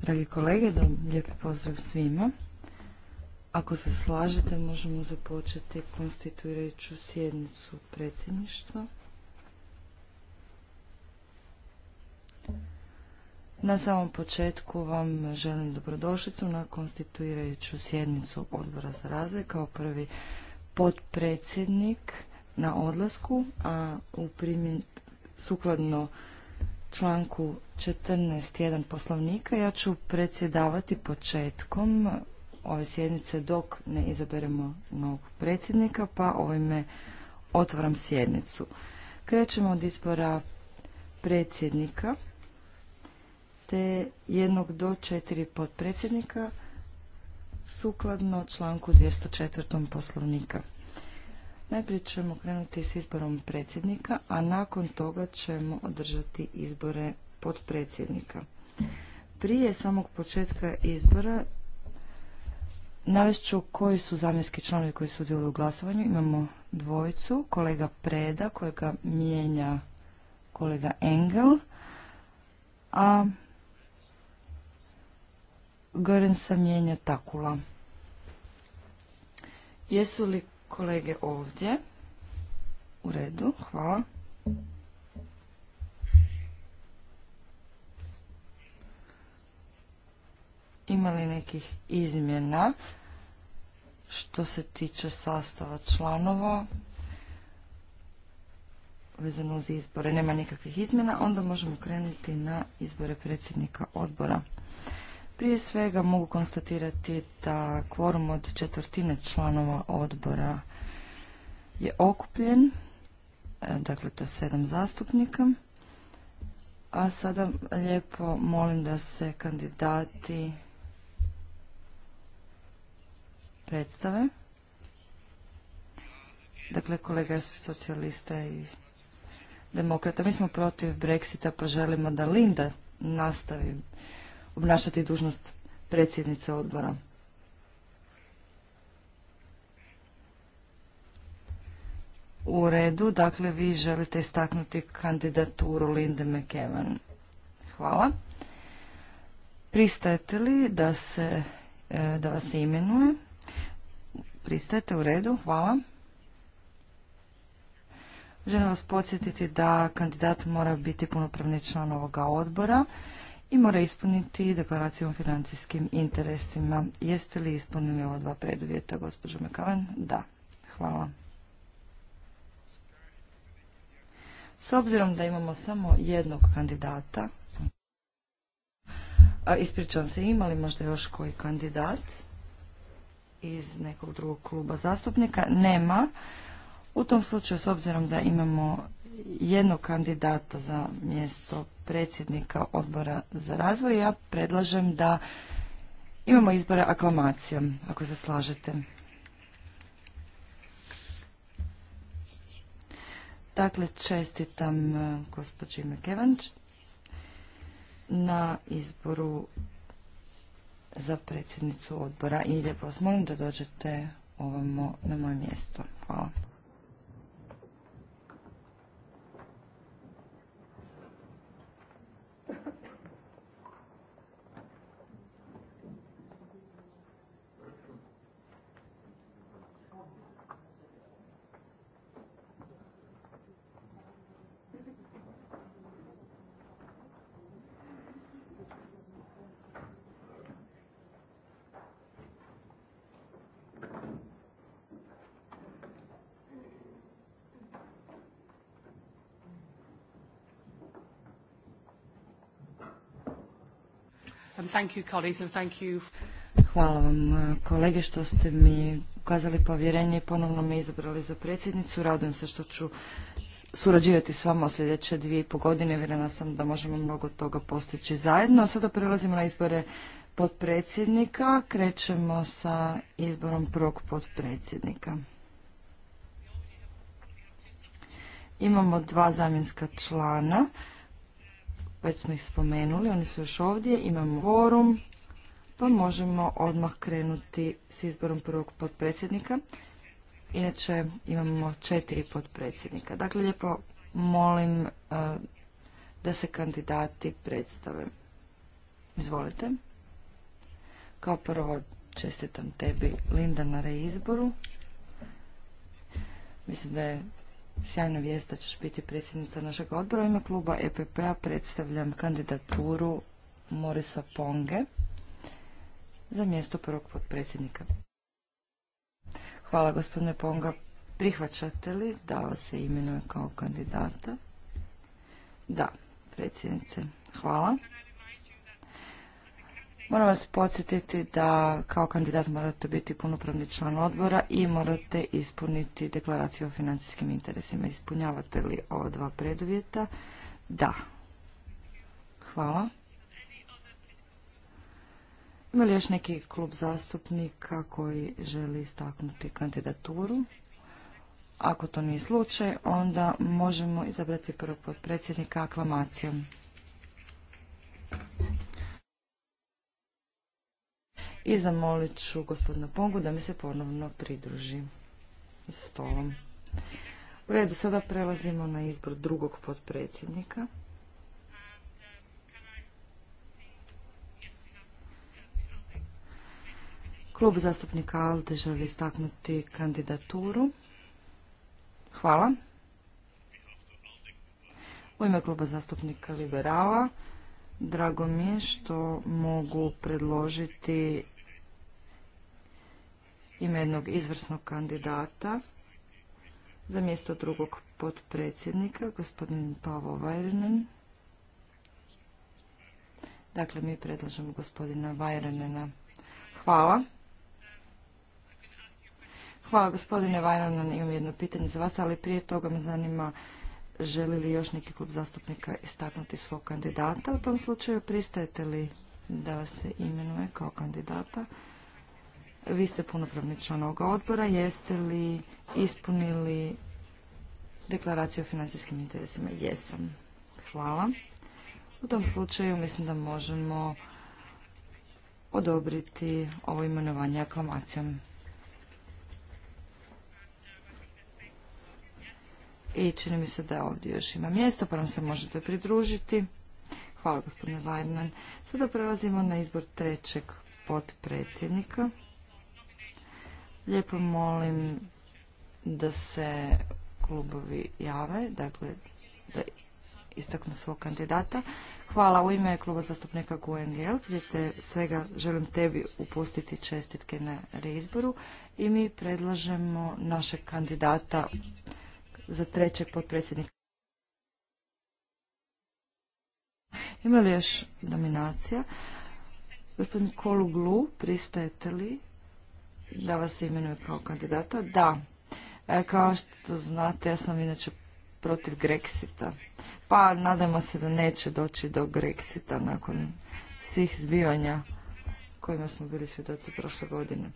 Dragi kolege, da pozdrav svima. Ako se slažete, možemo započeti konstituirajuću sjednicu predsjedništva. Na samom početku vam želim dobrodošlicu na konstituirajuću sjednicu odbora za razvoj kao prvi potpredsjednik na odlasku, a u primjen, sukladno članku 14.1 poslovnika. Ja ću predsjedavati početkom ove sjednice dok ne izaberemo novog predsjednika, pa ovime otvaram sjednicu. Krećemo od izbora predsjednika te jednog do četiri podpredsjednika sukladno članku 204. poslovnika. Najprije ćemo krenuti s izborom predsjednika, a nakon toga ćemo održati izbore podpredsjednika. Prije samog početka izbora ću koji su zamjenski članovi koji sudjeluju u glasovanju. Imamo dvojicu, kolega Preda kojega mijenja kolega Engel, a Gorensa mijenja Takula. Jesu li kolege ovdje. U redu, hvala. Ima li nekih izmjena što se tiče sastava članova vezano uz izbore? Nema nikakvih izmjena, onda možemo krenuti na izbore predsjednika odbora. Prije svega mogu konstatirati da kvorum od četvrtine članova odbora je okupljen, e, dakle to je sedam zastupnika. A sada lijepo molim da se kandidati predstave. Dakle, kolega socijalista i demokrata, mi smo protiv Brexita, pa želimo da Linda nastavi obnašati dužnost predsjednice odbora. U redu, dakle vi želite istaknuti kandidaturu Linde McEwan. Hvala. Pristajete li da, se, e, da vas imenuje? Pristajete u redu, hvala. Želim vas podsjetiti da kandidat mora biti punopravni član ovoga odbora i mora ispuniti deklaraciju o financijskim interesima. Jeste li ispunili ova dva preduvjeta, gospođo Mekavan? Da. Hvala. S obzirom da imamo samo jednog kandidata, ispričavam se, ima li možda još koji kandidat iz nekog drugog kluba zastupnika? Nema. U tom slučaju, s obzirom da imamo jednog kandidata za mjesto predsjednika odbora za razvoj. Ja predlažem da imamo izbore aklamacijom, ako se slažete. Dakle, čestitam e, gospođi Mekevanč na izboru za predsjednicu odbora i lijepo vas molim da dođete ovamo na moje mjesto. Hvala. Hvala vam uh, kolege što ste mi ukazali povjerenje i ponovno me izabrali za predsjednicu. Radujem se što ću surađivati s vama sljedeće dvije i po godine. Vjerena sam da možemo mnogo toga postići zajedno. Sada prelazimo na izbore potpredsjednika. Krećemo sa izborom prvog potpredsjednika. Imamo dva zamjenska člana. Već smo ih spomenuli, oni su još ovdje, imamo forum, pa možemo odmah krenuti s izborom prvog potpredsjednika. Inače imamo četiri potpredsjednika. Dakle, lijepo molim e, da se kandidati predstave. Izvolite. Kao prvo čestitam tebi Linda na reizboru. Mislim da je Sjajna vijest da ćeš biti predsjednica našeg odbora. U kluba EPP-a predstavljam kandidaturu Morisa Ponge za mjesto prvog potpredsjednika. Hvala gospodine Ponga. Prihvaćate li da vas se imenuje kao kandidata? Da, predsjednice. Hvala. Moram vas podsjetiti da kao kandidat morate biti punopravni član odbora i morate ispuniti deklaraciju o financijskim interesima. Ispunjavate li ova dva preduvjeta? Da. Hvala. Ima li još neki klub zastupnika koji želi istaknuti kandidaturu? Ako to nije slučaj, onda možemo izabrati prvog potpredsjednika aklamacijom i zamolit ću gospodina Pongu da mi se ponovno pridruži za stolom. U redu, sada prelazimo na izbor drugog potpredsjednika. Klub zastupnika ALDE želi istaknuti kandidaturu. Hvala. U ime kluba zastupnika Liberala, drago mi je što mogu predložiti ime jednog izvrsnog kandidata za mjesto drugog potpredsjednika, gospodin Pavo Vajrenen. Dakle, mi predlažemo gospodina Vajrenena. Hvala. Hvala gospodine Vajrenen, imam jedno pitanje za vas, ali prije toga me zanima želi li još neki klub zastupnika istaknuti svog kandidata. U tom slučaju pristajete li da vas se imenuje kao kandidata? Vi ste punopravni član ovoga odbora. Jeste li ispunili deklaraciju o financijskim interesima? Jesam. Hvala. U tom slučaju mislim da možemo odobriti ovo imenovanje aklamacijom. I čini mi se da ovdje još ima mjesta, pa nam se možete pridružiti. Hvala gospodine Leibman. Sada prelazimo na izbor trećeg potpredsjednika. Lijepo molim da se klubovi jave, dakle da istaknu svog kandidata. Hvala u ime kluba zastupnika QNGL. Prije svega želim tebi upustiti čestitke na reizboru i mi predlažemo našeg kandidata za trećeg potpredsjednika. Ima li još nominacija? Gospodin Kolu Glu, pristajete li da vas imenuje kao kandidata? Da. E, kao što znate, ja sam inače protiv Grexita. Pa nadamo se da neće doći do Grexita nakon svih zbivanja kojima smo bili svjedoci prošle godine.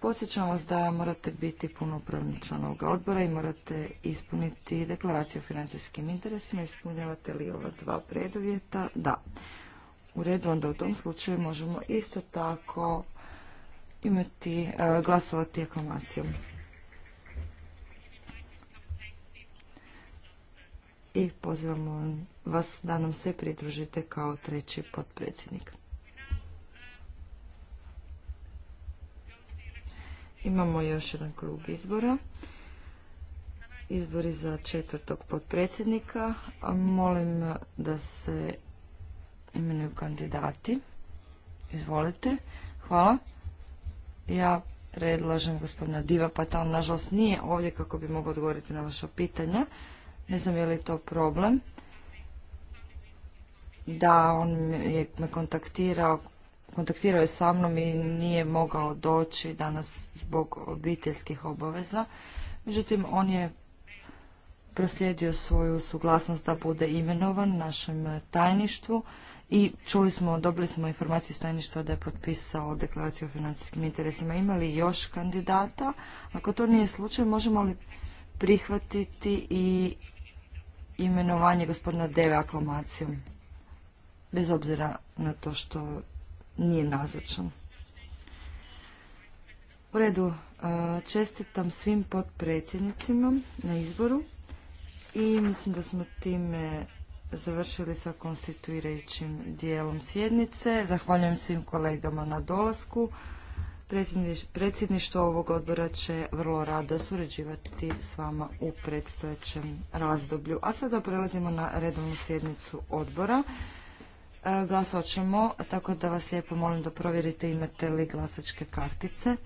Posjećam vas da morate biti punopravni član odbora i morate ispuniti deklaraciju o financijskim interesima. Ispunjavate li ova dva preduvjeta? Da. U redu onda u tom slučaju možemo isto tako imati e, glasovati aklamacijom. I pozivamo vas da nam se pridružite kao treći potpredsjednik. Imamo još jedan krug izbora. Izbori za četvrtog potpredsjednika. Molim da se imenuju kandidati. Izvolite. Hvala. Ja predlažem gospodina Diva, pa ta on nažalost nije ovdje kako bi mogao odgovoriti na vaša pitanja. Ne znam je li to problem. Da, on je me kontaktirao, kontaktirao je sa mnom i nije mogao doći danas zbog obiteljskih obaveza. Međutim, on je proslijedio svoju suglasnost da bude imenovan našem tajništvu i čuli smo, dobili smo informaciju iz da je potpisao deklaraciju o financijskim interesima. Ima li još kandidata? Ako to nije slučaj, možemo li prihvatiti i imenovanje gospodina Deve aklamacijom? Bez obzira na to što nije nazočan. U redu, e, čestitam svim potpredsjednicima na izboru i mislim da smo time završili sa konstituirajućim dijelom sjednice. Zahvaljujem svim kolegama na dolasku. Predsjedništvo ovog odbora će vrlo rado surađivati s vama u predstojećem razdoblju. A sada prelazimo na redovnu sjednicu odbora. E, glasovat ćemo, tako da vas lijepo molim da provjerite imate li glasačke kartice.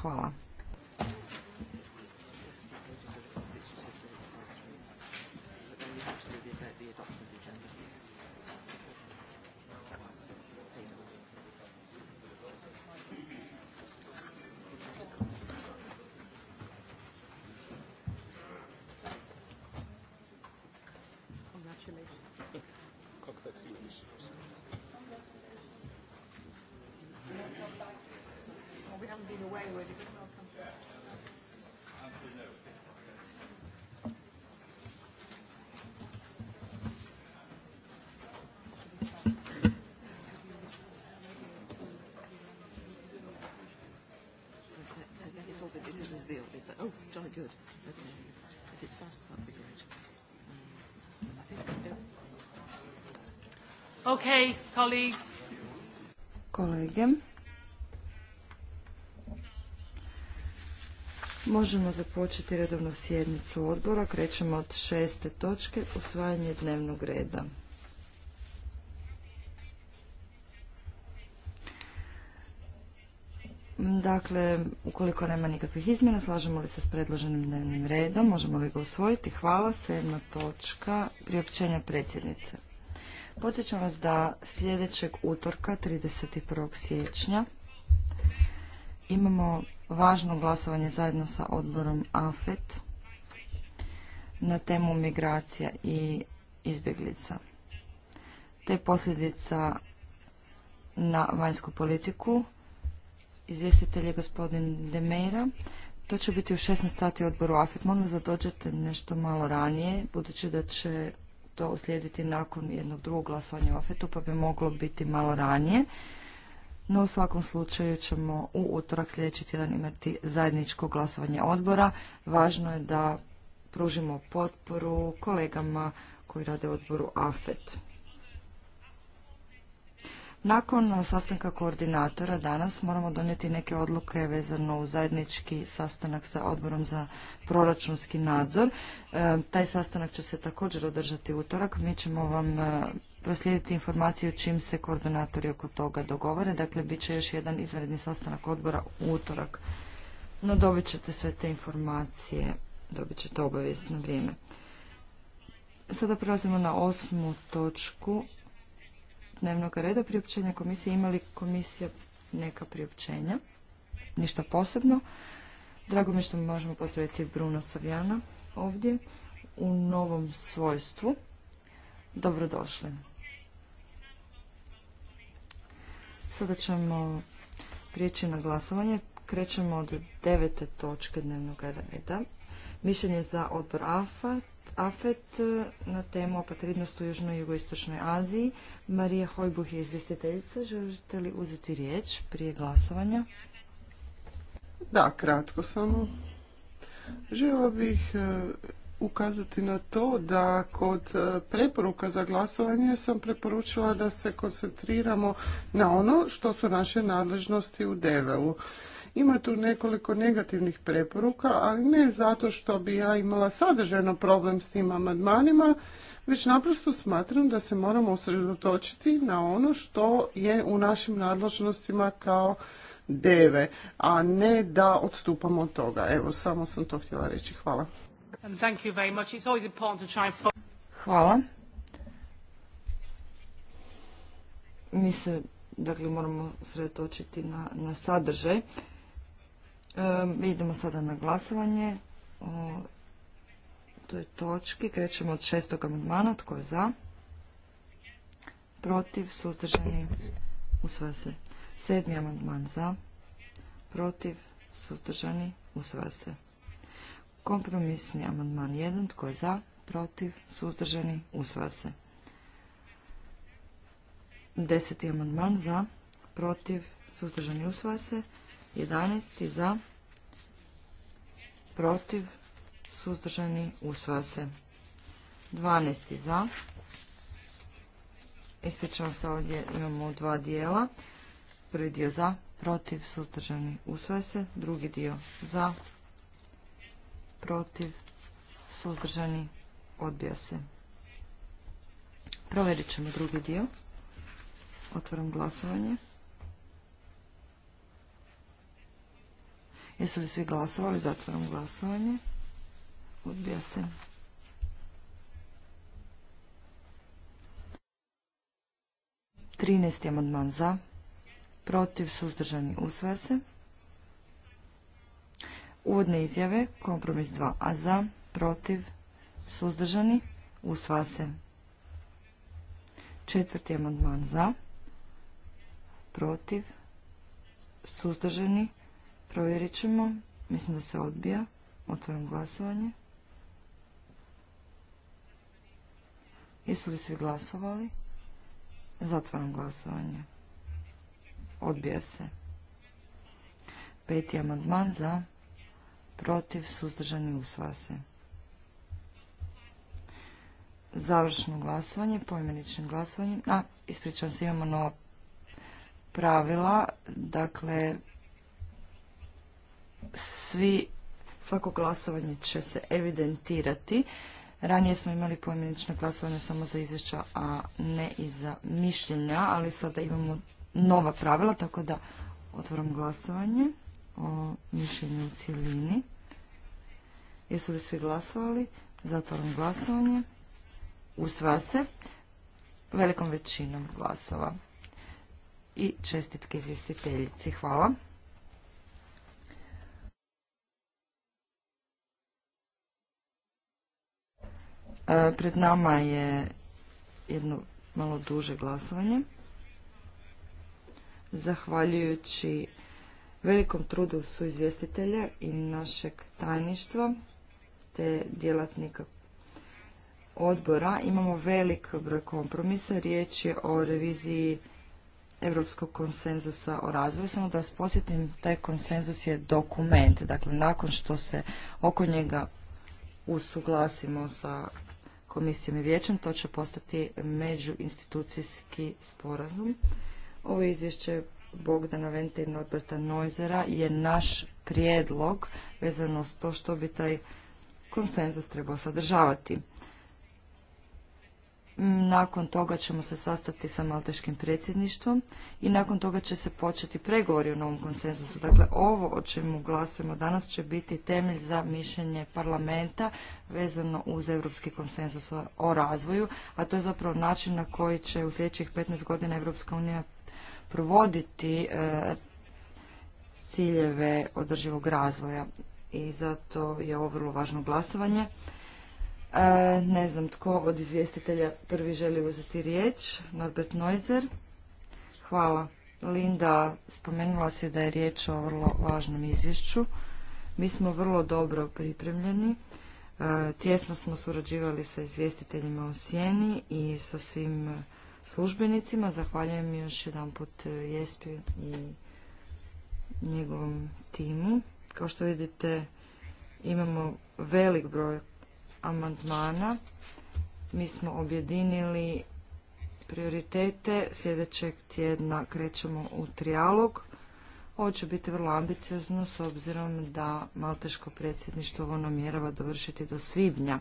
Hvala. Okay, Kolege. Možemo započeti redovnu sjednicu odbora. Krećemo od šeste točke, usvajanje dnevnog reda. Dakle, ukoliko nema nikakvih izmjena, slažemo li se s predloženim dnevnim redom, možemo li ga usvojiti? Hvala. Sedma točka, priopćenja predsjednice. Podsjećam vas da sljedećeg utorka, 31. siječnja, imamo važno glasovanje zajedno sa odborom AFET na temu migracija i izbjeglica, te posljedica na vanjsku politiku. Izvjestitelj je gospodin Demeira. To će biti u 16 sati odboru AFET. Molim da dođete nešto malo ranije, budući da će to uslijediti nakon jednog drugog glasovanja u afetu, pa bi moglo biti malo ranije. No u svakom slučaju ćemo u utorak sljedeći tjedan imati zajedničko glasovanje odbora. Važno je da pružimo potporu kolegama koji rade u odboru AFET. Nakon sastanka koordinatora danas moramo donijeti neke odluke vezano u zajednički sastanak sa odborom za proračunski nadzor. E, taj sastanak će se također održati utorak. Mi ćemo vam e, proslijediti informaciju čim se koordinatori oko toga dogovore. Dakle, bit će još jedan izvanredni sastanak odbora u utorak. No, dobit ćete sve te informacije, dobit ćete obavijest na vrijeme. Sada prelazimo na osmu točku dnevnog reda priopćenja komisije. Imali komisija neka priopćenja? Ništa posebno. Drago mi je što možemo postaviti Bruno Savjana ovdje u novom svojstvu. Dobrodošli. Sada ćemo prijeći na glasovanje. Krećemo od devete točke dnevnog reda. Mišljenje za odbor AFA, AFET eh, na temu opatridnost u Južnoj i Jugoistočnoj Aziji. Marija Hojbuh je izvjestiteljica. Želite li uzeti riječ prije glasovanja? Da, kratko samo. Želeo bih eh, ukazati na to da kod eh, preporuka za glasovanje sam preporučila da se koncentriramo na ono što su naše nadležnosti u develu. u ima tu nekoliko negativnih preporuka, ali ne zato što bi ja imala sadržajno problem s tim amandmanima, već naprosto smatram da se moramo usredotočiti na ono što je u našim nadležnostima kao deve, a ne da odstupamo od toga. Evo, samo sam to htjela reći. Hvala. Hvala. Mi se, dakle, moramo sredotočiti na, na sadržaj idemo sada na glasovanje. O toj točki krećemo od šestog amandmana. Tko je za? Protiv, suzdržani, usvaja se. Sedmi amandman za. Protiv, suzdržani, usvaja se. Kompromisni amandman 1. Tko je za? Protiv, suzdržani, usvaja se. Deseti amandman za, protiv, suzdržani, usvaja se. 11. za, protiv, suzdržani, usvaja se. 12. za, ističemo se ovdje, imamo dva dijela. Prvi dio za, protiv, suzdržani, usvaja se. Drugi dio za, protiv, suzdržani, odbija se. Proverit ćemo drugi dio. Otvaram glasovanje. Jesu li svi glasovali? Zatvaram glasovanje. Odbija se. Trinesti amandman za. Protiv suzdržani usvaja se. Uvodne izjave, kompromis 2, a za, protiv, suzdržani, usvaja se. Četvrti amandman za, protiv, suzdržani, Provjerit ćemo. Mislim da se odbija. Otvaram glasovanje. Jesu li svi glasovali? Zatvaram glasovanje. Odbija se. Peti amandman za, protiv, suzdržani, usvaja se. Završno glasovanje, pojmeničnim glasovanjem. A, ispričam se, imamo nova pravila. Dakle, svi, svako glasovanje će se evidentirati. Ranije smo imali pojmenično glasovanje samo za izvješća, a ne i za mišljenja, ali sada imamo nova pravila, tako da otvaram glasovanje o mišljenju u cijelini. Jesu li svi glasovali? Zatvaram glasovanje. Usvaja se velikom većinom glasova. I čestitke izvjestiteljici. Hvala. E, pred nama je jedno malo duže glasovanje. Zahvaljujući velikom trudu su izvjestitelja i našeg tajništva te djelatnika odbora imamo velik broj kompromisa. Riječ je o reviziji Europskog konsenzusa o razvoju. Samo da vas posjetim, taj konsenzus je dokument. Dakle, nakon što se oko njega usuglasimo sa komisijom i vijećem. To će postati međuinstitucijski sporazum. Ovo izvješće Bogdana Vente i Norberta Noizera je naš prijedlog vezano s to što bi taj konsenzus trebao sadržavati. Nakon toga ćemo se sastati sa malteškim predsjedništvom i nakon toga će se početi pregovori o novom konsenzusu. Dakle, ovo o čemu glasujemo danas će biti temelj za mišljenje parlamenta vezano uz europski konsenzus o razvoju, a to je zapravo način na koji će u sljedećih 15 godina Europska unija provoditi e, ciljeve održivog razvoja i zato je ovo vrlo važno glasovanje. E, ne znam tko od izvjestitelja prvi želi uzeti riječ. Norbert Neuser. Hvala. Linda, spomenula se da je riječ o vrlo važnom izvješću. Mi smo vrlo dobro pripremljeni. E, tjesno smo surađivali sa izvjestiteljima u Sjeni i sa svim službenicima. Zahvaljujem još jedan put Jespi i njegovom timu. Kao što vidite, imamo velik broj amandmana. Mi smo objedinili prioritete. Sljedećeg tjedna krećemo u trijalog. Ovo će biti vrlo ambiciozno s obzirom da Malteško predsjedništvo ovo namjerava dovršiti do svibnja.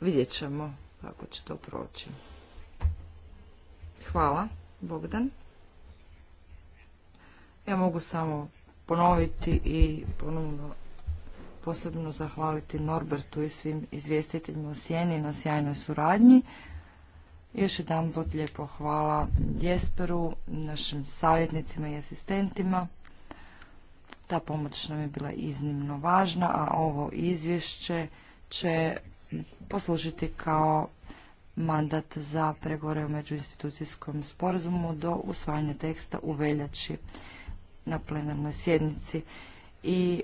Vidjet ćemo kako će to proći. Hvala, Bogdan. Ja mogu samo ponoviti i ponovno posebno zahvaliti Norbertu i svim izvjestiteljima u Sjeni na sjajnoj suradnji. Još jedan pot lijepo hvala Jesperu, našim savjetnicima i asistentima. Ta pomoć nam je bila iznimno važna, a ovo izvješće će poslužiti kao mandat za pregovore u međuinstitucijskom sporazumu do usvajanja teksta u veljači na plenarnoj sjednici. I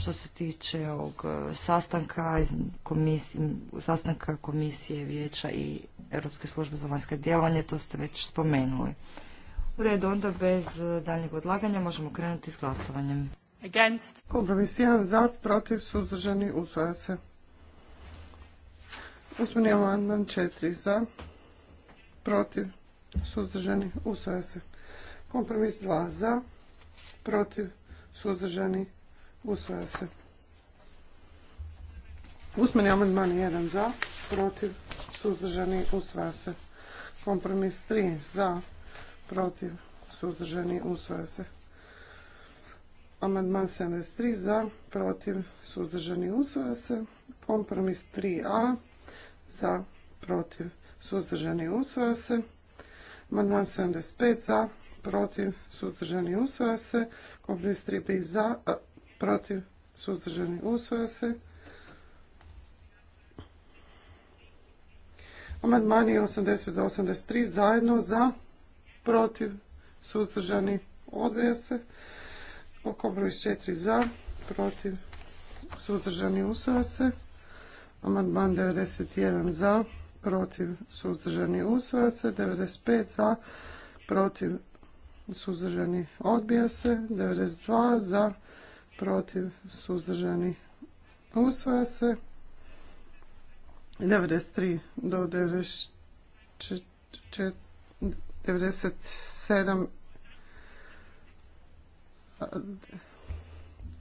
što se tiče ovog e, sastanka, komisije, sastanka komisije vijeća i Europske službe za vanjske djelovanje, to ste već spomenuli. U redu, onda bez e, daljnjeg odlaganja možemo krenuti s glasovanjem. Against. Kompromis 1 za, protiv, suzdržani, usvaja se. Usmeni amandman 4 za, protiv, suzdržani, usvaja se. Kompromis 2 za, protiv, suzdržani, Usvaja se. Usmeni amandman 1 za, protiv, suzdržani, usvaja se. Kompromis 3 za, protiv, suzdržani, usvaja se. Amandman 73 za, protiv, suzdržani, usvaja se. Kompromis 3a za, protiv, suzdržani, usvaja se. Amandman 75 za, protiv, suzdržani, usvaja se. Kompromis 3b za, protiv, suzdržani, usvoja se. Amandmani 80 do 83 zajedno za, protiv, suzdržani, odbija se. Kompromis 4 za, protiv, suzdržani, usvoja se. Amandman 91 za, protiv, suzdržani, usvoja se. 95 za, protiv, suzdržani, odbija se. 92 za, protiv, suzdržani, usvaja se. 93 do 97 97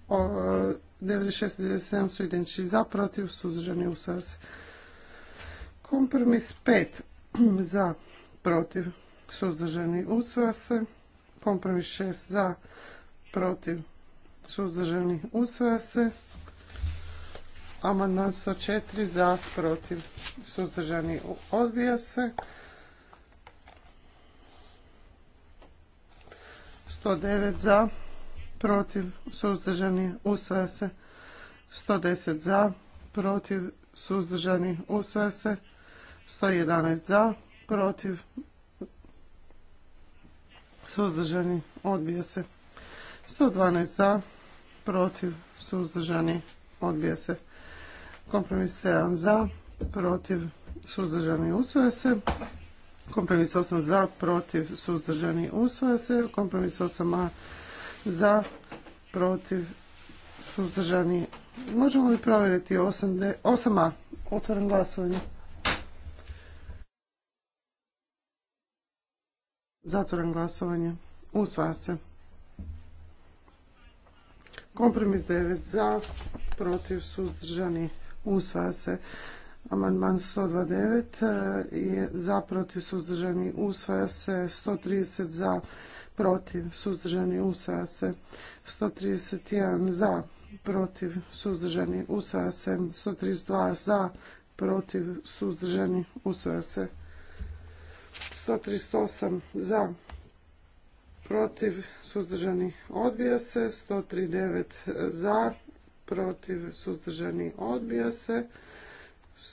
96 97 su identični za, protiv, suzdržani, usvaja se. Kompromis 5 za, protiv, suzdržani, usvaja se. Kompromis 6 za, protiv, suzdržani, usvaja se. Amandman 104 za, protiv, suzdržani, odbija se. 109 za, protiv, suzdržani, usvaja se. 110 za, protiv, suzdržani, usvaja se. 111 za, protiv, suzdržani, odbija se. 112 za, protiv, suzdržani, odbija se. Kompromis 7 za, protiv, suzdržani, usvaja se. Kompromis 8 za, protiv, suzdržani, usvaja se. Kompromis 8a za, protiv, suzdržani. Možemo li provjeriti 8D, 8a? Otvaram glasovanje. Zatvoram glasovanje. Usvaja se. Kompromis 9 za, protiv, suzdržani, usvaja se. Amandman 129 e, je za, protiv, suzdržani, usvaja se. 130 za, protiv, suzdržani, usvaja se. 131 za, protiv, suzdržani, usvaja se. 132 za, protiv, suzdržani, usvaja se. 138 za, protiv, suzdržani, odbija se. 139 za, protiv, suzdržani, odbija se.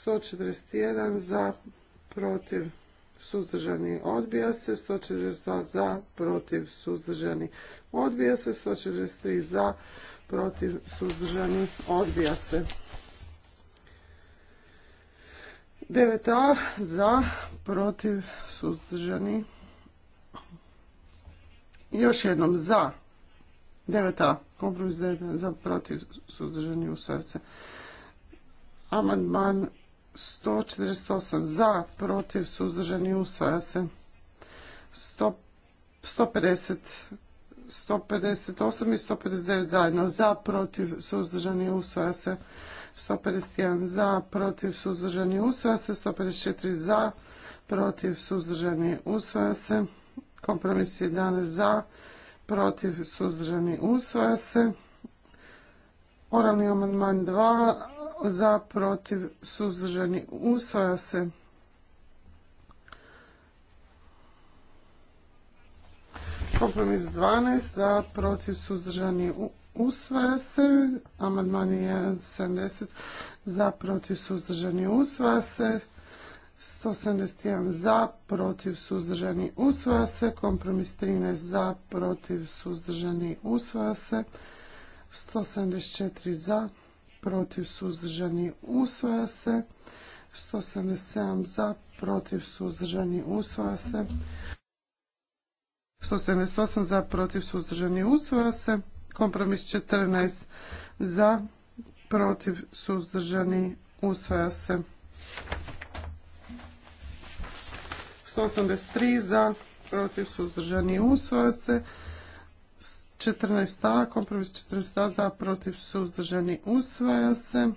141 za, protiv, suzdržani, odbija se. 142 za, protiv, suzdržani, odbija se. 143 za, protiv, suzdržani, odbija se. 9a za, protiv, suzdržani, još jednom za. 9a. Kompromis 9 za protiv suzdržani usvaja se. Amandman 148 za protiv suzdržani usvaja se. 150 158 i 159 zajedno za protiv suzdržani usvaja se. 151 za protiv suzdržani usvaja se. 154 za protiv suzdržani usvaja se. Kompromis 11 za, protiv, suzdržani, usvaja se. Oralni amandman 2 za, protiv, suzdržani, usvaja se. Kompromis 12 za, protiv, suzdržani, usvaja se. Amandman je za, protiv, suzdržani, usvaja se. 171 za, protiv, suzdržani, usvaja se. Kompromis 13 za, protiv, suzdržani, usvaja se. 174 za, protiv, suzdržani, usvaja se. 177 za, protiv, suzdržani, usvaja se. 178 za, protiv, suzdržani, usvaja se. Kompromis 14 za, protiv, suzdržani, usvaja se. 183 za, protiv suzdržani usvaja se. 14a, kompromis 14a za, protiv suzdržani usvaja se.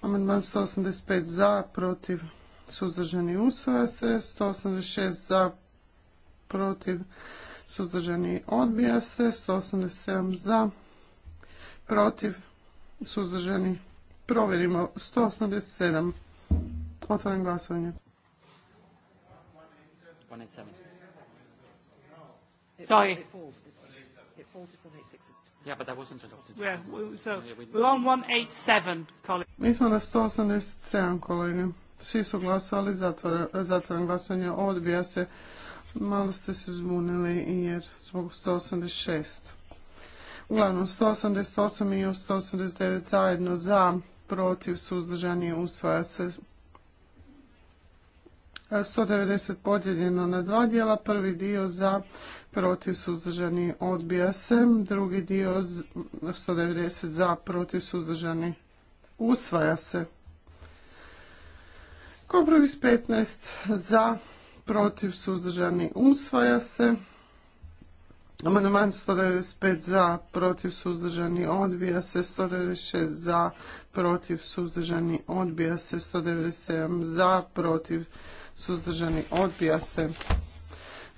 Amandman 185 za, protiv suzdržani usvaja se. 186 za, protiv suzdržani odbija se. 187 za, protiv suzdržani provjerimo. 187. Otvaram glasovanje. 187. Sorry. It falls. It falls if Yeah, but that wasn't adopted. Yeah, so we're on 187, colleague. Mi smo na 187, kolege. Svi su glasovali, zatvoren glasanje odbija se. Malo ste se zbunili jer zbog 186. Uglavnom, 188 i 189 zajedno za, protiv, suzdržanje usvaja se. 190 podijeljeno na dva dijela. Prvi dio za protiv suzdržani odbija se. Drugi dio 190 za protiv suzdržani usvaja se. Kompromis 15 za protiv suzdržani usvaja se. Amandman 195 za, protiv suzdržani odbija se, 196 za, protiv suzdržani odbija se, 197 za, protiv suzdržani, odbija se.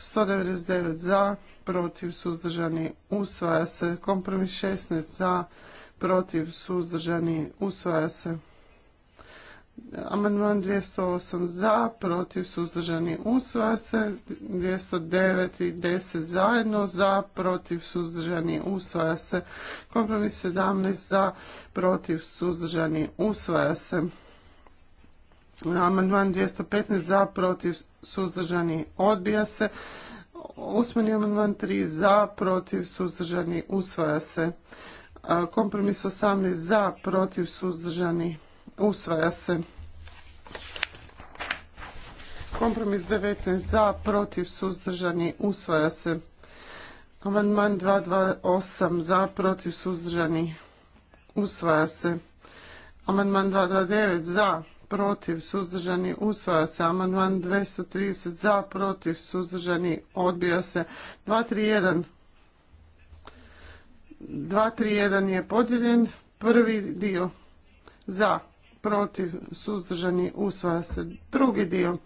199 za, protiv, suzdržani, usvaja se. Kompromis 16 za, protiv, suzdržani, usvaja se. Amandman 208 za, protiv, suzdržani, usvaja se. 209 i 10 zajedno, za, protiv, suzdržani, usvaja se. Kompromis 17 za, protiv, suzdržani, usvaja se. Amandman 215 za, protiv, suzdržani, odbija se. Usmeni amandman 3 za, protiv, suzdržani, usvaja se. Kompromis 18 za, protiv, suzdržani, usvaja se. Kompromis 19 za, protiv, suzdržani, usvaja se. Amandman 228 za, protiv, suzdržani, usvaja se. Amandman 229 za, protiv, suzdržani, usvaja se. Amandman 230 za, protiv, suzdržani, odbija se. 231. 231 je podijeljen. Prvi dio za, protiv, suzdržani, usvaja se. Drugi dio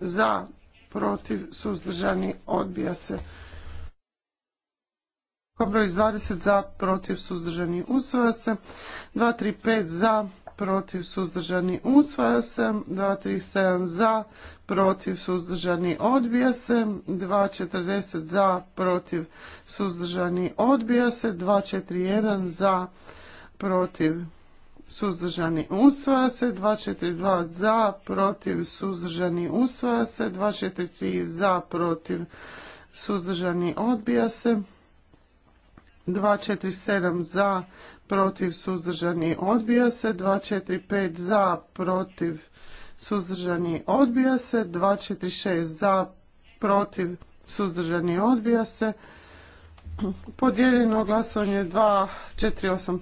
za, protiv, suzdržani, odbija se. iz 20 za, protiv, suzdržani, usvaja se. 235 za, protiv suzdržani usvaja se, 237 za, protiv suzdržani odbija se, 240 za, protiv suzdržani odbija se, 241 za, protiv suzdržani usvaja se, 242 za, protiv suzdržani usvaja se, 243 za, protiv suzdržani odbija se, 247 za, protiv suzdržani odbija se, 245 za protiv suzdržani odbija se, 246 za protiv suzdržani odbija se, podijeljeno glasovanje 248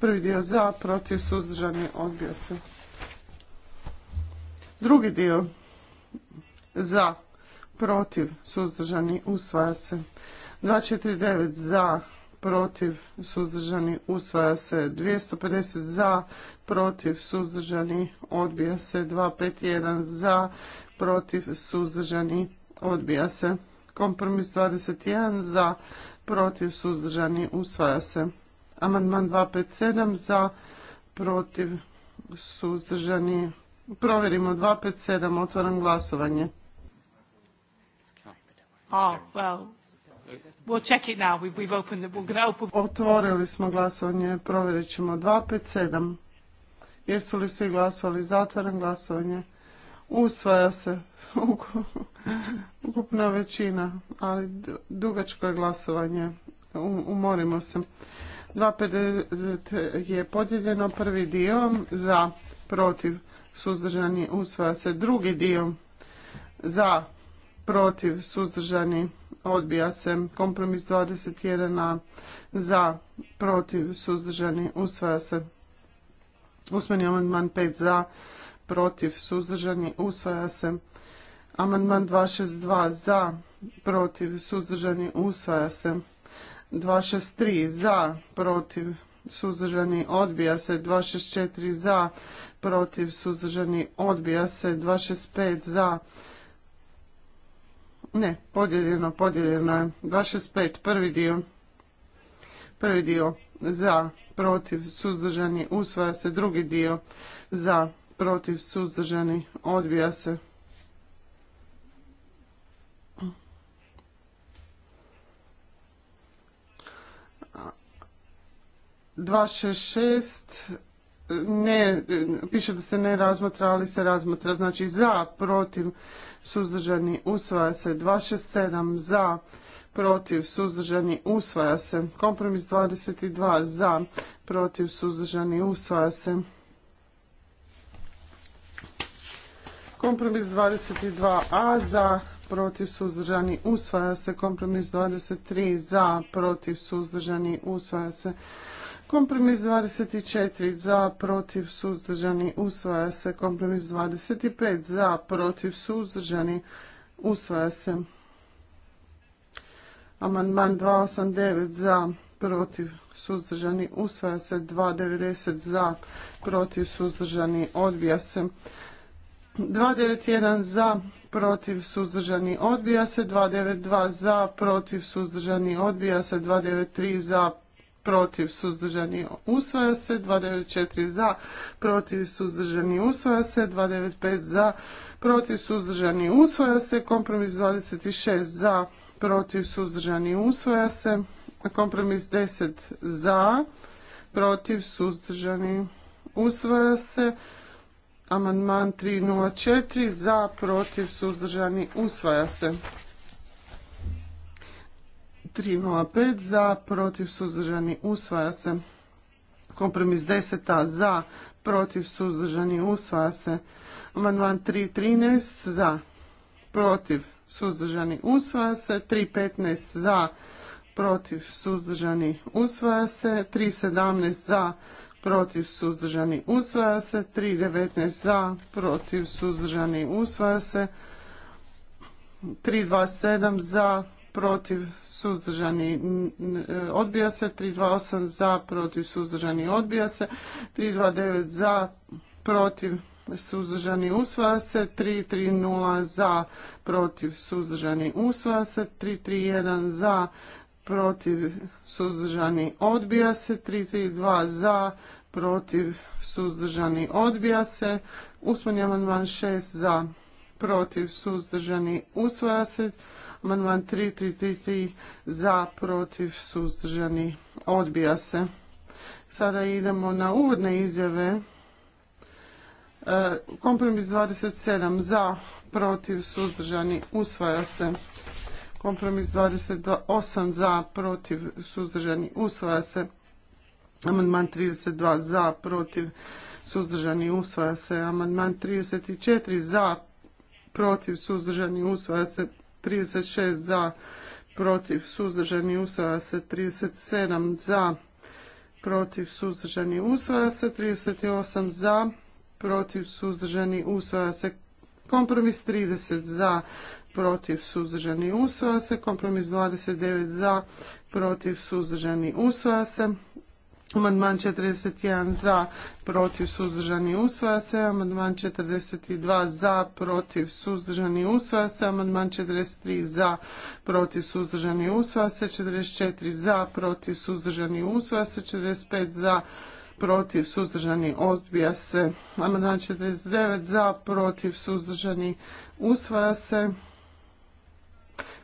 prvi dio za protiv suzdržani odbija se. Drugi dio za protiv suzdržani usvaja se. 249 za protiv, suzdržani, usvaja se 250 za, protiv, suzdržani, odbija se 251 za, protiv, suzdržani, odbija se. Kompromis 21 za, protiv, suzdržani, usvaja se. Amandman 257 za, protiv, suzdržani, provjerimo 257, otvaram glasovanje. Oh, well. We'll check Otvorili smo glasovanje, provjerit ćemo 257. Jesu li svi glasovali? Zatvaram glasovanje. Usvaja se ukupna većina, ali dugačko je glasovanje. Umorimo se. 250 je podijeljeno prvi dio za, protiv, suzdržani, usvaja se drugi dio za, protiv, suzdržani, odbija se. Kompromis 21a za, protiv, suzdržani, usvaja se. Usmeni amandman 5 za, protiv, suzdržani, usvaja se. Amandman 262 za, protiv, suzdržani, usvaja se. 263 za, protiv, suzdržani, odbija se. 264 za, protiv, suzdržani, odbija se. 265 za, protiv, ne, podijeljeno, podijeljeno je. 265, prvi dio. Prvi dio za, protiv, suzdržani, usvaja se. Drugi dio za, protiv, suzdržani, odbija se. Dva šest ne, piše da se ne razmatra, ali se razmatra, znači za, protiv, suzdržani, usvaja se, 267 za, protiv, suzdržani, usvaja se, kompromis 22 za, protiv, suzdržani, usvaja se, kompromis 22a za, protiv, suzdržani, usvaja se, kompromis 23 za, protiv, suzdržani, usvaja se, Kompromis 24 za, protiv, suzdržani, usvaja se. Kompromis 25 za, protiv, suzdržani, usvaja se. Amandman 289 za, protiv, suzdržani, usvaja se. 290 za, protiv, suzdržani, odbija se. 291 za, protiv, suzdržani, odbija se. 292 za, protiv, suzdržani, odbija se. 293 za, protiv suzdržani usvaja se, 294 za, protiv suzdržani usvaja se, 295 za, protiv suzdržani usvaja se, kompromis 26 za, protiv suzdržani usvaja se, kompromis 10 za, protiv suzdržani usvaja se, amandman 304 za, protiv suzdržani usvaja se. 305 za, protiv suzdržani usvaja se. Kompromis 10 za, protiv suzdržani usvaja se. Amandman 313 za, protiv suzdržani usvaja se. 315 za, protiv suzdržani usvaja se. 317 za, protiv suzdržani usvaja se. 319 za, protiv suzdržani usvaja se. 327 za, protiv suzdržani odbija se, 328 za protiv suzdržani odbija se, 329 za protiv suzdržani usvaja se, 330 za protiv suzdržani usvaja se, 331 za protiv suzdržani odbija se, 332 za protiv suzdržani odbija se, je amandman 6 za protiv suzdržani usvaja se, Amandman 333 za, protiv, suzdržani, odbija se. Sada idemo na uvodne izjave. E, kompromis 27 za, protiv, suzdržani, usvaja se. Kompromis 28 za, protiv, suzdržani, usvaja se. Amandman 32 za, protiv, suzdržani, usvaja se. Amandman 34 za, protiv, suzdržani, usvaja se. 36 za, protiv, suzdržani, usvaja se 37 za, protiv, suzdržani, usvaja se 38 za, protiv, suzdržani, usvaja se kompromis 30 za, protiv, suzdržani, usvaja se kompromis 29 za, protiv, suzdržani, usvaja se Amandman 41 za, protiv, suzdržani, usvaja se. Amandman 42 za, protiv, suzdržani, usvaja se. Amandman 43 za, protiv, suzdržani, usvaja se. 44 za, protiv, suzdržani, usvaja se. 45 za, protiv, suzdržani, odbija se. Amandman 49 za, protiv, suzdržani, usvaja se.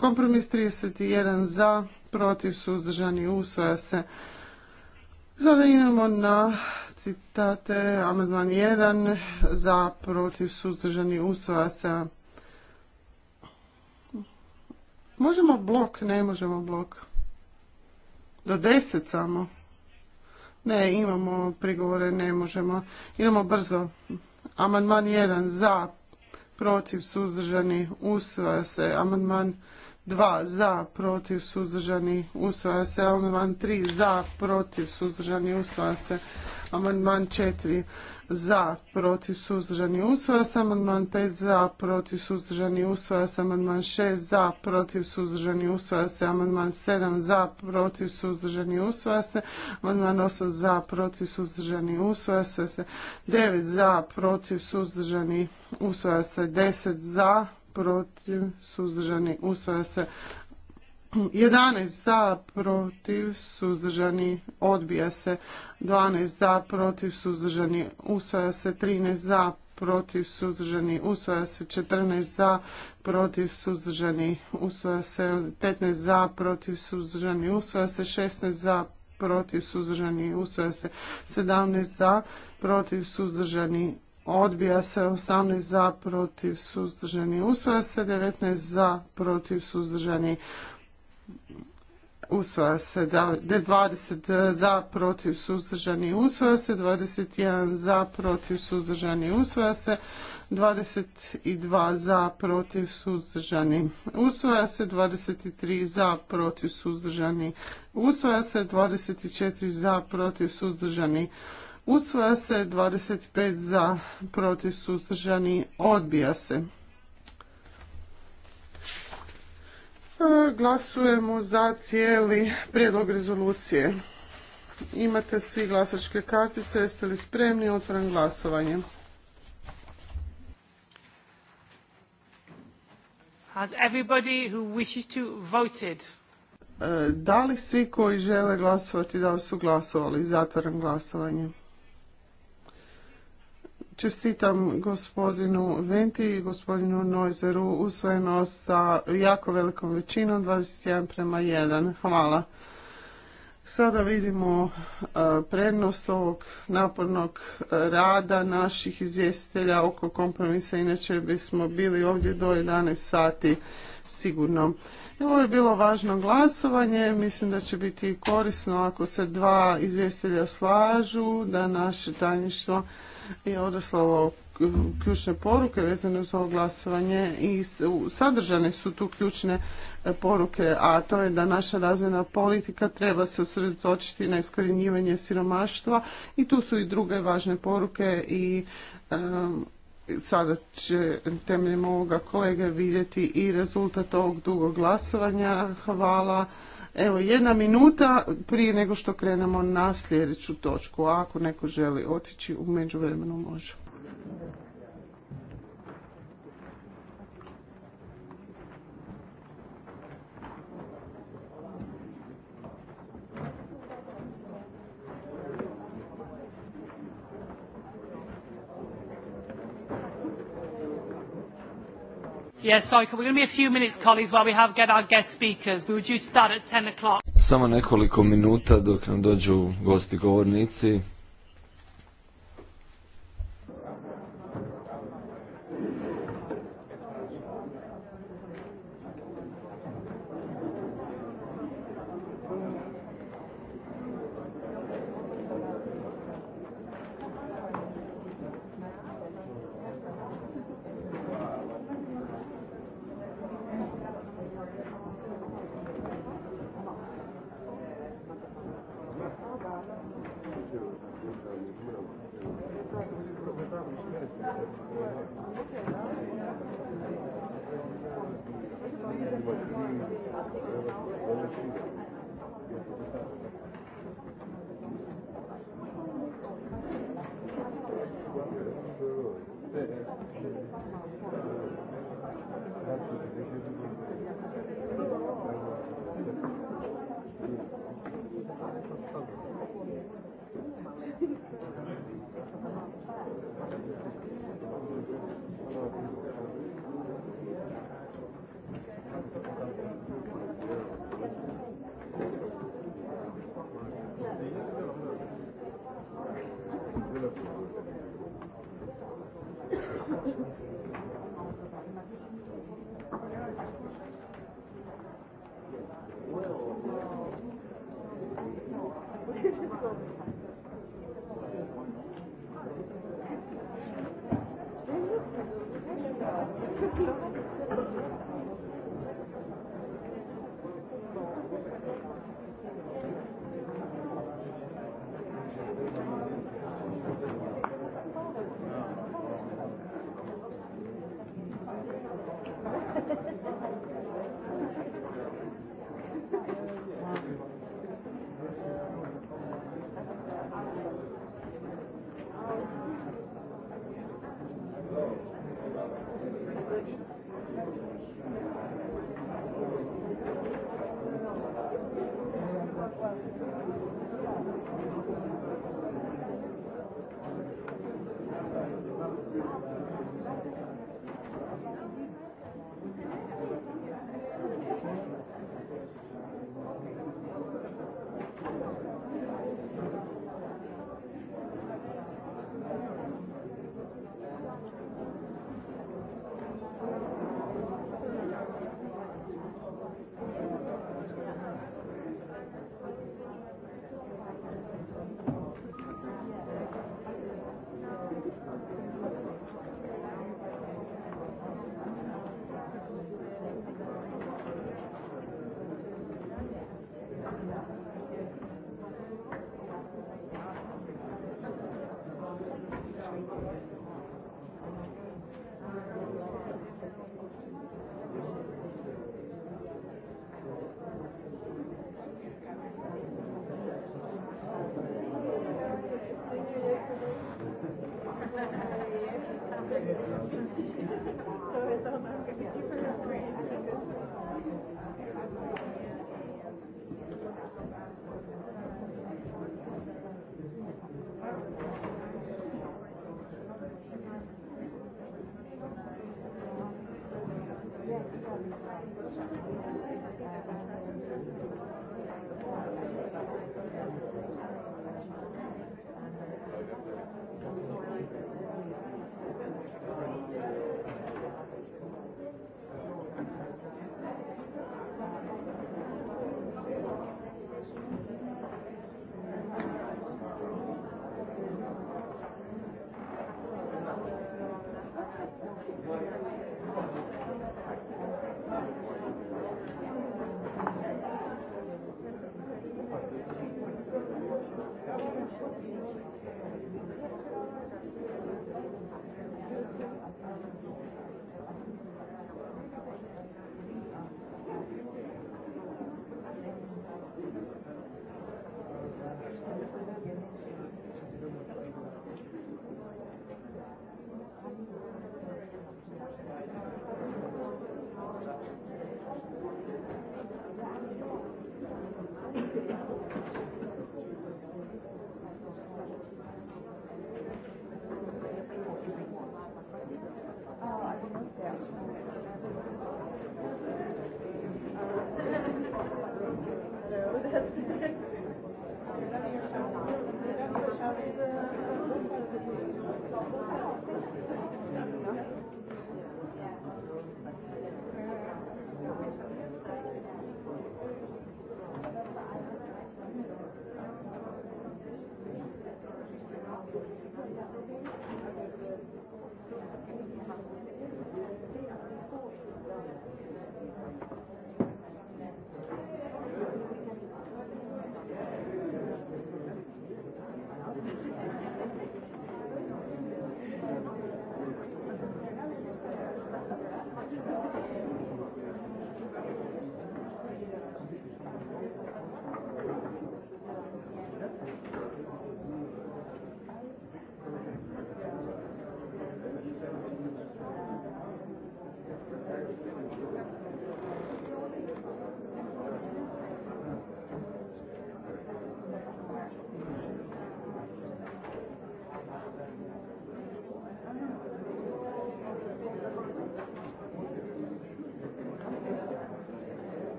Kompromis 31 za, protiv, suzdržani, usvaja se. Zada imamo na citate amandman 1 za protiv suzdržani usvaja se. Možemo blok, ne možemo blok. Do deset samo. Ne, imamo prigovore, ne možemo. Idemo brzo. Amandman 1 za protiv suzdržani usvaja se. Amandman 2 za, protiv, suzdržani, usvaja se. Amandman 3 za, protiv, suzdržani, usvaja se. Amandman 4 za, protiv, suzdržani, usvaja se. Amandman 5 za, protiv, suzdržani, usvaja se. Amandman 6 za, protiv, suzdržani, usvaja se. Amandman 7 za, protiv, suzdržani, usvaja se. Amandman 8 za, protiv, suzdržani, usvaja se. 9 za, protiv, suzdržani, usvaja se. 10 za, protiv, suzdržani, usvaja se. 11 za, protiv, suzdržani, odbija se. 12 za, protiv, suzdržani, usvaja se. 13 za, protiv, suzdržani, usvaja se. 14 za, protiv, suzdržani, usvaja se. 15 za, protiv, suzdržani, usvaja se. 16 za, protiv, suzdržani, usvaja se. 17 za, protiv, suzdržani, Odbija se 18 za, protiv, suzdržani. Usvaja se 19 za, protiv, suzdržani. Usvaja se 20 za, protiv, suzdržani. Usvaja se 21 za, protiv, suzdržani. Usvaja se 22 za, protiv, suzdržani. Usvaja se 23 za, protiv, suzdržani. Usvaja se 24 za, protiv, suzdržani. Usvaja se 25 za, protiv suzdržani, odbija se. E, glasujemo za cijeli prijedlog rezolucije. Imate svi glasačke kartice, jeste li spremni, otvoram glasovanje. Has everybody who wishes to e, Da li svi koji žele glasovati, da li su glasovali? Zatvaram glasovanje. Čestitam gospodinu Venti i gospodinu Noizeru usvojeno sa jako velikom većinom, 21 prema 1. Hvala. Sada vidimo e, prednost ovog napornog rada naših izvjestitelja oko kompromisa, inače bismo bili ovdje do 11 sati sigurno. Ovo je bilo važno glasovanje, mislim da će biti korisno ako se dva izvjestitelja slažu, da naše tajništvo je odoslalo ključne poruke vezane uz ovo glasovanje i sadržane su tu ključne e, poruke, a to je da naša razvojna politika treba se usredotočiti na iskorjenjivanje siromaštva i tu su i druge važne poruke i e, sada će temeljem ovoga kolege vidjeti i rezultat ovog dugog glasovanja. Hvala Evo, jedna minuta prije nego što krenemo na sljedeću točku. A ako neko želi otići, u međuvremenu može. Yeah, sorry, we're going to be a few minutes, colleagues, while we have get our guest speakers. We were due to start at 10 o'clock. Samo nekoliko minuta dok nam dođu gosti govornici.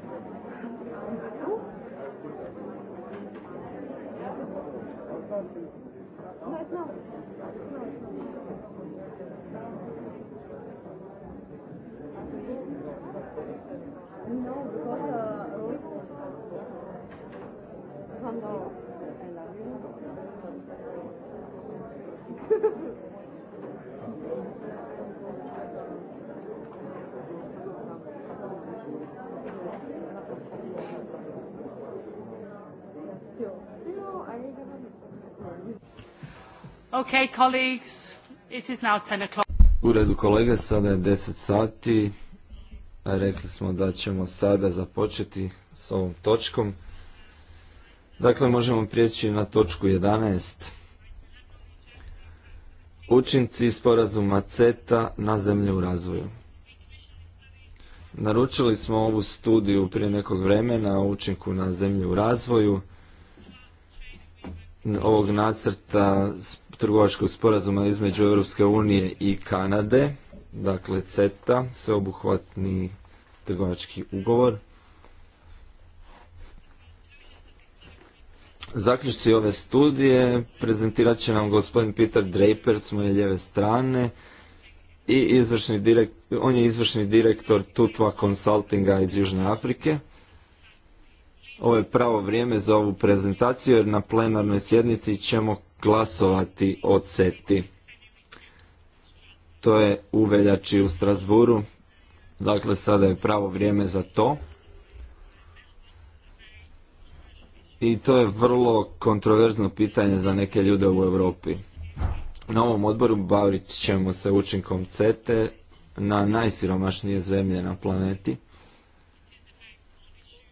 Hvala Okay, U redu kolege, sada je 10 sati. Rekli smo da ćemo sada započeti s ovom točkom. Dakle, možemo prijeći na točku 11. Učinci sporazuma CETA na zemlje u razvoju. Naručili smo ovu studiju prije nekog vremena o učinku na zemlje u razvoju ovog nacrta trgovačkog sporazuma između Europske unije i Kanade, dakle CETA, sveobuhvatni trgovački ugovor. Zaključci ove studije prezentirat će nam gospodin Peter Draper s moje lijeve strane i on je izvršni direktor Tutva Consultinga iz Južne Afrike. Ovo je pravo vrijeme za ovu prezentaciju jer na plenarnoj sjednici ćemo glasovati o CETI. To je u veljači u Strasburu, dakle sada je pravo vrijeme za to. I to je vrlo kontroverzno pitanje za neke ljude u Europi. Na ovom odboru bavit ćemo se učinkom CETE na najsiromašnije zemlje na planeti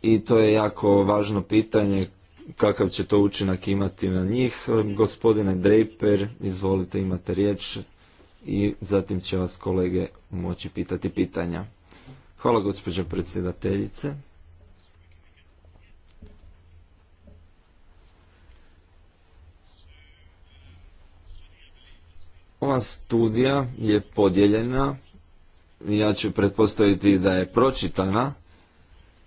i to je jako važno pitanje kakav će to učinak imati na njih. Gospodine Draper, izvolite imate riječ i zatim će vas kolege moći pitati pitanja. Hvala gospođo predsjedateljice. Ova studija je podijeljena, ja ću pretpostaviti da je pročitana,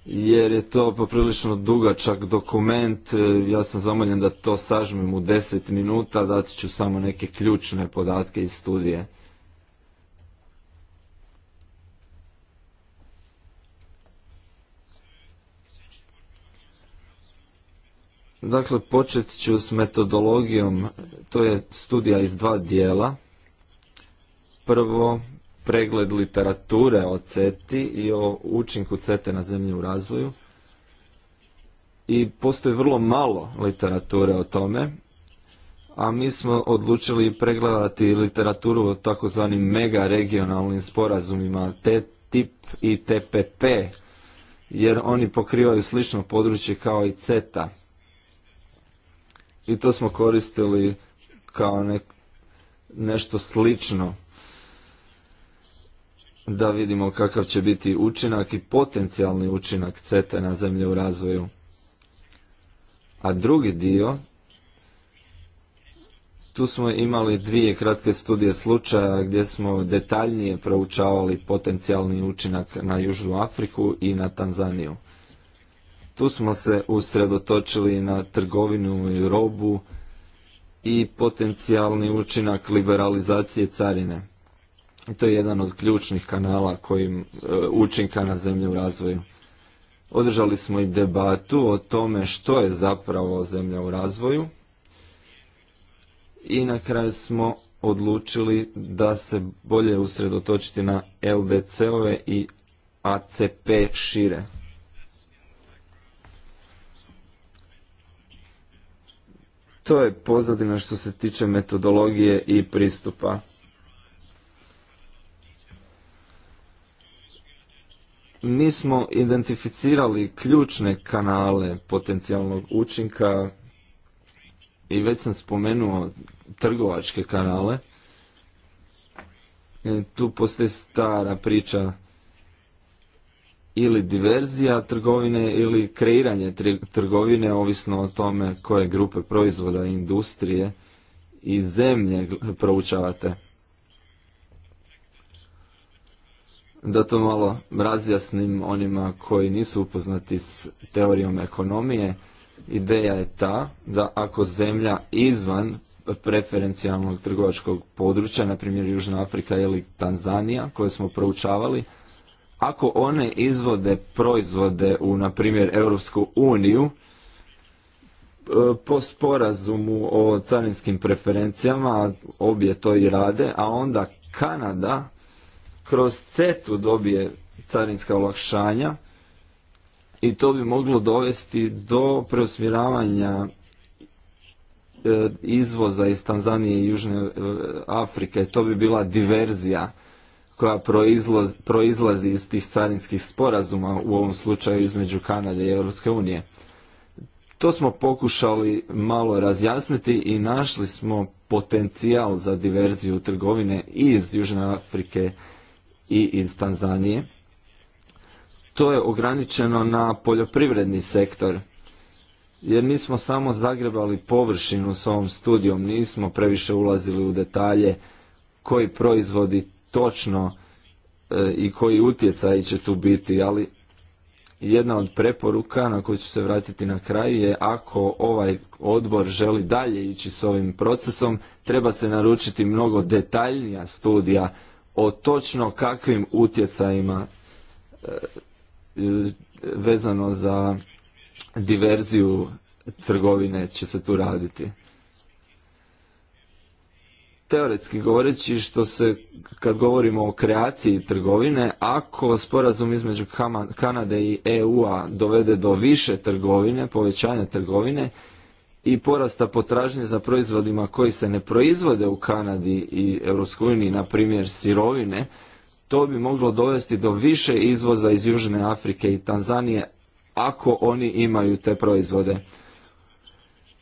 jer je to poprilično dugačak dokument. E, ja sam zamoljen da to sažmem u deset minuta, dat ću samo neke ključne podatke iz studije. Dakle, počet ću s metodologijom, to je studija iz dva dijela. Prvo, pregled literature o CETI i o učinku CETE na zemlji u razvoju. I postoji vrlo malo literature o tome, a mi smo odlučili pregledati literaturu o takozvanim mega regionalnim sporazumima TTIP i TPP, jer oni pokrivaju slično područje kao i CETA. I to smo koristili kao nešto slično da vidimo kakav će biti učinak i potencijalni učinak CETA na zemlje u razvoju. A drugi dio, tu smo imali dvije kratke studije slučaja gdje smo detaljnije proučavali potencijalni učinak na Južnu Afriku i na Tanzaniju. Tu smo se usredotočili na trgovinu i robu i potencijalni učinak liberalizacije carine. To je jedan od ključnih kanala kojim e, učinka na zemlje u razvoju. Održali smo i debatu o tome što je zapravo zemlja u razvoju i na kraju smo odlučili da se bolje usredotočiti na LDC-ove i ACP šire. To je pozadina što se tiče metodologije i pristupa. mi smo identificirali ključne kanale potencijalnog učinka i već sam spomenuo trgovačke kanale. E, tu postoji stara priča ili diverzija trgovine ili kreiranje trgovine ovisno o tome koje grupe proizvoda, industrije i zemlje proučavate. da to malo razjasnim onima koji nisu upoznati s teorijom ekonomije, ideja je ta da ako zemlja izvan preferencijalnog trgovačkog područja, na primjer Južna Afrika ili Tanzanija, koje smo proučavali, ako one izvode proizvode u, na primjer, Europsku uniju, e, po sporazumu o carinskim preferencijama, obje to i rade, a onda Kanada kroz CETU dobije carinska olakšanja i to bi moglo dovesti do preusmjeravanja e, izvoza iz Tanzanije i Južne e, Afrike. To bi bila diverzija koja proizlazi iz tih carinskih sporazuma, u ovom slučaju između Kanade i Europske unije. To smo pokušali malo razjasniti i našli smo potencijal za diverziju trgovine iz Južne Afrike i iz Tanzanije. To je ograničeno na poljoprivredni sektor, jer mi smo samo zagrebali površinu s ovom studijom, nismo previše ulazili u detalje koji proizvodi točno e, i koji utjecaj će tu biti, ali jedna od preporuka na koju ću se vratiti na kraj je ako ovaj odbor želi dalje ići s ovim procesom, treba se naručiti mnogo detaljnija studija o točno kakvim utjecajima e, vezano za diverziju trgovine će se tu raditi. Teoretski govoreći što se kad govorimo o kreaciji trgovine, ako sporazum između Kanade i EU-a dovede do više trgovine, povećanja trgovine, i porasta potražnje za proizvodima koji se ne proizvode u Kanadi i EU, na primjer sirovine, to bi moglo dovesti do više izvoza iz Južne Afrike i Tanzanije ako oni imaju te proizvode.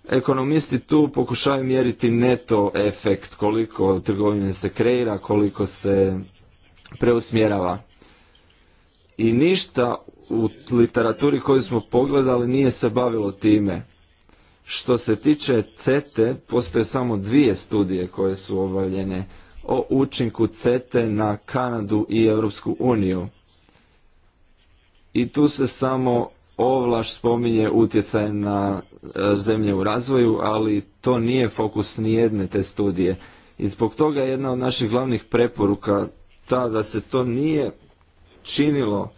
Ekonomisti tu pokušaju mjeriti neto efekt, koliko trgovine se kreira, koliko se preusmjerava. I ništa u literaturi koju smo pogledali nije se bavilo time. Što se tiče CETE, postoje samo dvije studije koje su obavljene o učinku CETE na Kanadu i Europsku uniju. I tu se samo ovlaš spominje utjecaj na e, zemlje u razvoju, ali to nije fokus nijedne te studije. I zbog toga je jedna od naših glavnih preporuka ta da se to nije činilo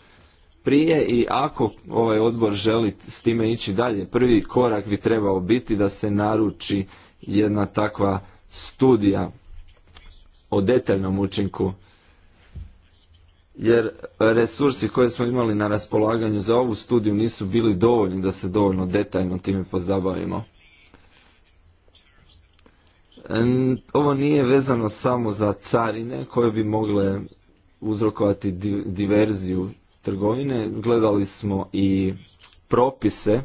prije i ako ovaj odbor želi s time ići dalje, prvi korak bi trebao biti da se naruči jedna takva studija o detaljnom učinku jer resursi koje smo imali na raspolaganju za ovu studiju nisu bili dovoljni da se dovoljno detaljno time pozabavimo. Ovo nije vezano samo za carine koje bi mogle uzrokovati diverziju trgovine, gledali smo i propise.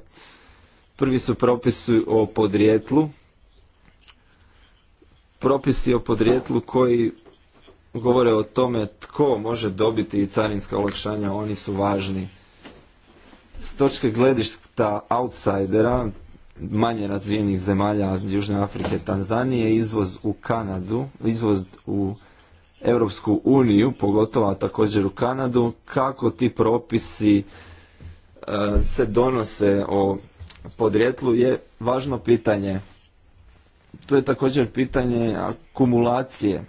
Prvi su propisi o podrijetlu, propisi o podrijetlu koji govore o tome tko može dobiti i carinska olakšanja, oni su važni. S točke gledišta outsidera, manje razvijenih zemalja Južne Afrike, Tanzanije, izvoz u Kanadu, izvoz u Europsku uniju, pogotovo a također u Kanadu, kako ti propisi e, se donose o podrijetlu je važno pitanje. To je također pitanje akumulacije.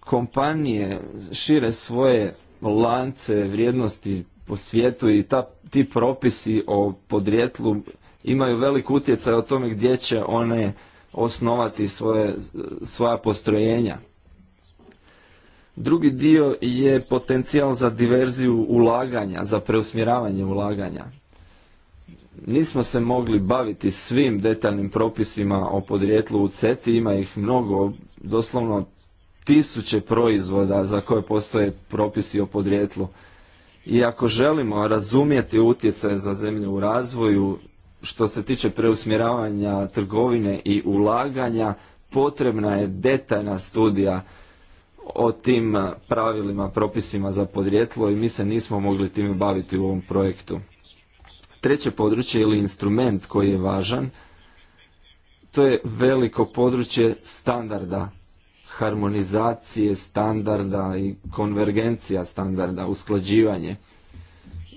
Kompanije šire svoje lance vrijednosti po svijetu i ta, ti propisi o podrijetlu imaju velik utjecaj o tome gdje će one osnovati svoje, svoja postrojenja. Drugi dio je potencijal za diverziju ulaganja, za preusmjeravanje ulaganja. Nismo se mogli baviti svim detaljnim propisima o podrijetlu u CETI, ima ih mnogo, doslovno tisuće proizvoda za koje postoje propisi o podrijetlu. I ako želimo razumjeti utjecaj za zemlju u razvoju što se tiče preusmjeravanja trgovine i ulaganja, potrebna je detaljna studija o tim pravilima, propisima za podrijetlo i mi se nismo mogli time baviti u ovom projektu. Treće područje ili instrument koji je važan, to je veliko područje standarda, harmonizacije standarda i konvergencija standarda, usklađivanje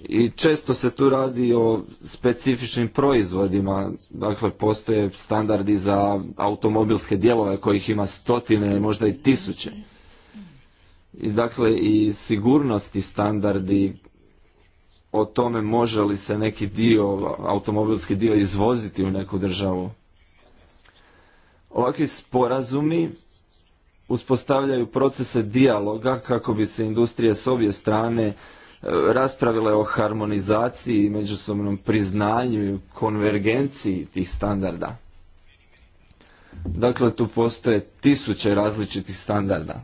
i često se tu radi o specifičnim proizvodima, dakle postoje standardi za automobilske dijelove kojih ima stotine, možda i tisuće. I dakle i sigurnosti standardi o tome može li se neki dio, automobilski dio izvoziti u neku državu. Ovakvi sporazumi uspostavljaju procese dijaloga kako bi se industrije s obje strane je o harmonizaciji, i međusobnom priznanju, i konvergenciji tih standarda. Dakle, tu postoje tisuće različitih standarda.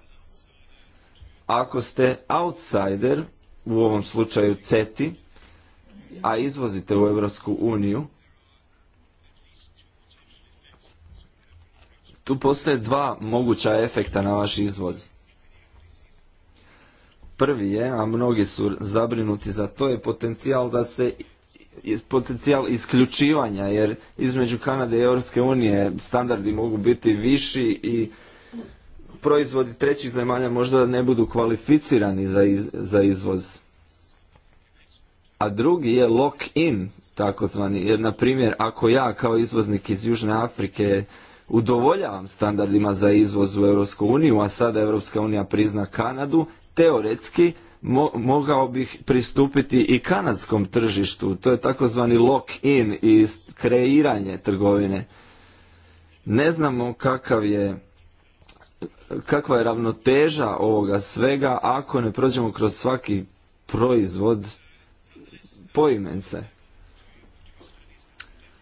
Ako ste outsider, u ovom slučaju CETI, a izvozite u Europsku uniju, tu postoje dva moguća efekta na vaš izvoz. Prvi je, a mnogi su zabrinuti za to, je potencijal da se potencijal isključivanja, jer između Kanade i Europske unije standardi mogu biti viši i proizvodi trećih zemalja možda ne budu kvalificirani za, za izvoz. A drugi je lock-in, takozvani, jer na primjer ako ja kao izvoznik iz Južne Afrike udovoljavam standardima za izvoz u Europsku uniju, a sada Europska unija prizna Kanadu, teoretski mogao bih pristupiti i kanadskom tržištu. To je takozvani lock-in i kreiranje trgovine. Ne znamo kakav je kakva je ravnoteža ovoga svega ako ne prođemo kroz svaki proizvod poimence.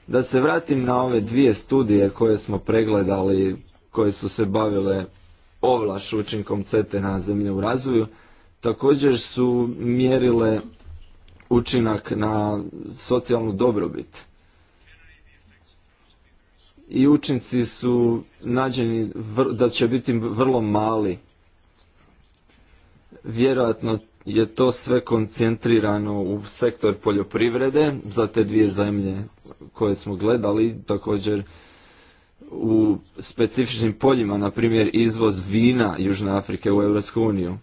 Da se vratim na ove dvije studije koje smo pregledali, koje su se bavile ovlaš učinkom CETE na zemlje u razvoju. Također su mjerile učinak na socijalnu dobrobit. I učinci su nađeni da će biti vrlo mali. Vjerojatno je to sve koncentrirano u sektor poljoprivrede za te dvije zemlje koje smo gledali, također u specifičnim poljima, na primjer izvoz vina Južne Afrike u Europsku uniju.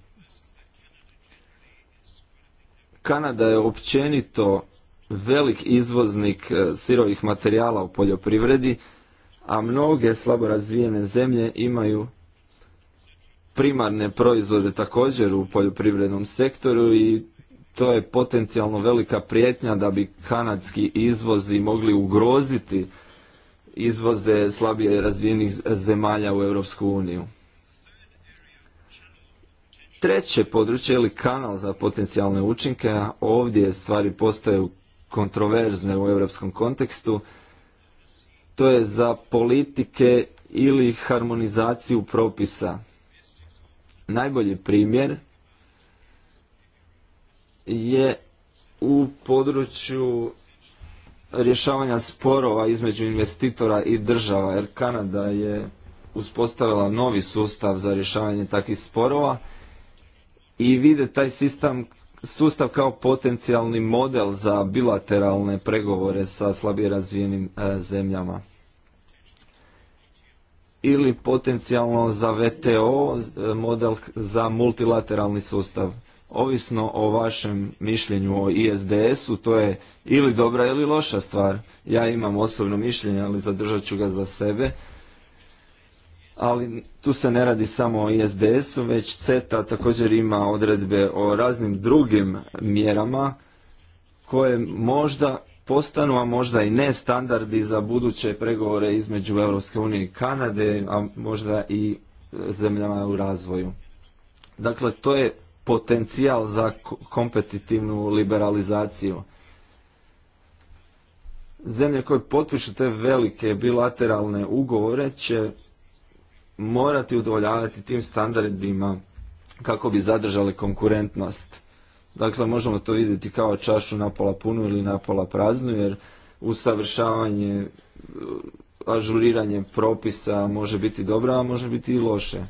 Kanada je općenito velik izvoznik e, sirovih materijala u poljoprivredi, a mnoge slabo razvijene zemlje imaju primarne proizvode također u poljoprivrednom sektoru i to je potencijalno velika prijetnja da bi kanadski izvozi mogli ugroziti izvoze slabije razvijenih zemalja u Europsku uniju. Treće područje ili kanal za potencijalne učinke, ovdje stvari postaju kontroverzne u europskom kontekstu, to je za politike ili harmonizaciju propisa. Najbolji primjer je u području rješavanja sporova između investitora i država, jer Kanada je uspostavila novi sustav za rješavanje takvih sporova i vide taj sistem, sustav kao potencijalni model za bilateralne pregovore sa slabije razvijenim e, zemljama ili potencijalno za VTO e, model za multilateralni sustav ovisno o vašem mišljenju o ISDS-u, to je ili dobra ili loša stvar. Ja imam osobno mišljenje, ali zadržat ću ga za sebe. Ali tu se ne radi samo o ISDS-u, već CETA također ima odredbe o raznim drugim mjerama koje možda postanu, a možda i ne standardi za buduće pregovore između Europske unije i Kanade, a možda i zemljama u razvoju. Dakle, to je potencijal za kompetitivnu liberalizaciju. Zemlje koje potpišu te velike bilateralne ugovore će morati udovoljavati tim standardima kako bi zadržali konkurentnost. Dakle, možemo to vidjeti kao čašu napola punu ili napola praznu, jer usavršavanje, ažuriranje propisa može biti dobro, a može biti i loše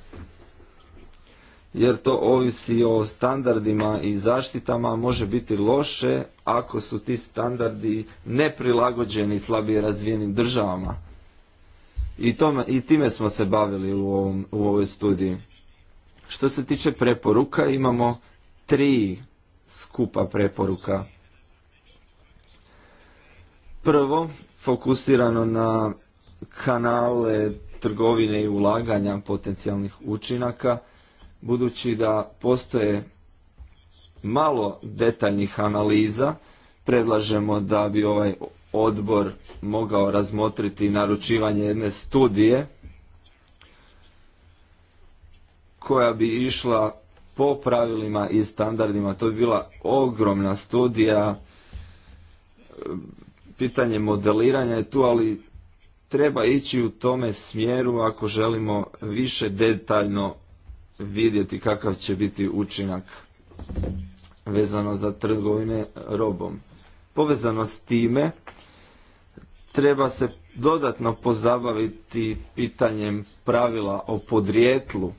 jer to ovisi o standardima i zaštitama, može biti loše ako su ti standardi neprilagođeni slabije razvijenim državama. I, i time smo se bavili u, ovom, u ovoj studiji. Što se tiče preporuka, imamo tri skupa preporuka. Prvo, fokusirano na kanale trgovine i ulaganja potencijalnih učinaka – budući da postoje malo detaljnih analiza, predlažemo da bi ovaj odbor mogao razmotriti naručivanje jedne studije koja bi išla po pravilima i standardima. To bi bila ogromna studija, pitanje modeliranja je tu, ali treba ići u tome smjeru ako želimo više detaljno vidjeti kakav će biti učinak vezano za trgovine robom. Povezano s time treba se dodatno pozabaviti pitanjem pravila o podrijetlu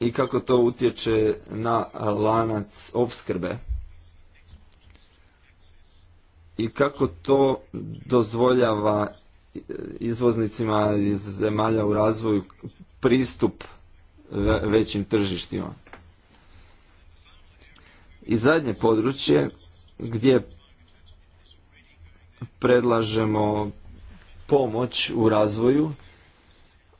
i kako to utječe na lanac opskrbe i kako to dozvoljava izvoznicima iz zemalja u razvoju pristup većim tržištima. I zadnje područje gdje predlažemo pomoć u razvoju,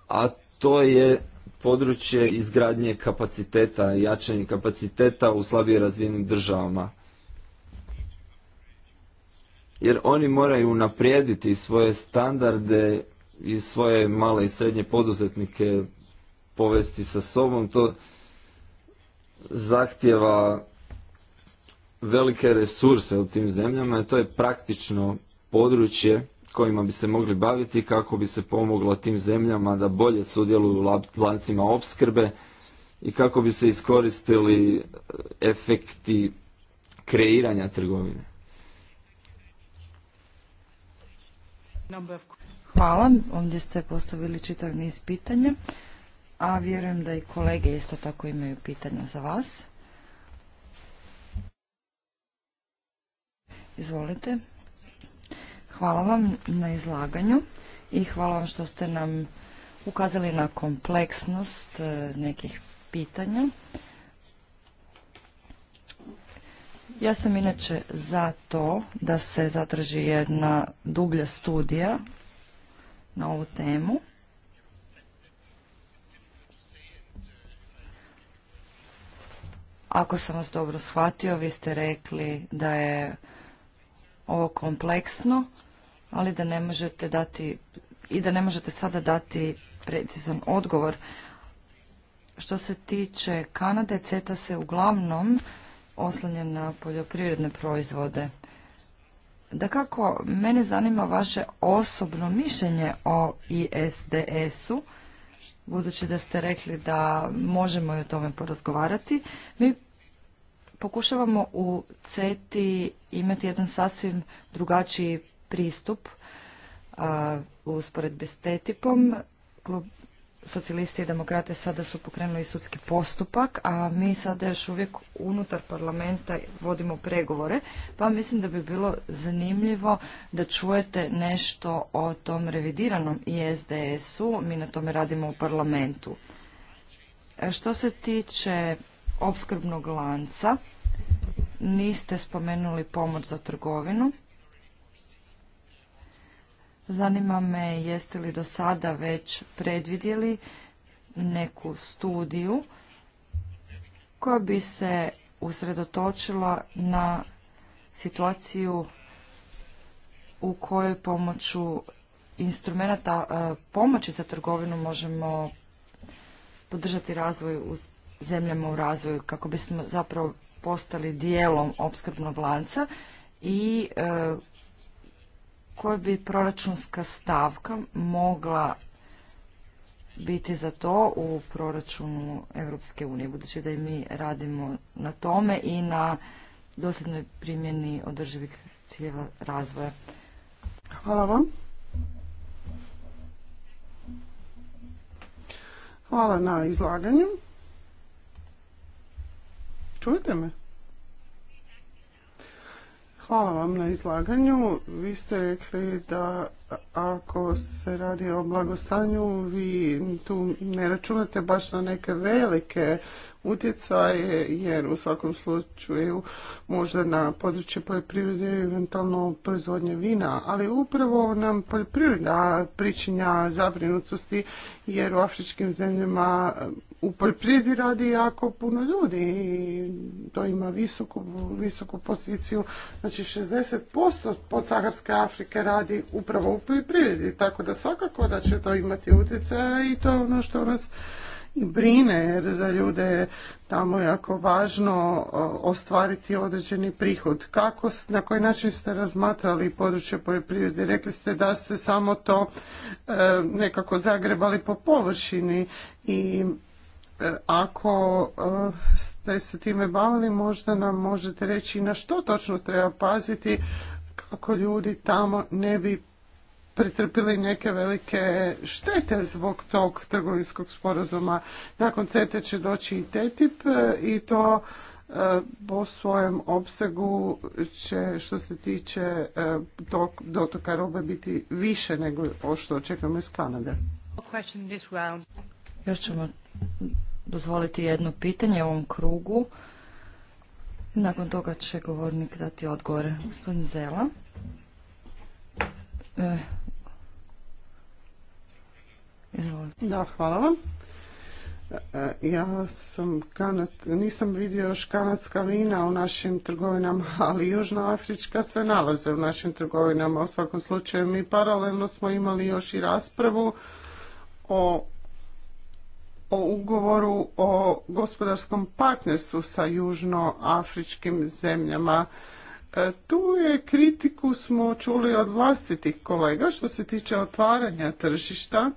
a to je područje izgradnje kapaciteta, jačanje kapaciteta u slabije razvijenim državama. Jer oni moraju naprijediti svoje standarde i svoje male i srednje poduzetnike povesti sa sobom, to zahtjeva velike resurse u tim zemljama i to je praktično područje kojima bi se mogli baviti kako bi se pomoglo tim zemljama da bolje sudjeluju u lancima opskrbe i kako bi se iskoristili eh, efekti kreiranja trgovine. Hvala. Ovdje ste postavili čitav niz pitanja, a vjerujem da i kolege isto tako imaju pitanja za vas. Izvolite. Hvala vam na izlaganju i hvala vam što ste nam ukazali na kompleksnost e, nekih pitanja. Ja sam inače za to da se zadrži jedna dublja studija na ovu temu. Ako sam vas dobro shvatio, vi ste rekli da je ovo kompleksno, ali da ne možete dati i da ne možete sada dati precizan odgovor. Što se tiče Kanade, CETA se uglavnom oslanja na poljoprivredne proizvode. Da kako, mene zanima vaše osobno mišljenje o ISDS-u, budući da ste rekli da možemo i o tome porazgovarati. Mi pokušavamo u CETI imati jedan sasvim drugačiji pristup u usporedbi s TTIP-om. Klub socijalisti i demokrate sada su pokrenuli sudski postupak, a mi sada još uvijek unutar parlamenta vodimo pregovore, pa mislim da bi bilo zanimljivo da čujete nešto o tom revidiranom ISDS-u, mi na tome radimo u parlamentu. E, što se tiče opskrbnog lanca, niste spomenuli pomoć za trgovinu. Zanima me jeste li do sada već predvidjeli neku studiju koja bi se usredotočila na situaciju u kojoj pomoću instrumenta e, pomoći za trgovinu možemo podržati razvoj u zemljama u razvoju kako bismo zapravo postali dijelom opskrbnog lanca i e, koja bi proračunska stavka mogla biti za to u proračunu Europske unije, budući da i mi radimo na tome i na dosljednoj primjeni održivih ciljeva razvoja. Hvala vam. Hvala na izlaganju. Čujete me? Hvala vam na izlaganju. Vi ste rekli da ako se radi o blagostanju, vi tu ne računate baš na neke velike utjecaje, jer u svakom slučaju možda na područje poljoprivrede i eventualno proizvodnje vina, ali upravo nam poljoprivreda pričinja zabrinutosti, jer u afričkim zemljama u poljoprivredi radi jako puno ljudi i to ima visoku, visoku poziciju, znači 60% podsaharske Afrike radi upravo u poljoprivredi. Tako da svakako da će to imati utjecaj i to je ono što nas i brine jer za ljude je tamo jako važno ostvariti određeni prihod. Kako, na koji način ste razmatrali područje poljoprivrede? Rekli ste da ste samo to e, nekako zagrebali po površini i e, ako e, ste se time bavili možda nam možete reći na što točno treba paziti kako ljudi tamo ne bi pretrpili neke velike štete zbog tog trgovinskog sporazuma. Nakon CETA će doći i TTIP e, i to e, po svojem opsegu će što se tiče e, dotoka robe biti više nego što očekujemo iz Kanade. Još ćemo dozvoliti jedno pitanje u ovom krugu. Nakon toga će govornik dati odgovor. Gospodin Zela. Da, hvala vam. E, ja sam kanad, nisam vidio još kanadska vina u našim trgovinama, ali južnoafrička se nalaze u našim trgovinama. U svakom slučaju mi paralelno smo imali još i raspravu o, o ugovoru o gospodarskom partnerstvu sa južnoafričkim zemljama. E, tu je kritiku smo čuli od vlastitih kolega što se tiče otvaranja tržišta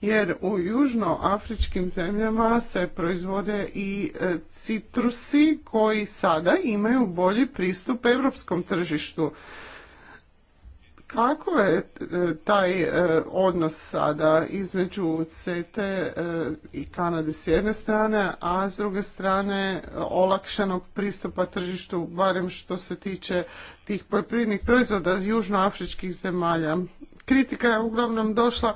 jer u južnoafričkim zemljama se proizvode i e, citrusi koji sada imaju bolji pristup europskom tržištu. Kako je e, taj e, odnos sada između CETE i Kanade s jedne strane, a s druge strane olakšanog pristupa tržištu, barem što se tiče tih poljoprivrednih proizvoda iz južnoafričkih zemalja? kritika je uglavnom došla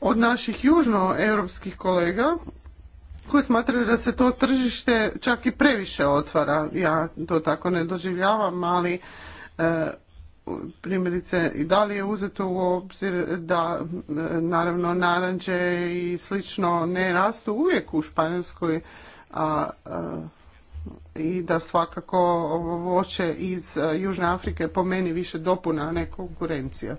od naših južnoeuropskih kolega koji smatraju da se to tržište čak i previše otvara. Ja to tako ne doživljavam, ali e, primjerice i da li je uzeto u obzir da e, naravno naranđe i slično ne rastu uvijek u Španjolskoj, a e, i da svakako ovo voće iz Južne Afrike po meni više dopuna, a ne konkurencija.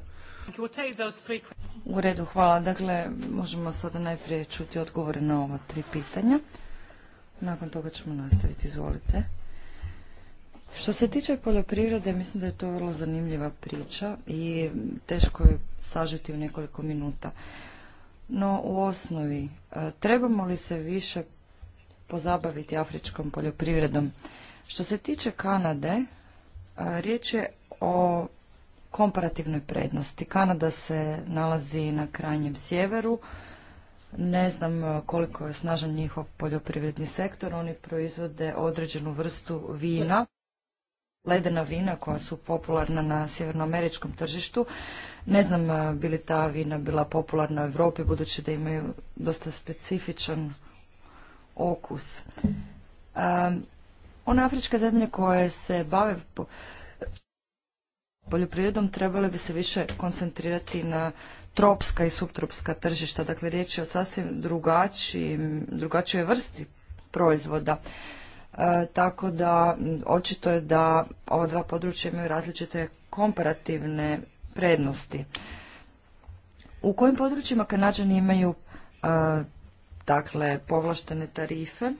U redu, hvala. Dakle, možemo sada najprije čuti odgovore na ova tri pitanja. Nakon toga ćemo nastaviti. Izvolite. Što se tiče poljoprivrede, mislim da je to vrlo zanimljiva priča i teško je sažeti u nekoliko minuta. No, u osnovi, e, trebamo li se više pozabaviti afričkom poljoprivredom? Što se tiče Kanade, e, riječ je o komparativnoj prednosti. Kanada se nalazi na krajnjem sjeveru. Ne znam e, koliko je snažan njihov poljoprivredni sektor. Oni proizvode određenu vrstu vina, ledena vina koja su popularna na sjevernoameričkom tržištu. Ne znam e, bi li ta vina bila popularna u Europi budući da imaju dosta specifičan okus. Um, one afričke zemlje koje se bave poljoprivredom trebali bi se više koncentrirati na tropska i subtropska tržišta. Dakle, riječ je o sasvim drugačijoj vrsti proizvoda. E, tako da očito je da ova dva područja imaju različite komparativne prednosti. U kojim područjima Kanađani imaju e, dakle povlaštene tarife?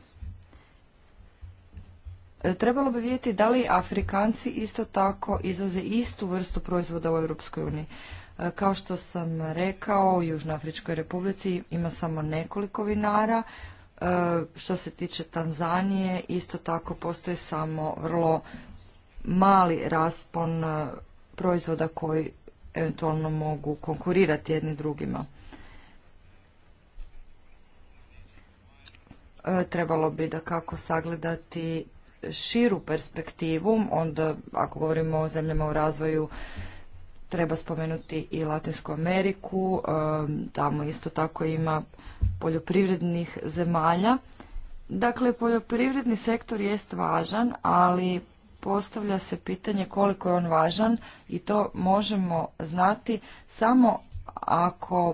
Trebalo bi vidjeti da li Afrikanci isto tako izvoze istu vrstu proizvoda u Europskoj uniji. E, kao što sam rekao, u Južnoafričkoj republici ima samo nekoliko vinara. E, što se tiče Tanzanije, isto tako postoje samo vrlo mali raspon e, proizvoda koji eventualno mogu konkurirati jedni drugima. trebalo bi da kako sagledati širu perspektivu, onda ako govorimo o zemljama u razvoju, treba spomenuti i Latinsku Ameriku, tamo isto tako ima poljoprivrednih zemalja. Dakle, poljoprivredni sektor jest važan, ali postavlja se pitanje koliko je on važan i to možemo znati samo ako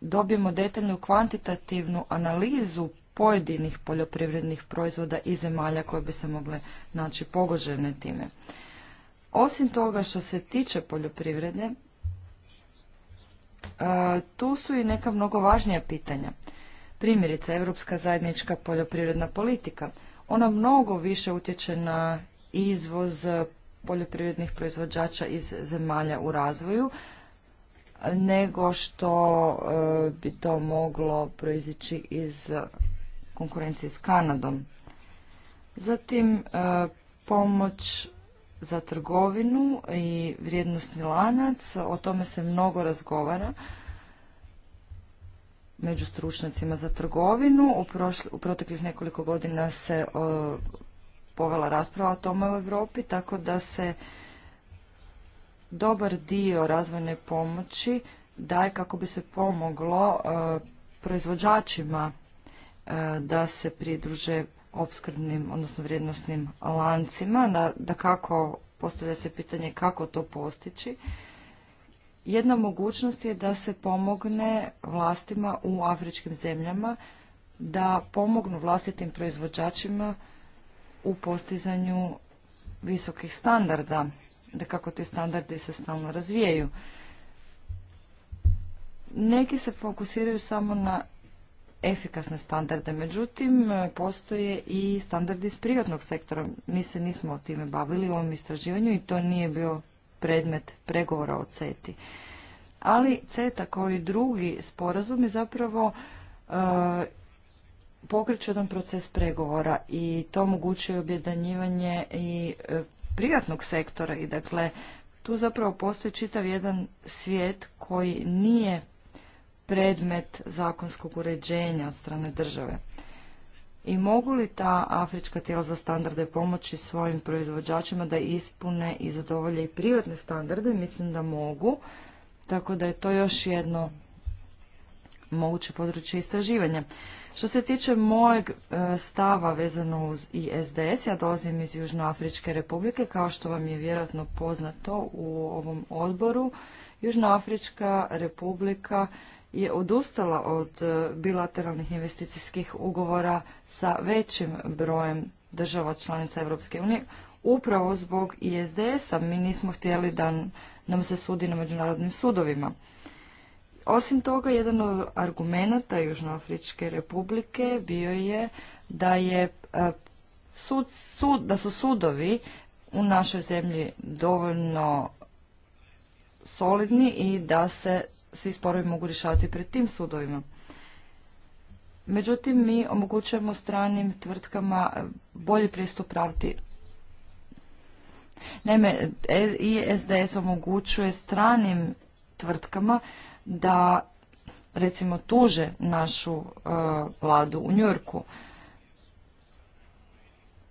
dobijemo detaljnu kvantitativnu analizu pojedinih poljoprivrednih proizvoda i zemalja koje bi se mogle naći pogožene time. Osim toga što se tiče poljoprivrede, e, tu su i neka mnogo važnija pitanja. Primjerice, Europska zajednička poljoprivredna politika. Ona mnogo više utječe na izvoz poljoprivrednih proizvođača iz zemalja u razvoju nego što e, bi to moglo proizići iz konkurenciji s Kanadom. Zatim e, pomoć za trgovinu i vrijednostni lanac, o tome se mnogo razgovara među stručnjacima za trgovinu. U, prošli, u proteklih nekoliko godina se e, povela rasprava o tome u Europi, tako da se dobar dio razvojne pomoći daje kako bi se pomoglo e, proizvođačima E, da se pridruže opskrbnim, odnosno vrijednostnim lancima, da, da kako postavlja se pitanje kako to postići. Jedna mogućnost je da se pomogne vlastima u afričkim zemljama da pomognu vlastitim proizvođačima u postizanju visokih standarda, da kako ti standardi se stalno razvijaju. Neki se fokusiraju samo na efikasne standarde. Međutim, e, postoje i standardi iz privatnog sektora. Mi se nismo time bavili u ovom istraživanju i to nije bio predmet pregovora o CETI. Ali CETA kao i drugi sporazum je zapravo e, pokreće jedan proces pregovora i to omogućuje objedanjivanje i e, privatnog sektora i dakle tu zapravo postoji čitav jedan svijet koji nije predmet zakonskog uređenja od strane države. I mogu li ta afrička tijela za standarde pomoći svojim proizvođačima da ispune i zadovolje i privatne standarde? Mislim da mogu, tako da je to još jedno moguće područje istraživanja. Što se tiče mojeg e, stava vezano uz ISDS, ja dolazim iz Južnoafričke republike, kao što vam je vjerojatno poznato u ovom odboru. Južnoafrička republika je odustala od e, bilateralnih investicijskih ugovora sa većim brojem država članica Europske unije upravo zbog ISDS-a. Mi nismo htjeli da nam se sudi na međunarodnim sudovima. Osim toga, jedan od argumenata Južnoafričke republike bio je da je e, sud, da su sudovi u našoj zemlji dovoljno solidni i da se svi sporovi mogu rješavati pred tim sudovima. Međutim, mi omogućujemo stranim tvrtkama e, bolji pristup pravdi. Naime, e- i SDS omogućuje stranim tvrtkama da recimo tuže našu e, vladu u Njurku.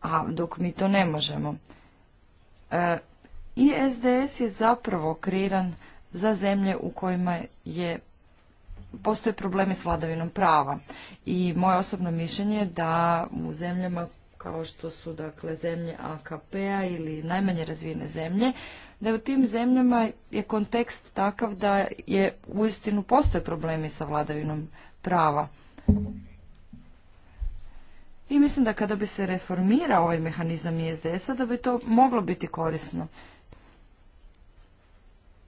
A dok mi to ne možemo. I SDS je zapravo kreiran za zemlje u kojima je postoje problemi s vladavinom prava. I moje osobno mišljenje je da u zemljama kao što su dakle zemlje AKP-a ili najmanje razvijene zemlje, da u tim zemljama je kontekst takav da je uistinu postoje problemi sa vladavinom prava. I mislim da kada bi se reformirao ovaj mehanizam ISDS-a da bi to moglo biti korisno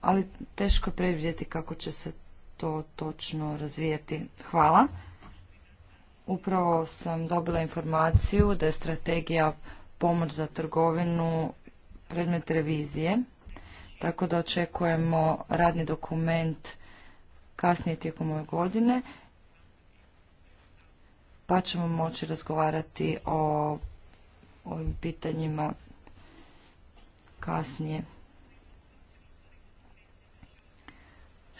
ali teško je predvidjeti kako će se to točno razvijeti. Hvala. Upravo sam dobila informaciju da je strategija pomoć za trgovinu predmet revizije, tako da očekujemo radni dokument kasnije tijekom ove godine, pa ćemo moći razgovarati o ovim pitanjima kasnije.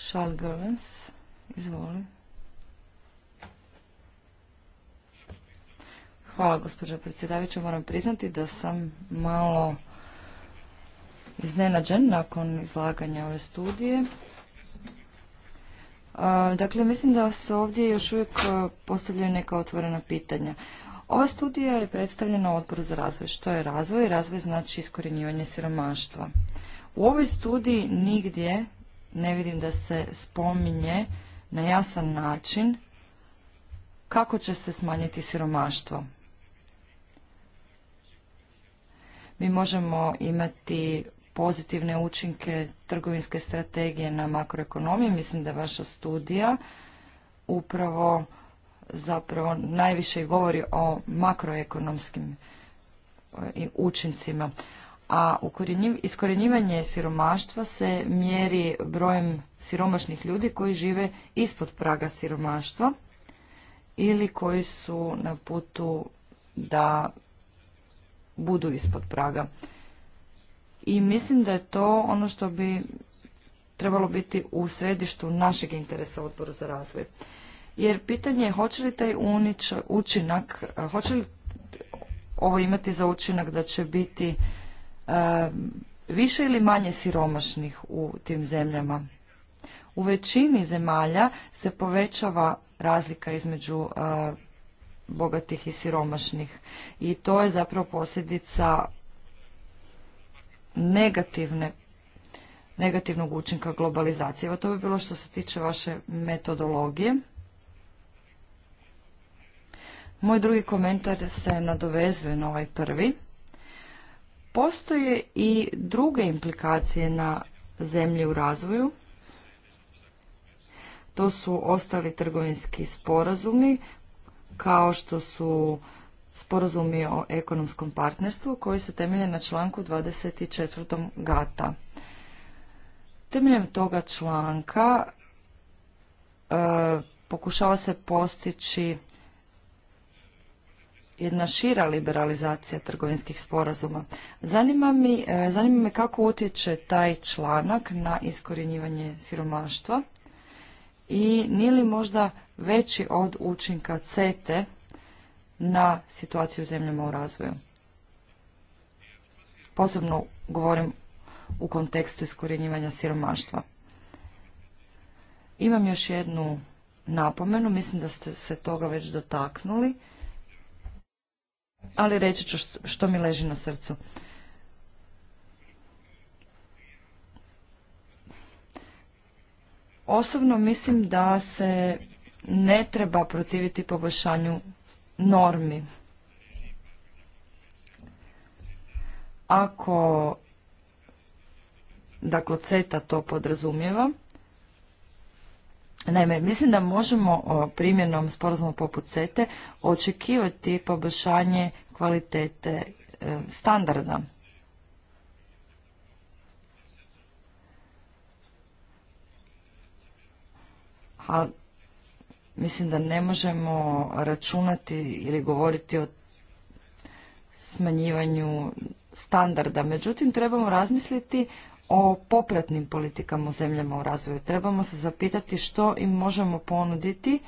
Charles Gervens, izvoli. Hvala gospođo predsjedavića. Moram priznati da sam malo iznenađen nakon izlaganja ove studije. Dakle, mislim da se ovdje još uvijek postavljaju neka otvorena pitanja. Ova studija je predstavljena u odboru za razvoj. Što je razvoj? Razvoj znači iskorjenjivanje siromaštva. U ovoj studiji nigdje ne vidim da se spominje na jasan način kako će se smanjiti siromaštvo. Mi možemo imati pozitivne učinke trgovinske strategije na makroekonomiji. Mislim da vaša studija upravo zapravo najviše govori o makroekonomskim e, učincima a iskorjenjivanje siromaštva se mjeri brojem siromašnih ljudi koji žive ispod praga siromaštva ili koji su na putu da budu ispod praga. I mislim da je to ono što bi trebalo biti u središtu našeg interesa odboru za razvoj. Jer pitanje je hoće li taj učinak, hoće li ovo imati za učinak da će biti Ehm, više ili manje siromašnih u tim zemljama. U većini zemalja se povećava razlika između ehm, bogatih i siromašnih i to je zapravo posljedica negativne negativnog učinka globalizacije. Evo to bi bilo što se tiče vaše metodologije. Moj drugi komentar se nadovezuje na ovaj prvi. Postoje i druge implikacije na zemlje u razvoju. To su ostali trgovinski sporazumi, kao što su sporazumi o ekonomskom partnerstvu koji se temelje na članku 24. gata. Temeljem toga članka e, pokušava se postići jedna šira liberalizacija trgovinskih sporazuma. Zanima, mi, e, zanima me kako utječe taj članak na iskorjenjivanje siromaštva i nije li možda veći od učinka CETE na situaciju u zemljama u razvoju. Posebno govorim u kontekstu iskorjenjivanja siromaštva. Imam još jednu napomenu, mislim da ste se toga već dotaknuli ali reći ću što mi leži na srcu. Osobno mislim da se ne treba protiviti poboljšanju normi. Ako dakle CETA to podrazumijeva, Naime, mislim da možemo primjenom sporazuma poput CETE očekivati poboljšanje kvalitete e, standarda. A mislim da ne možemo računati ili govoriti o smanjivanju standarda. Međutim, trebamo razmisliti o popratnim politikama u zemljama u razvoju. Trebamo se zapitati što im možemo ponuditi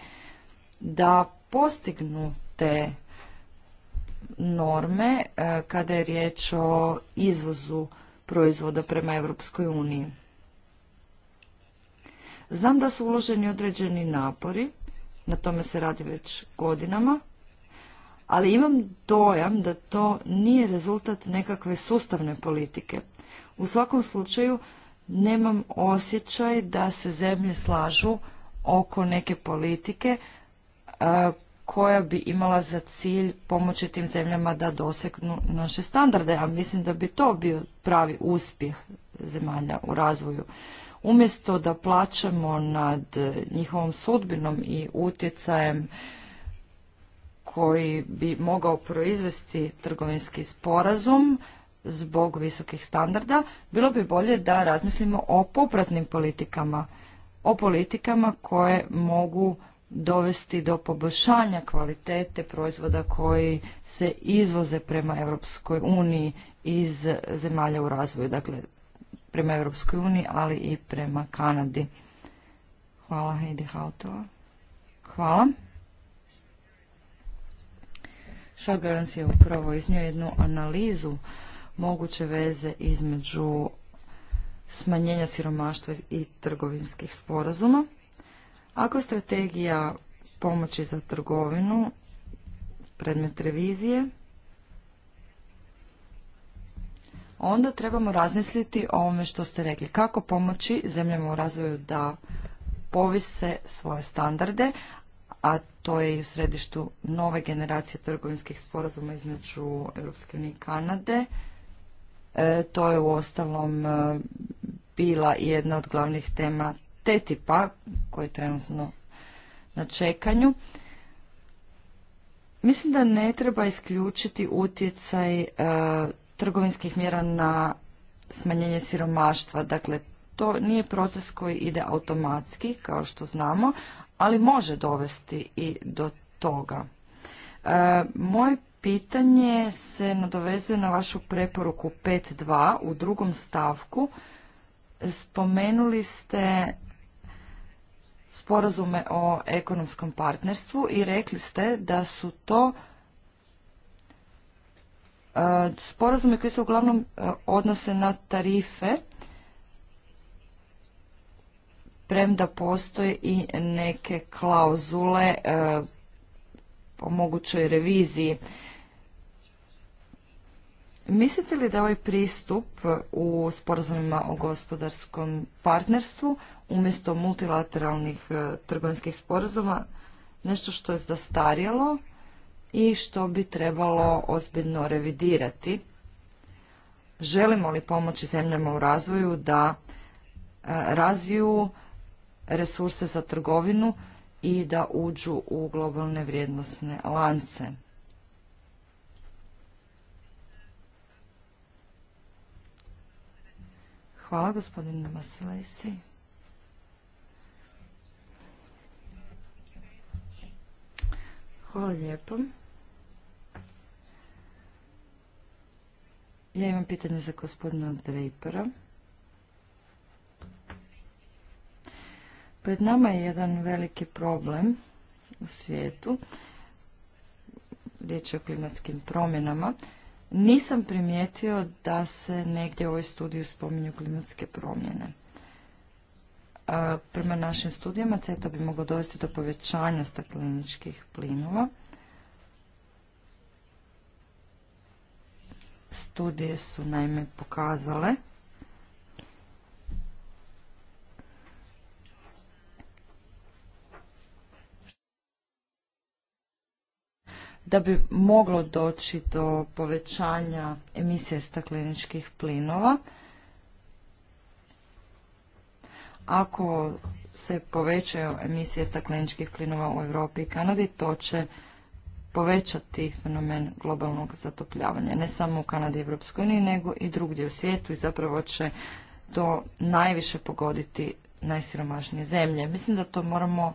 da postignu te norme e, kada je riječ o izvozu proizvoda prema Europskoj uniji. Znam da su uloženi određeni napori, na tome se radi već godinama, ali imam dojam da to nije rezultat nekakve sustavne politike. U svakom slučaju nemam osjećaj da se zemlje slažu oko neke politike e, koja bi imala za cilj pomoći tim zemljama da dosegnu naše standarde, a mislim da bi to bio pravi uspjeh zemalja u razvoju. Umjesto da plaćamo nad njihovom sudbinom i utjecajem koji bi mogao proizvesti trgovinski sporazum, zbog visokih standarda, bilo bi bolje da razmislimo o popratnim politikama, o politikama koje mogu dovesti do poboljšanja kvalitete proizvoda koji se izvoze prema Europskoj uniji iz zemalja u razvoju, dakle prema Europskoj uniji, ali i prema Kanadi. Hvala Heidi Hautova. Hvala. Šalgarans je upravo iznio jednu analizu moguće veze između smanjenja siromaštva i trgovinskih sporazuma. Ako je strategija pomoći za trgovinu predmet revizije, onda trebamo razmisliti o ovome što ste rekli. Kako pomoći zemljama u razvoju da povise svoje standarde, a to je i u središtu nove generacije trgovinskih sporazuma između Europske unije i Kanade, E, to je uostalom e, bila jedna od glavnih tema TTIP-a koji je trenutno na čekanju. Mislim da ne treba isključiti utjecaj e, trgovinskih mjera na smanjenje siromaštva. Dakle, to nije proces koji ide automatski, kao što znamo, ali može dovesti i do toga. E, moj pitanje se nadovezuje na vašu preporuku 5.2 u drugom stavku. Spomenuli ste sporazume o ekonomskom partnerstvu i rekli ste da su to e, sporazume koji se uglavnom e, odnose na tarife, premda postoje i neke klauzule e, o mogućoj reviziji Mislite li da ovaj pristup e, u sporazumima o gospodarskom partnerstvu umjesto multilateralnih e, trgovinskih sporazuma nešto što je zastarjelo i što bi trebalo ozbiljno revidirati? Želimo li pomoći zemljama u razvoju da e, razviju resurse za trgovinu i da uđu u globalne vrijednosne lance? Hvala, gospodin Vasilesi. Hvala lijepo. Ja imam pitanje za gospodina Drapera. Pred nama je jedan veliki problem u svijetu. Riječ je o klimatskim promjenama nisam primijetio da se negdje u ovoj studiju spominju klimatske promjene. prema našim studijama CETA bi moglo dovesti do povećanja stakleničkih plinova. Studije su naime pokazale da bi moglo doći do povećanja emisije stakleničkih plinova. Ako se povećaju emisije stakleničkih plinova u Europi i Kanadi, to će povećati fenomen globalnog zatopljavanja, ne samo u Kanadi i Evropskoj uniji, nego i drugdje u svijetu i zapravo će to najviše pogoditi najsiromašnije zemlje. Mislim da to moramo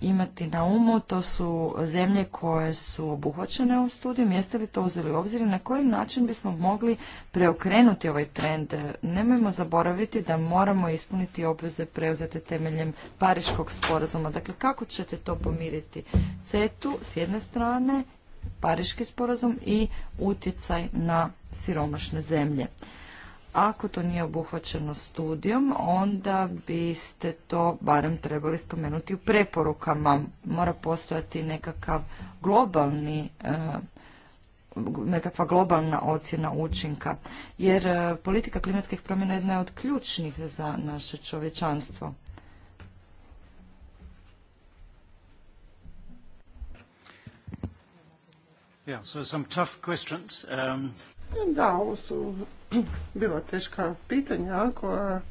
imati na umu, to su zemlje koje su obuhvaćene ovom studijom. Jeste li to uzeli u obzir i na koji način bismo mogli preokrenuti ovaj trend? Nemojmo zaboraviti da moramo ispuniti obveze preuzete temeljem Pariškog sporazuma. Dakle, kako ćete to pomiriti? CETU s jedne strane, Pariški sporazum i utjecaj na siromašne zemlje. Ako to nije obuhvaćeno studijom, onda biste to barem trebali spomenuti u preporukama. Mora postojati nekakav globalni e, nekakva globalna ocjena učinka, jer e, politika klimatskih promjena jedna je od ključnih za naše čovječanstvo. Yeah, so some tough questions. Um, da, ovo su bila teška pitanja koja e,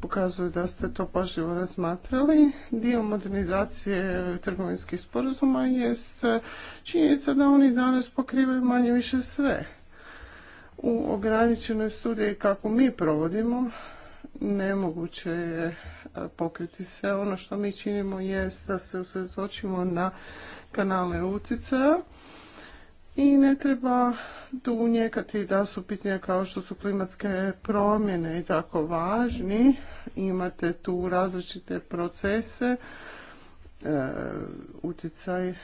pokazuju da ste to pažljivo razmatrali. Dio modernizacije trgovinskih sporazuma jest e, činjenica da oni danas pokrivaju manje više sve. U ograničenoj studiji kako mi provodimo nemoguće je e, pokriti sve. Ono što mi činimo jest da se usredotočimo na kanale utjecaja i ne treba tu njekati da su pitanja kao što su klimatske promjene i tako važni. Imate tu različite procese, e, utjecaj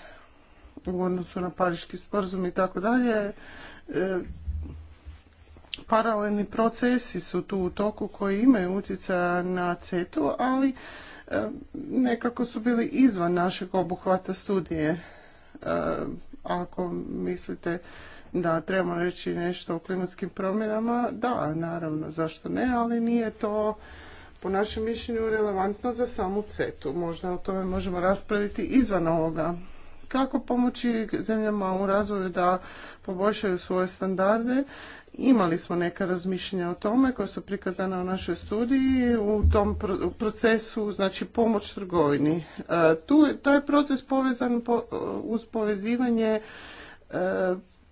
u odnosu na pariški sporazum i tako dalje. E, paralelni procesi su tu u toku koji imaju utjecaja na CETU, ali e, nekako su bili izvan našeg obuhvata studije. E, ako mislite da trebamo reći nešto o klimatskim promjenama, da, naravno, zašto ne, ali nije to po našem mišljenju relevantno za samu CETU. Možda o tome možemo raspraviti izvan ovoga. Kako pomoći zemljama u razvoju da poboljšaju svoje standarde? Imali smo neka razmišljanja o tome koja su prikazana u našoj studiji u tom procesu, znači pomoć trgovini. E, tu, taj proces povezan uz povezivanje e,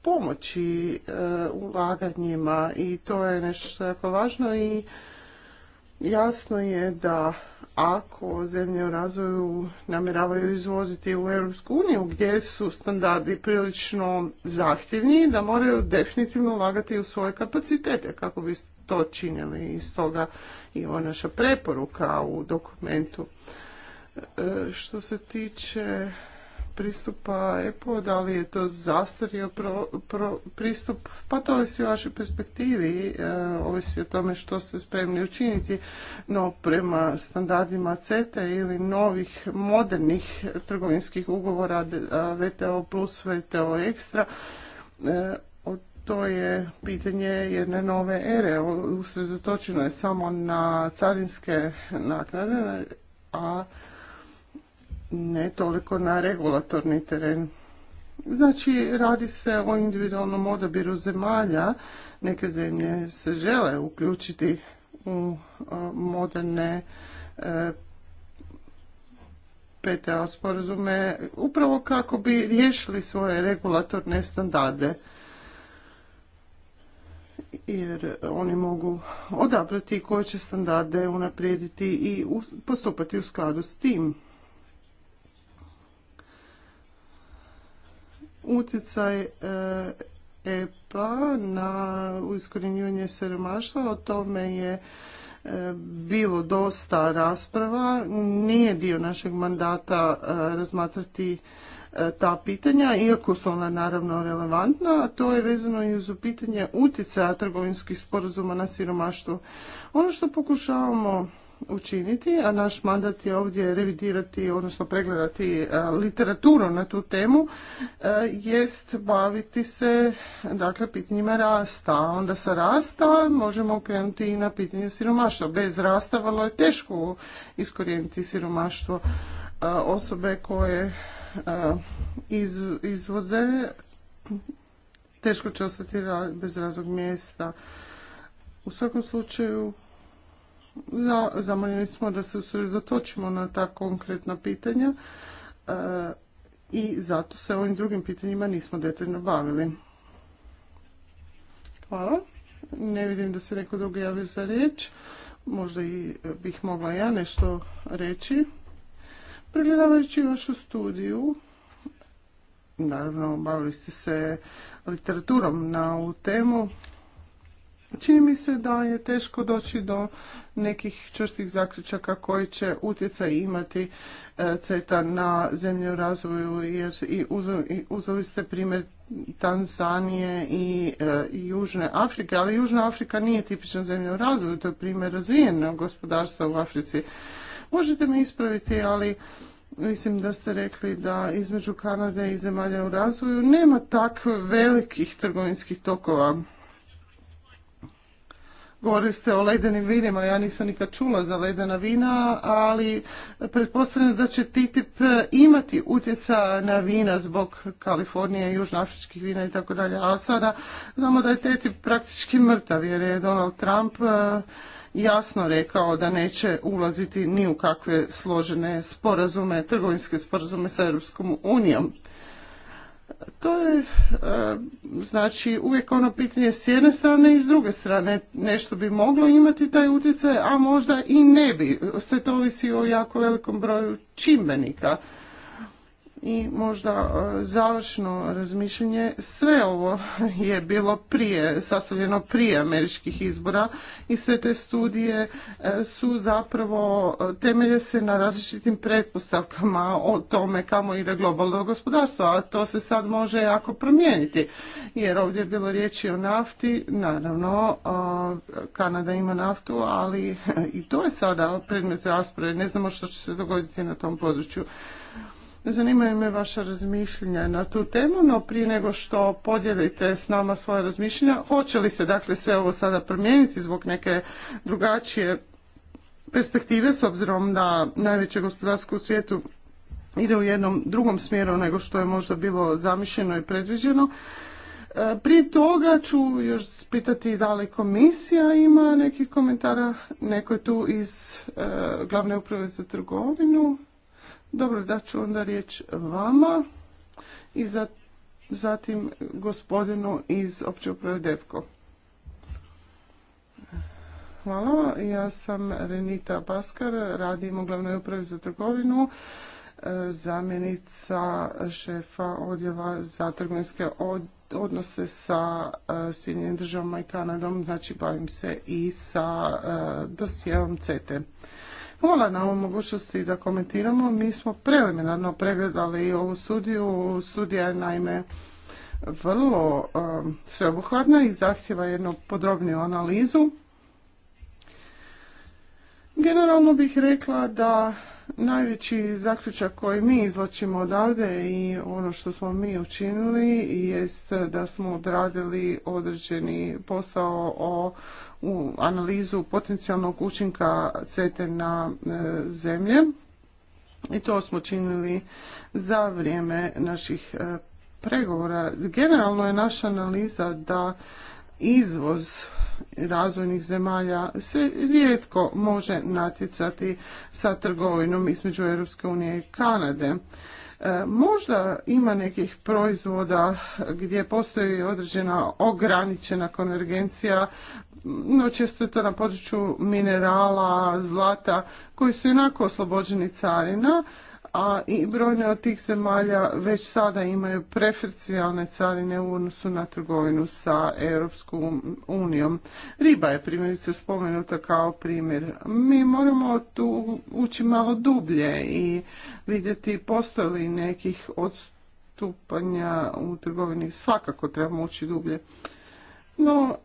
pomoći e, ulaganjima i to je nešto jako važno i jasno je da ako zemlje u razvoju namjeravaju izvoziti u Europsku uniju gdje su standardi prilično zahtjevni da moraju definitivno ulagati u svoje kapacitete kako bi to činili i stoga i ova naša preporuka u dokumentu. E, što se tiče pristupa EPO, da li je to zastario pristup, pa to ovisi o vašoj perspektivi, e, ovisi o tome što ste spremni učiniti, no prema standardima CETA ili novih modernih trgovinskih ugovora VTO plus, VTO ekstra, e, to je pitanje jedne nove ere. Usredotočeno je samo na carinske naknade, a ne toliko na regulatorni teren. Znači, radi se o individualnom odabiru zemalja. Neke zemlje se žele uključiti u e, moderne e, PTA sporazume upravo kako bi riješili svoje regulatorne standarde jer oni mogu odabrati koje će standarde unaprijediti i postupati u skladu s tim. utjecaj EPA e na iskorjenjivanje siromaštva, o tome je e, bilo dosta rasprava. Nije dio našeg mandata e, razmatrati ta pitanja, iako su ona naravno relevantna, a to je vezano i uz pitanje utjecaja trgovinskih sporazuma na siromaštvo. Ono što pokušavamo učiniti, a naš mandat je ovdje revidirati, odnosno pregledati e, literaturu na tu temu, e, jest baviti se dakle, pitanjima rasta. A onda sa rasta možemo okrenuti i na pitanje siromaštva. Bez rasta vrlo je teško iskorijeniti siromaštvo e, osobe koje iz, izvoze teško će ostati bez razlog mjesta. U svakom slučaju Zamoljeni smo da se usredotočimo na ta konkretna pitanja e, i zato se ovim drugim pitanjima nismo detaljno bavili. Hvala. Ne vidim da se neko drugi javio za riječ. Možda i e, bih mogla ja nešto reći. Pregledavajući vašu studiju, naravno bavili ste se literaturom na ovu temu, Čini mi se da je teško doći do nekih čvrstih zaključaka koji će utjecaj imati e, CETA na zemlju u razvoju jer i uzeli ste primjer Tanzanije i, e, i Južne Afrike, ali Južna Afrika nije tipična zemlja u razvoju, to je primjer razvijenog gospodarstva u Africi. Možete mi ispraviti, ali mislim da ste rekli da između Kanade i zemalja u razvoju nema takvih velikih trgovinskih tokova Govorili ste o ledenim vinima, ja nisam nikad čula za ledena vina, ali pretpostavljam da će TTIP imati utjeca na vina zbog Kalifornije, južnoafričkih vina i tako dalje. A sada znamo da je TTIP praktički mrtav jer je Donald Trump e, jasno rekao da neće ulaziti ni u kakve složene sporazume, trgovinske sporazume sa Europskom unijom to je e, znači uvijek ono pitanje s jedne strane i s druge strane nešto bi moglo imati taj utjecaj a možda i ne bi sve to ovisi o jako velikom broju čimbenika i možda e, završno razmišljanje, sve ovo je bilo prije, sastavljeno prije američkih izbora i sve te studije e, su zapravo, e, temelje se na različitim pretpostavkama o tome kamo ide globalno gospodarstvo, a to se sad može jako promijeniti. Jer ovdje je bilo riječi o nafti, naravno Kanada ima naftu, ali i to je sada predmet rasprave, ne znamo što će se dogoditi na tom području. Zanimaju me vaša razmišljenja na tu temu, no prije nego što podijelite s nama svoje razmišljenja, hoće li se dakle sve ovo sada promijeniti zbog neke drugačije perspektive s obzirom da najveće gospodarstvo u svijetu ide u jednom drugom smjeru nego što je možda bilo zamišljeno i predviđeno. E, prije toga ću još pitati da li komisija ima nekih komentara, neko je tu iz e, glavne uprave za trgovinu, dobro, da ću onda riječ vama i zatim gospodinu iz opće uprave Depko. Hvala, ja sam Renita Paskar, radim u glavnoj upravi za trgovinu, e, zamjenica šefa odjela za trgovinske odnose sa e, Sjedinjenim državama i Kanadom, znači bavim se i sa e, dosijevom CETE. Hvala na ovom mogućnosti da komentiramo. Mi smo preliminarno pregledali ovu studiju. Studija je naime vrlo um, sveobuhvatna i zahtjeva jednu podrobniju analizu. Generalno bih rekla da Najveći zaključak koji mi izlačimo odavde i ono što smo mi učinili jest da smo odradili određeni posao o u analizu potencijalnog učinka CETE na e, zemlje i to smo činili za vrijeme naših e, pregovora. Generalno je naša analiza da izvoz razvojnih zemalja se rijetko može natjecati sa trgovinom između Europske unije i Kanade. E, možda ima nekih proizvoda gdje postoji određena ograničena konvergencija, no često je to na području minerala, zlata, koji su inako oslobođeni carina, a i brojne od tih zemalja već sada imaju preferencijalne carine u odnosu na trgovinu sa Europskom unijom. Riba je primjerice spomenuta kao primjer. Mi moramo tu ući malo dublje i vidjeti postoje li nekih odstupanja u trgovini. Svakako trebamo ući dublje. No,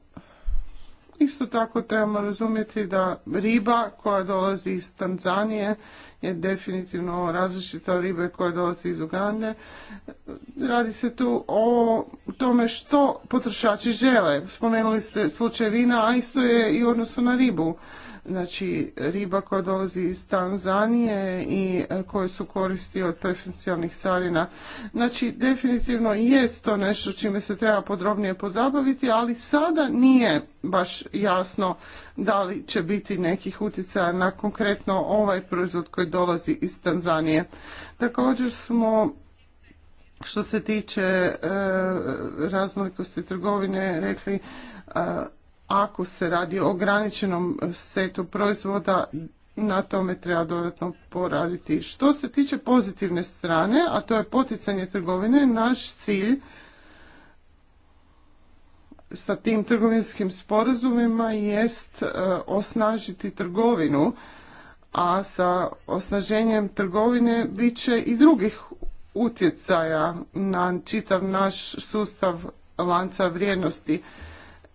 isto tako trebamo razumjeti da riba koja dolazi iz Tanzanije je definitivno različita ribe koja dolazi iz Ugande. Radi se tu o tome što potrošači žele. Spomenuli ste slučaj vina, a isto je i u odnosu na ribu. Znači, riba koja dolazi iz Tanzanije i e, koje su koristi od preferencijalnih carina. Znači, definitivno jest to nešto čime se treba podrobnije pozabaviti, ali sada nije baš jasno da li će biti nekih utjecaja na konkretno ovaj proizvod koji dolazi iz Tanzanije. Također smo što se tiče e, e, raznolikosti trgovine rekli ako se radi o ograničenom setu proizvoda, na tome treba dodatno poraditi. Što se tiče pozitivne strane, a to je poticanje trgovine, naš cilj sa tim trgovinskim sporazumima jest e, osnažiti trgovinu, a sa osnaženjem trgovine bit će i drugih utjecaja na čitav naš sustav lanca vrijednosti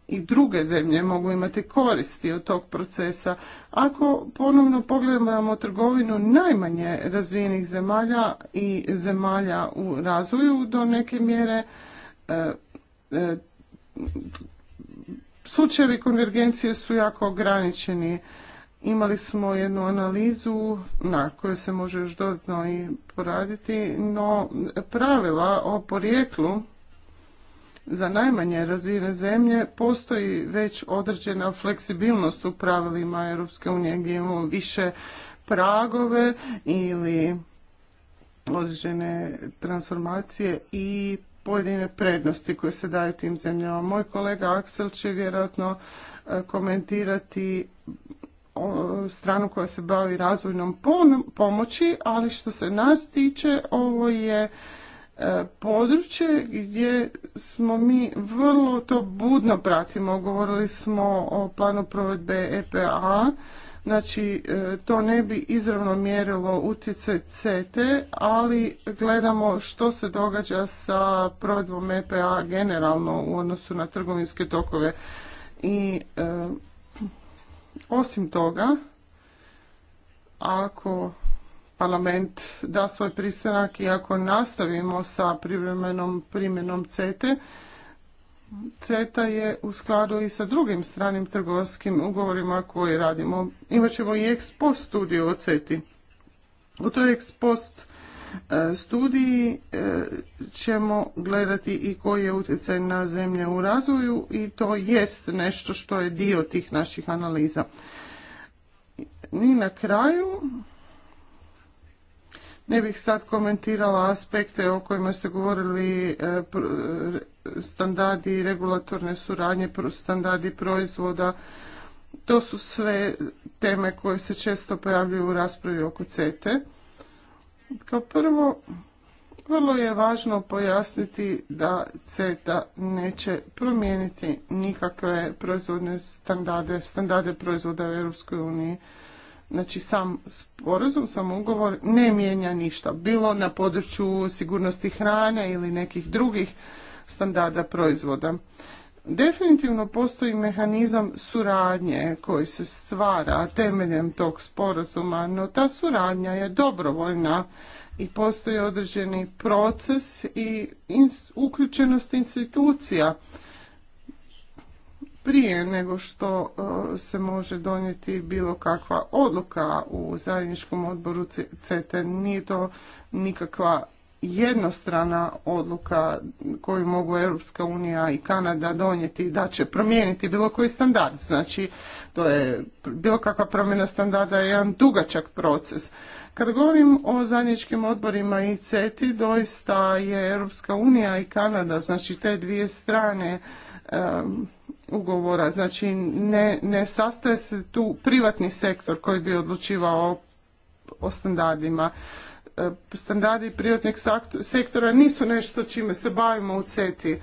i druge zemlje mogu imati koristi od tog procesa. Ako ponovno pogledamo trgovinu najmanje razvijenih zemalja i zemalja u razvoju do neke mjere, e, e, slučajevi konvergencije su jako ograničeni. Imali smo jednu analizu na kojoj se može još dodatno i poraditi, no pravila o porijeklu za najmanje razvijene zemlje postoji već određena fleksibilnost u pravilima Europske unije gdje imamo više pragove ili određene transformacije i pojedine prednosti koje se daju tim zemljama. Moj kolega Aksel će vjerojatno e, komentirati stranu koja se bavi razvojnom pomoći, ali što se nas tiče, ovo je područje gdje smo mi vrlo to budno pratimo. Govorili smo o planu provedbe EPA, znači e, to ne bi izravno mjerilo utjecaj CT, ali gledamo što se događa sa provedbom EPA generalno u odnosu na trgovinske tokove. I e, osim toga, ako parlament da svoj pristanak i ako nastavimo sa privremenom primjenom CETE, CETA je u skladu i sa drugim stranim trgovskim ugovorima koje radimo. Imaćemo i ex studiju o CETI. U toj ekspost post e, studiji e, ćemo gledati i koji je utjecaj na zemlje u razvoju i to jest nešto što je dio tih naših analiza. I na kraju ne bih sad komentirala aspekte o kojima ste govorili e, e, standardi regulatorne suradnje, standardi proizvoda. To su sve teme koje se često pojavljuju u raspravi oko CETE. Kao prvo, vrlo je važno pojasniti da CETA neće promijeniti nikakve proizvodne standarde, standarde proizvoda u Europskoj Znači sam sporazum, sam ugovor ne mijenja ništa, bilo na području sigurnosti hrane ili nekih drugih standarda proizvoda. Definitivno postoji mehanizam suradnje koji se stvara temeljem tog sporazuma, no ta suradnja je dobrovoljna i postoji određeni proces i uključenost institucija prije nego što e, se može donijeti bilo kakva odluka u zajedničkom odboru CETE. Nije to nikakva jednostrana odluka koju mogu Europska unija i Kanada donijeti da će promijeniti bilo koji standard. Znači, to je bilo kakva promjena standarda je jedan dugačak proces. Kad govorim o zajedničkim odborima i CETI, doista je Europska unija i Kanada, znači te dvije strane, ugovora. Znači ne, ne sastaje se tu privatni sektor koji bi odlučivao o, standardima. E, standardi privatnog sektora nisu nešto čime se bavimo u CETI.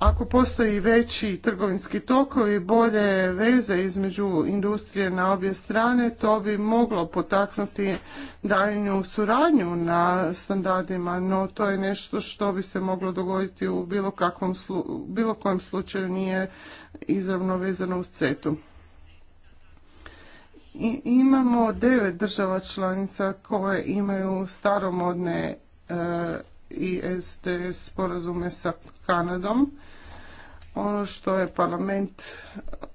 Ako postoji veći trgovinski tokovi, bolje veze između industrije na obje strane, to bi moglo potaknuti daljnju suradnju na standardima, no to je nešto što bi se moglo dogoditi u bilo, kakvom, bilo kojem slučaju nije izravno vezano uz CETU. I imamo devet država članica koje imaju staromodne e, i ISDS sporazume sa Kanadom ono što je parlament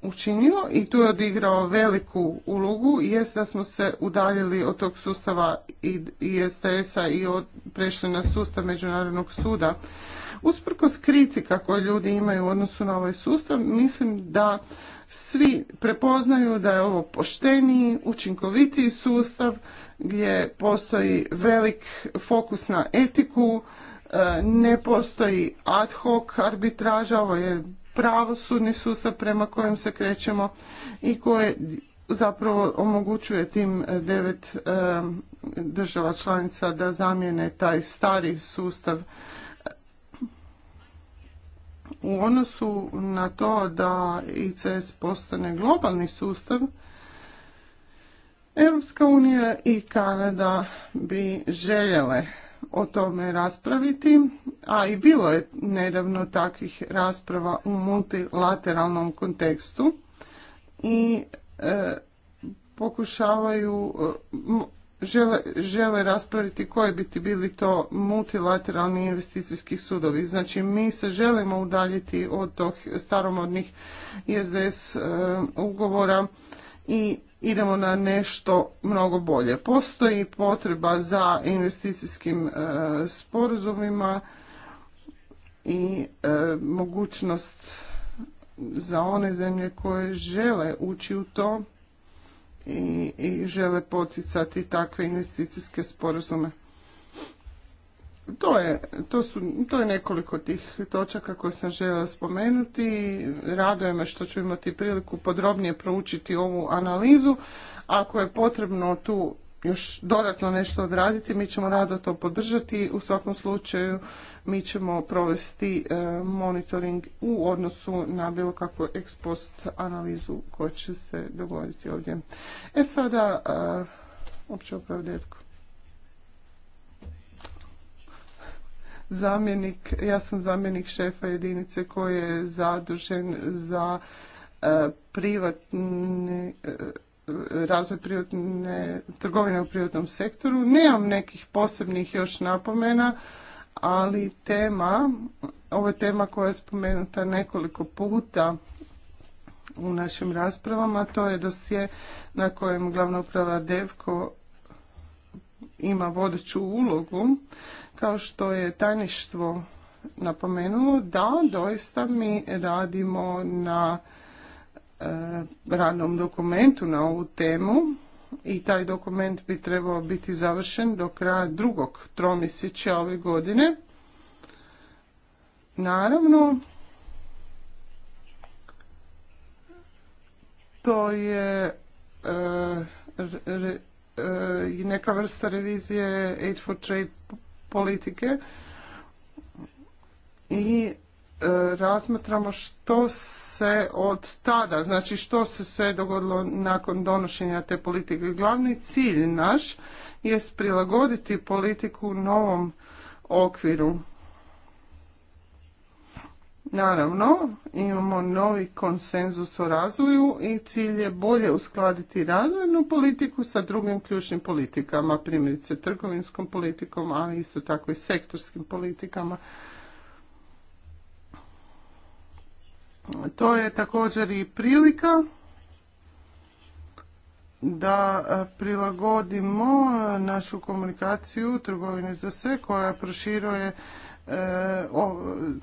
učinio i tu je odigrao veliku ulogu jest da smo se udaljili od tog sustava i STS-a i od, prešli na sustav Međunarodnog suda. Usprkos kritika koje ljudi imaju u odnosu na ovaj sustav, mislim da svi prepoznaju da je ovo pošteniji, učinkovitiji sustav gdje postoji velik fokus na etiku, E, ne postoji ad hoc arbitraža, ovo je pravosudni sustav prema kojem se krećemo i koje zapravo omogućuje tim devet e, država članica da zamijene taj stari sustav. U odnosu na to da ICS postane globalni sustav, Europska unija i Kanada bi željele o tome raspraviti, a i bilo je nedavno takvih rasprava u multilateralnom kontekstu i e, pokušavaju, e, žele, žele raspraviti koji bi ti bili to multilateralni investicijski sudovi. Znači mi se želimo udaljiti od tog staromodnih ISDS e, ugovora i idemo na nešto mnogo bolje. Postoji potreba za investicijskim e, sporazumima i e, mogućnost za one zemlje koje žele ući u to i, i žele poticati takve investicijske sporazume. To je, to, su, to je nekoliko tih točaka koje sam željela spomenuti. Raduje me što ću imati priliku podrobnije proučiti ovu analizu. Ako je potrebno tu još dodatno nešto odraditi, mi ćemo rado to podržati. U svakom slučaju mi ćemo provesti e, monitoring u odnosu na bilo kakvu ex post analizu koja će se dogoditi ovdje. E sada, e, opće opravdetko. zamjenik, ja sam zamjenik šefa jedinice koji je zadužen za e, privatni e, razvoj privatne trgovine u privatnom sektoru. Nemam nekih posebnih još napomena, ali tema, ovo je tema koja je spomenuta nekoliko puta u našim raspravama, to je dosje na kojem glavna uprava Devko ima vodeću ulogu. Kao što je tajništvo napomenulo, da, doista mi radimo na e, radnom dokumentu na ovu temu i taj dokument bi trebao biti završen do kraja drugog tromjesečja ove godine. Naravno, to je e, e, neka vrsta revizije Aid for Trade politike i e, razmatramo što se od tada, znači što se sve dogodilo nakon donošenja te politike. Glavni cilj naš je prilagoditi politiku novom okviru Naravno, imamo novi konsenzus o razvoju i cilj je bolje uskladiti razvojnu politiku sa drugim ključnim politikama, primjerice trgovinskom politikom, ali isto tako i sektorskim politikama. To je također i prilika da e, prilagodimo e, našu komunikaciju trgovine za sve koja proširuje E,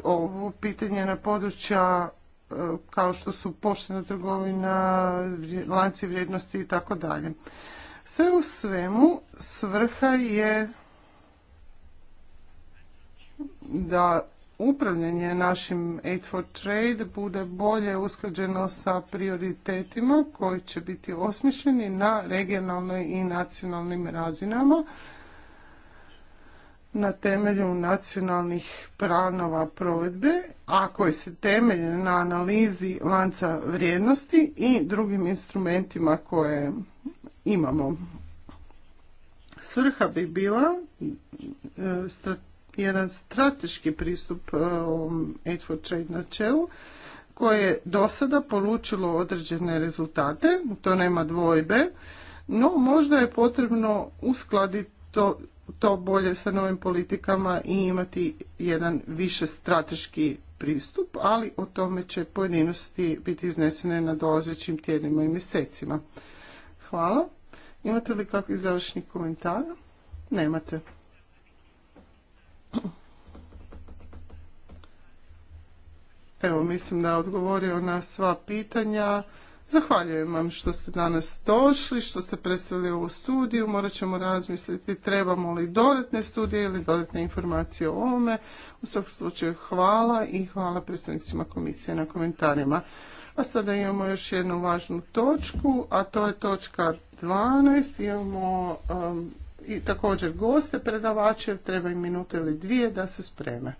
ovo pitanje na područja e, kao što su poštena trgovina, lanci vrijednosti i tako dalje. Sve u svemu svrha je da upravljanje našim Aid for Trade bude bolje usklađeno sa prioritetima koji će biti osmišljeni na regionalnoj i nacionalnim razinama na temelju nacionalnih planova provedbe, a koji se temelje na analizi lanca vrijednosti i drugim instrumentima koje imamo. Svrha bi bila e, jedan strateški pristup e, ovom Aid for Trade načelu, koje je do sada polučilo određene rezultate, to nema dvojbe, no možda je potrebno uskladiti to to bolje sa novim politikama i imati jedan više strateški pristup, ali o tome će pojedinosti biti iznesene na dolazećim tjednima i mjesecima. Hvala. Imate li kakvih završnih komentara? Nemate. Evo, mislim da je odgovorio na sva pitanja. Zahvaljujem vam što ste danas došli, što ste predstavili ovu studiju. Morat ćemo razmisliti trebamo li dodatne studije ili dodatne informacije o ovome. U svakom slučaju hvala i hvala predstavnicima komisije na komentarima. A sada imamo još jednu važnu točku, a to je točka 12. Imamo um, i također goste, predavače, treba im minute ili dvije da se spreme.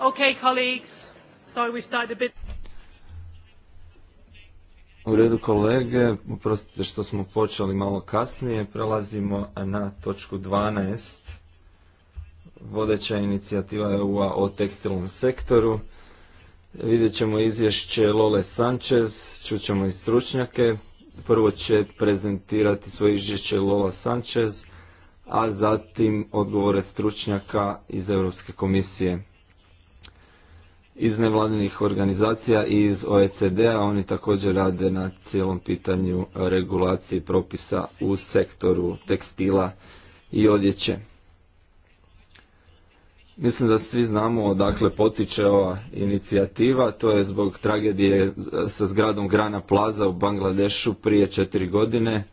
Okay, colleagues. U redu kolege, uprostite što smo počeli malo kasnije, prelazimo na točku 12. Vodeća inicijativa EU-a o tekstilnom sektoru. Vidjet ćemo izvješće Lole Sanchez, čućemo i stručnjake. Prvo će prezentirati svoje izvješće Lola Sanchez, a zatim odgovore stručnjaka iz Europske komisije iz nevladinih organizacija i iz OECD-a. Oni također rade na cijelom pitanju e, regulacije propisa u sektoru tekstila i odjeće. Mislim da svi znamo odakle potiče ova inicijativa, to je zbog tragedije e, sa zgradom Grana Plaza u Bangladešu prije četiri godine.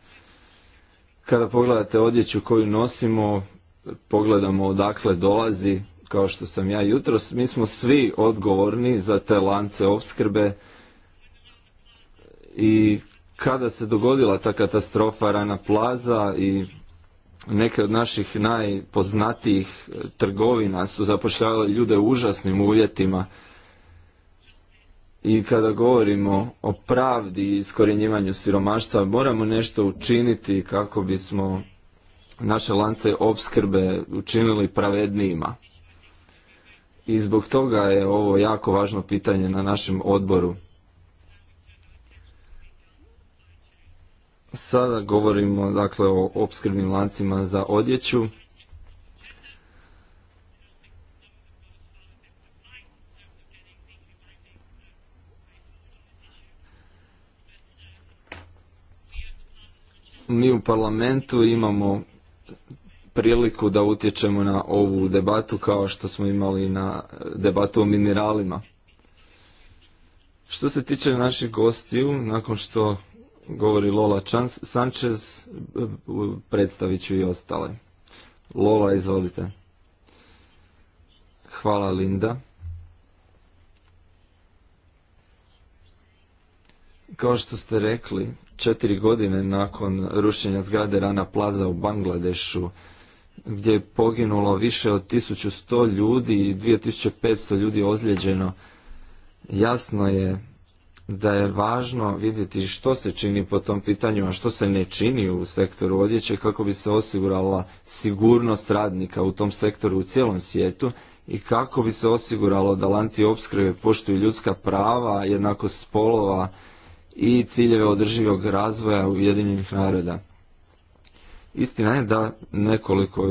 Kada pogledate odjeću koju nosimo, pogledamo odakle dolazi, kao što sam ja jutros, mi smo svi odgovorni za te lance opskrbe i kada se dogodila ta katastrofa Rana Plaza i neke od naših najpoznatijih e, trgovina su zapošljavale ljude u užasnim uvjetima i kada govorimo o pravdi i iskorjenjivanju siromaštva moramo nešto učiniti kako bismo naše lance opskrbe učinili pravednijima i zbog toga je ovo jako važno pitanje na našem odboru. Sada govorimo dakle o opskrbnim lancima za odjeću. Mi u parlamentu imamo priliku da utječemo na ovu debatu kao što smo imali na debatu o mineralima. Što se tiče naših gostiju, nakon što govori Lola Sanchez, predstavit ću i ostale. Lola, izvolite. Hvala Linda. Kao što ste rekli, četiri godine nakon rušenja zgrade Rana Plaza u Bangladešu, gdje je poginulo više od 1100 ljudi i 2500 ljudi ozlijeđeno. Jasno je da je važno vidjeti što se čini po tom pitanju, a što se ne čini u sektoru odjeće kako bi se osigurala sigurnost radnika u tom sektoru u cijelom svijetu i kako bi se osiguralo da lanci opskrbe poštuju ljudska prava, jednakost spolova i ciljeve održivog razvoja Ujedinjenih naroda. Istina je da nekoliko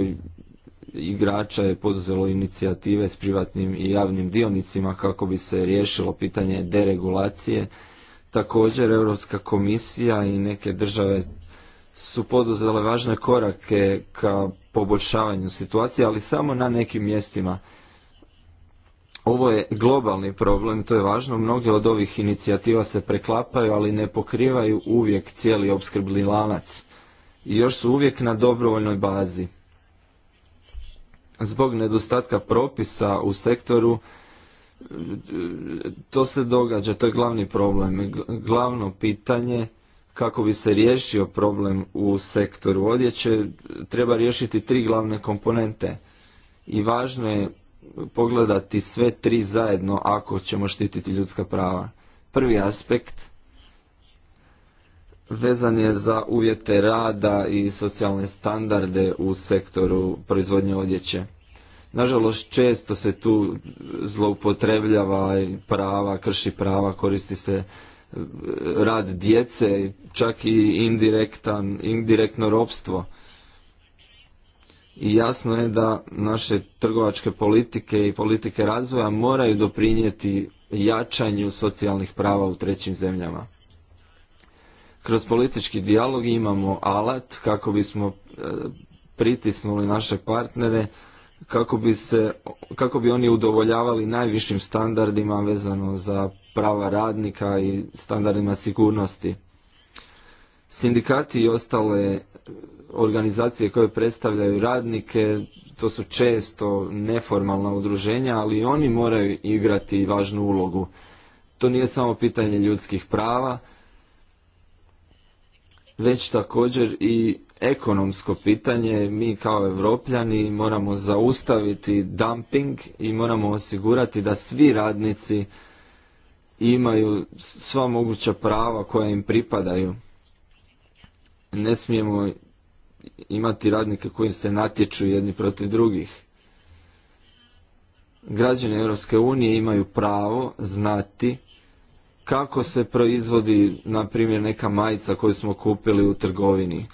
igrača je poduzelo inicijative s privatnim i javnim dionicima kako bi se riješilo pitanje deregulacije. Također Europska komisija i neke države su poduzele važne korake ka poboljšavanju situacije, ali samo na nekim mjestima. Ovo je globalni problem, to je važno. Mnoge od ovih inicijativa se preklapaju, ali ne pokrivaju uvijek cijeli opskrbni lanac i još su uvijek na dobrovoljnoj bazi. Zbog nedostatka propisa u sektoru to se događa, to je glavni problem. Glavno pitanje kako bi se riješio problem u sektoru odjeće treba riješiti tri glavne komponente i važno je pogledati sve tri zajedno ako ćemo štititi ljudska prava. Prvi aspekt vezan je za uvjete rada i socijalne standarde u sektoru proizvodnje odjeće. Nažalost, često se tu zloupotrebljava i prava, krši prava, koristi se e, rad djece, čak i indirektan, indirektno ropstvo. I jasno je da naše trgovačke politike i politike razvoja moraju doprinijeti jačanju socijalnih prava u trećim zemljama. Kroz politički dijalog imamo alat kako bismo e, pritisnuli naše partnere kako bi, oni udovoljavali najvišim standardima vezano za prava radnika i standardima sigurnosti. Sindikati i ostale e, organizacije koje predstavljaju radnike, to su često neformalna udruženja, ali oni moraju igrati važnu ulogu. To nije samo pitanje ljudskih prava, već također i ekonomsko pitanje. Mi kao evropljani moramo zaustaviti dumping i moramo osigurati da svi radnici imaju sva moguća prava koja im pripadaju. Ne smijemo imati radnike koji se natječu jedni protiv drugih. Građani Europske unije imaju pravo znati kako se proizvodi, na primjer, neka majica koju smo kupili u trgovini.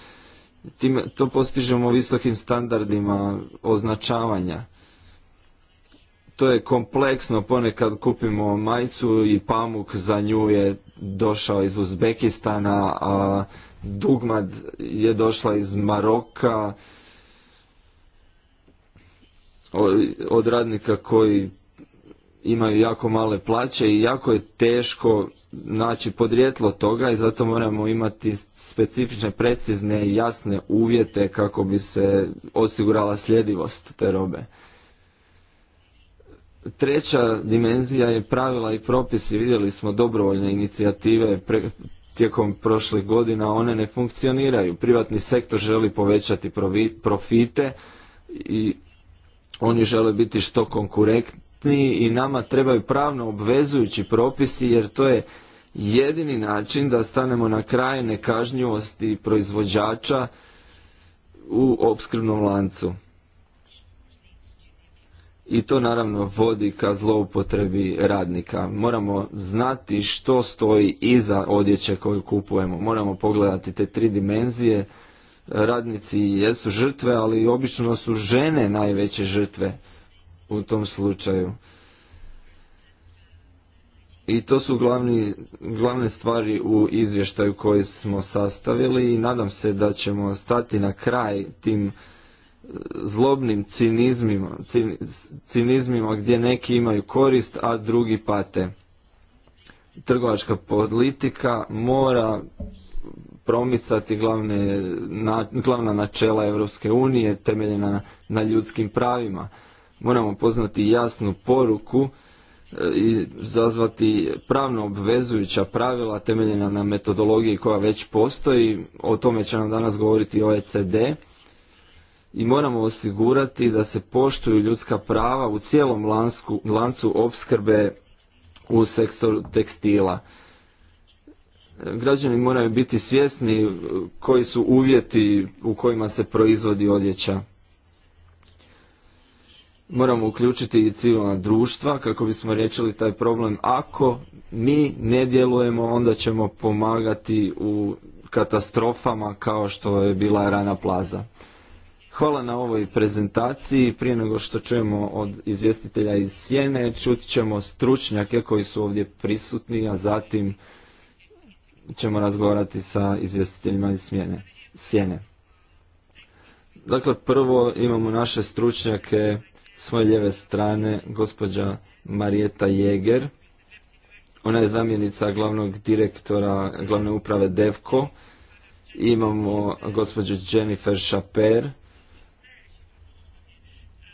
Time, to postižemo visokim standardima označavanja. To je kompleksno, ponekad kupimo majicu i pamuk za nju je došao iz Uzbekistana, a dugmad je došla iz Maroka od radnika koji imaju jako male plaće i jako je teško naći podrijetlo toga i zato moramo imati specifične, precizne i jasne uvjete kako bi se osigurala sljedivost te robe. Treća dimenzija je pravila i propisi. Vidjeli smo dobrovoljne inicijative tijekom prošlih godina, one ne funkcioniraju. Privatni sektor želi povećati profite i oni žele biti što i nama trebaju pravno obvezujući propisi jer to je jedini način da stanemo na kraj nekažnjivosti proizvođača u opskrbnom lancu. I to naravno vodi ka zloupotrebi radnika. Moramo znati što stoji iza odjeće koju kupujemo. Moramo pogledati te tri dimenzije. Radnici jesu žrtve, ali obično su žene najveće žrtve u tom slučaju. I to su glavni, glavne stvari u izvještaju koji smo sastavili i nadam se da ćemo stati na kraj tim e, zlobnim cinizmima, cinizmima gdje neki imaju korist, a drugi pate. Trgovačka politika mora promicati glavne, glavna načela Europske unije temeljena na ljudskim pravima. Moramo poznati jasnu poruku e, i zazvati pravno obvezujuća pravila temeljena na metodologiji koja već postoji. O tome će nam danas govoriti OECD. I moramo osigurati da se poštuju ljudska prava u cijelom lancu opskrbe u sektoru tekstila. Građani moraju biti svjesni koji su uvjeti u kojima se proizvodi odjeća moramo uključiti i civilna društva kako bismo riješili taj problem. Ako mi ne djelujemo, onda ćemo pomagati u katastrofama kao što je bila Rana Plaza. Hvala na ovoj prezentaciji. Prije nego što čujemo od izvjestitelja iz Sjene, čut ćemo stručnjake koji su ovdje prisutni, a zatim ćemo razgovarati sa izvjestiteljima iz Sjene. Dakle, prvo imamo naše stručnjake svoje lijeve strane gospođa Marijeta Jeger. Ona je zamjenica glavnog direktora glavne uprave DEVKO. Imamo gospođu Jennifer Šaper.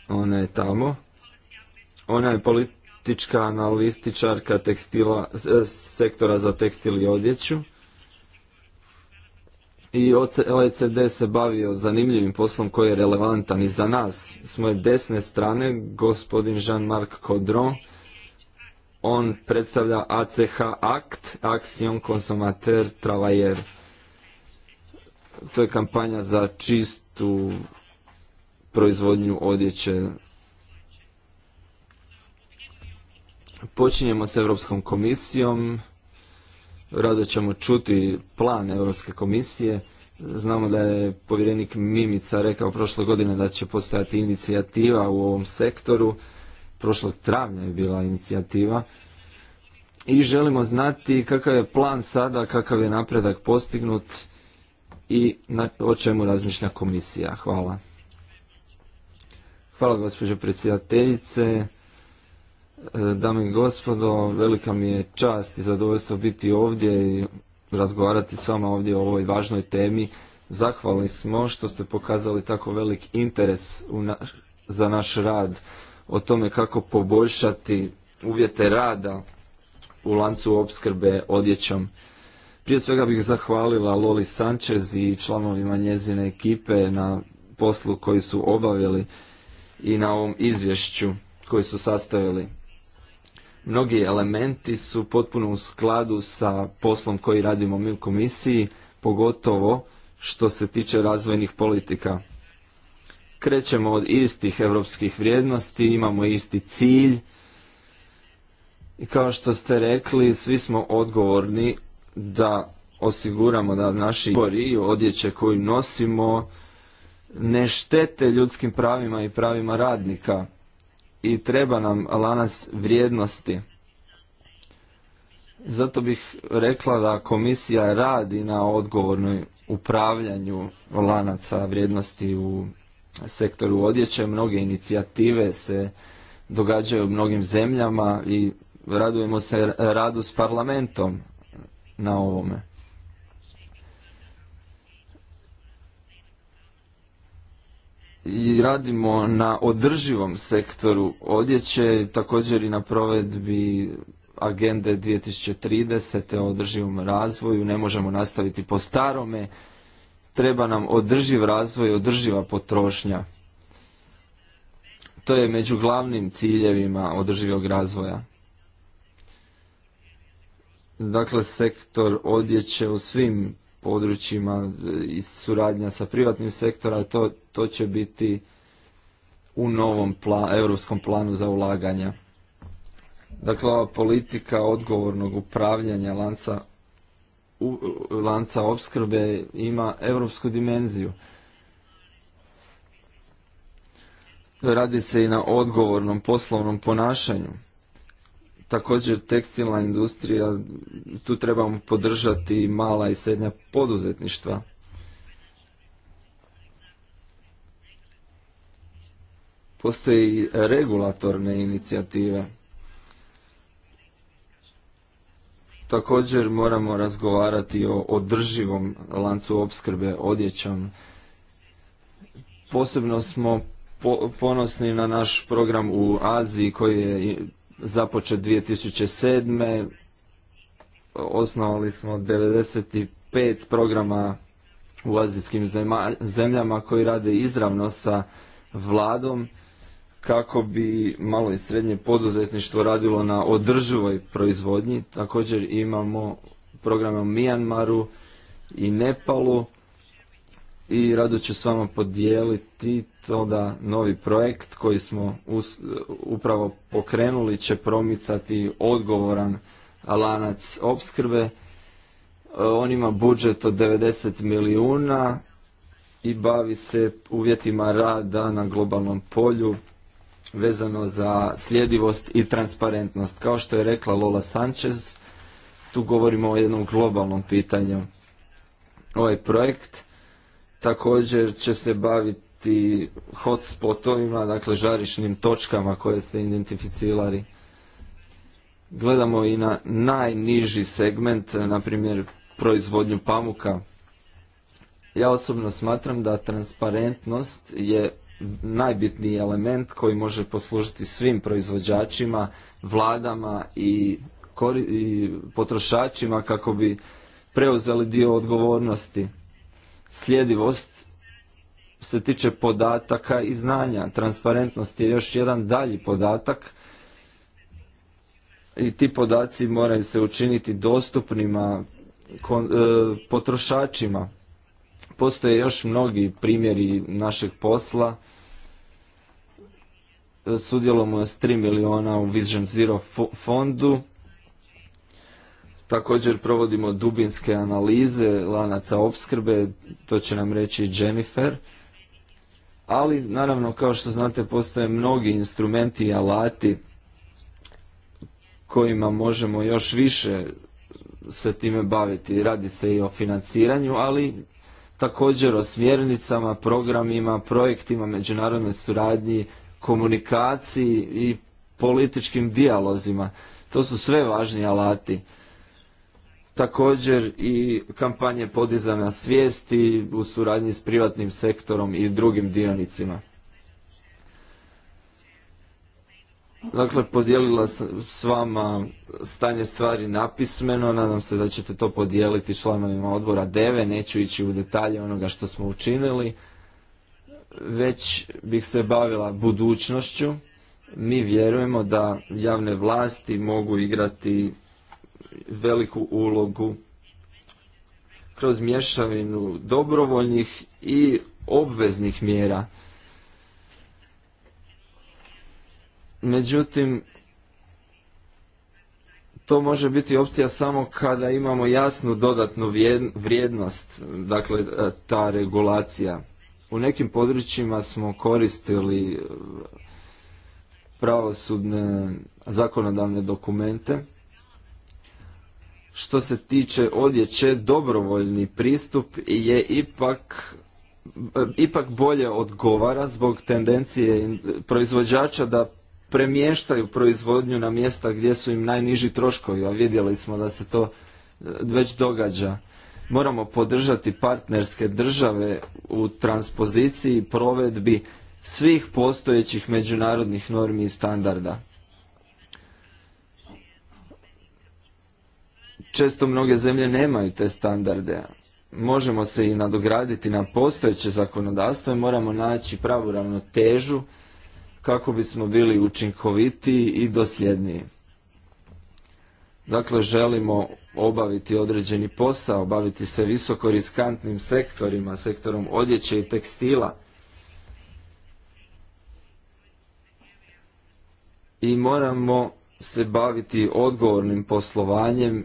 Ona je tamo. Ona je politička analističarka tekstila, sektora za tekstil i odjeću i OECD se bavio zanimljivim poslom koji je relevantan i za nas. S moje desne strane, gospodin Jean-Marc Codron, on predstavlja ACH Act, Action Consommateur Travailleur. To je kampanja za čistu proizvodnju odjeće. Počinjemo s Europskom komisijom, Rado ćemo čuti plan Europske komisije. Znamo da je povjerenik Mimica rekao prošle godine da će postojati inicijativa u ovom sektoru. Prošlog travnja je bila inicijativa. I želimo znati kakav je plan sada, kakav je napredak postignut i o čemu razmišlja komisija. Hvala. Hvala gospođo predsjedateljice. E, dame i gospodo, velika mi je čast i zadovoljstvo biti ovdje i razgovarati s vama ovdje o ovoj važnoj temi. Zahvalni smo što ste pokazali tako velik interes za naš rad, o tome kako poboljšati uvjete rada u lancu opskrbe odjećom. Prije svega bih zahvalila Loli Sanchez i članovima njezine ekipe na poslu koji su obavili i na ovom izvješću koji su sastavili. Mnogi elementi su potpuno u skladu sa poslom koji radimo mi u komisiji, pogotovo što se tiče razvojnih politika. Krećemo od istih europskih vrijednosti, imamo isti cilj i kao što ste rekli, svi smo odgovorni da osiguramo da naši izbori i odjeće koju nosimo ne štete ljudskim pravima i pravima radnika i treba nam lanac vrijednosti. Zato bih rekla da komisija radi na odgovornoj upravljanju lanaca vrijednosti u sektoru odjeće. Mnoge inicijative se događaju u mnogim zemljama i radujemo se radu s parlamentom na ovome. i radimo na održivom sektoru odjeće, također i na provedbi agende 2030. o održivom razvoju, ne možemo nastaviti po starome, treba nam održiv razvoj, i održiva potrošnja. To je među glavnim ciljevima održivog razvoja. Dakle, sektor odjeće u svim područjima e, i suradnja sa privatnim sektora, to, to će biti u novom plan, europskom planu za ulaganja. Dakle, ova politika odgovornog upravljanja lanca, lanca opskrbe ima europsku dimenziju. Radi se i na odgovornom poslovnom ponašanju. Također tekstilna industrija, tu trebamo podržati mala i srednja poduzetništva. Postoji regulatorne inicijative. Također moramo razgovarati o održivom lancu opskrbe odjećom. Posebno smo ponosni na naš program u Aziji koji je započet 2007. Osnovali smo 95 programa u azijskim zemljama koji rade izravno sa vladom kako bi malo i srednje poduzetništvo radilo na održivoj proizvodnji. Također imamo programe u Mijanmaru i Nepalu i rado ću s vama podijeliti da novi projekt koji smo upravo pokrenuli će promicati odgovoran lanac opskrbe. E, on ima budžet od 90 milijuna i bavi se uvjetima rada na globalnom polju vezano za sljedivost i transparentnost. Kao što je rekla Lola Sanchez, tu govorimo o jednom globalnom pitanju. Ovaj projekt također će se baviti ti hotspotovima, dakle žarišnim točkama koje ste identificirali. Gledamo i na najniži segment, na primjer proizvodnju pamuka. Ja osobno smatram da transparentnost je najbitniji element koji može poslužiti svim proizvođačima, vladama i potrošačima kako bi preuzeli dio odgovornosti. Sljedivost se tiče podataka i znanja. Transparentnost je još jedan dalji podatak i ti podaci moraju se učiniti dostupnima e, potrošačima. Postoje još mnogi primjeri našeg posla. Sudjelujemo s 3 miliona u Vision Zero fondu. Također provodimo dubinske analize lanaca opskrbe, to će nam reći Jennifer ali naravno kao što znate postoje mnogi instrumenti i alati kojima možemo još više se time baviti. Radi se i o financiranju, ali također o smjernicama, programima, projektima, međunarodnoj suradnji, komunikaciji i političkim dijalozima. To su sve važni alati također i kampanje podizanja svijesti u suradnji s privatnim sektorom i drugim dionicima. Dakle, podijelila sam s vama stanje stvari napismeno, nadam se da ćete to podijeliti članovima odbora DEVE, neću ići u detalje onoga što smo učinili, već bih se bavila budućnošću. Mi vjerujemo da javne vlasti mogu igrati veliku ulogu kroz mješavinu dobrovoljnih i obveznih mjera. Međutim, to može biti opcija samo kada imamo jasnu dodatnu vrijednost, dakle e, ta regulacija. U nekim područjima smo koristili e, pravosudne zakonodavne dokumente što se tiče odjeće, dobrovoljni pristup je ipak ipak bolje odgovara zbog tendencije proizvođača da premještaju proizvodnju na mjesta gdje su im najniži troškovi, a vidjeli smo da se to e, već događa. Moramo podržati partnerske države u transpoziciji i provedbi svih postojećih međunarodnih normi i standarda. često mnoge zemlje nemaju te standarde. Možemo se i nadograditi na postojeće zakonodavstvo i moramo naći pravu ravnotežu kako bismo bili učinkovitiji i dosljedniji. Dakle, želimo obaviti određeni posao, obaviti se visoko riskantnim sektorima, sektorom odjeće i tekstila. I moramo se baviti odgovornim poslovanjem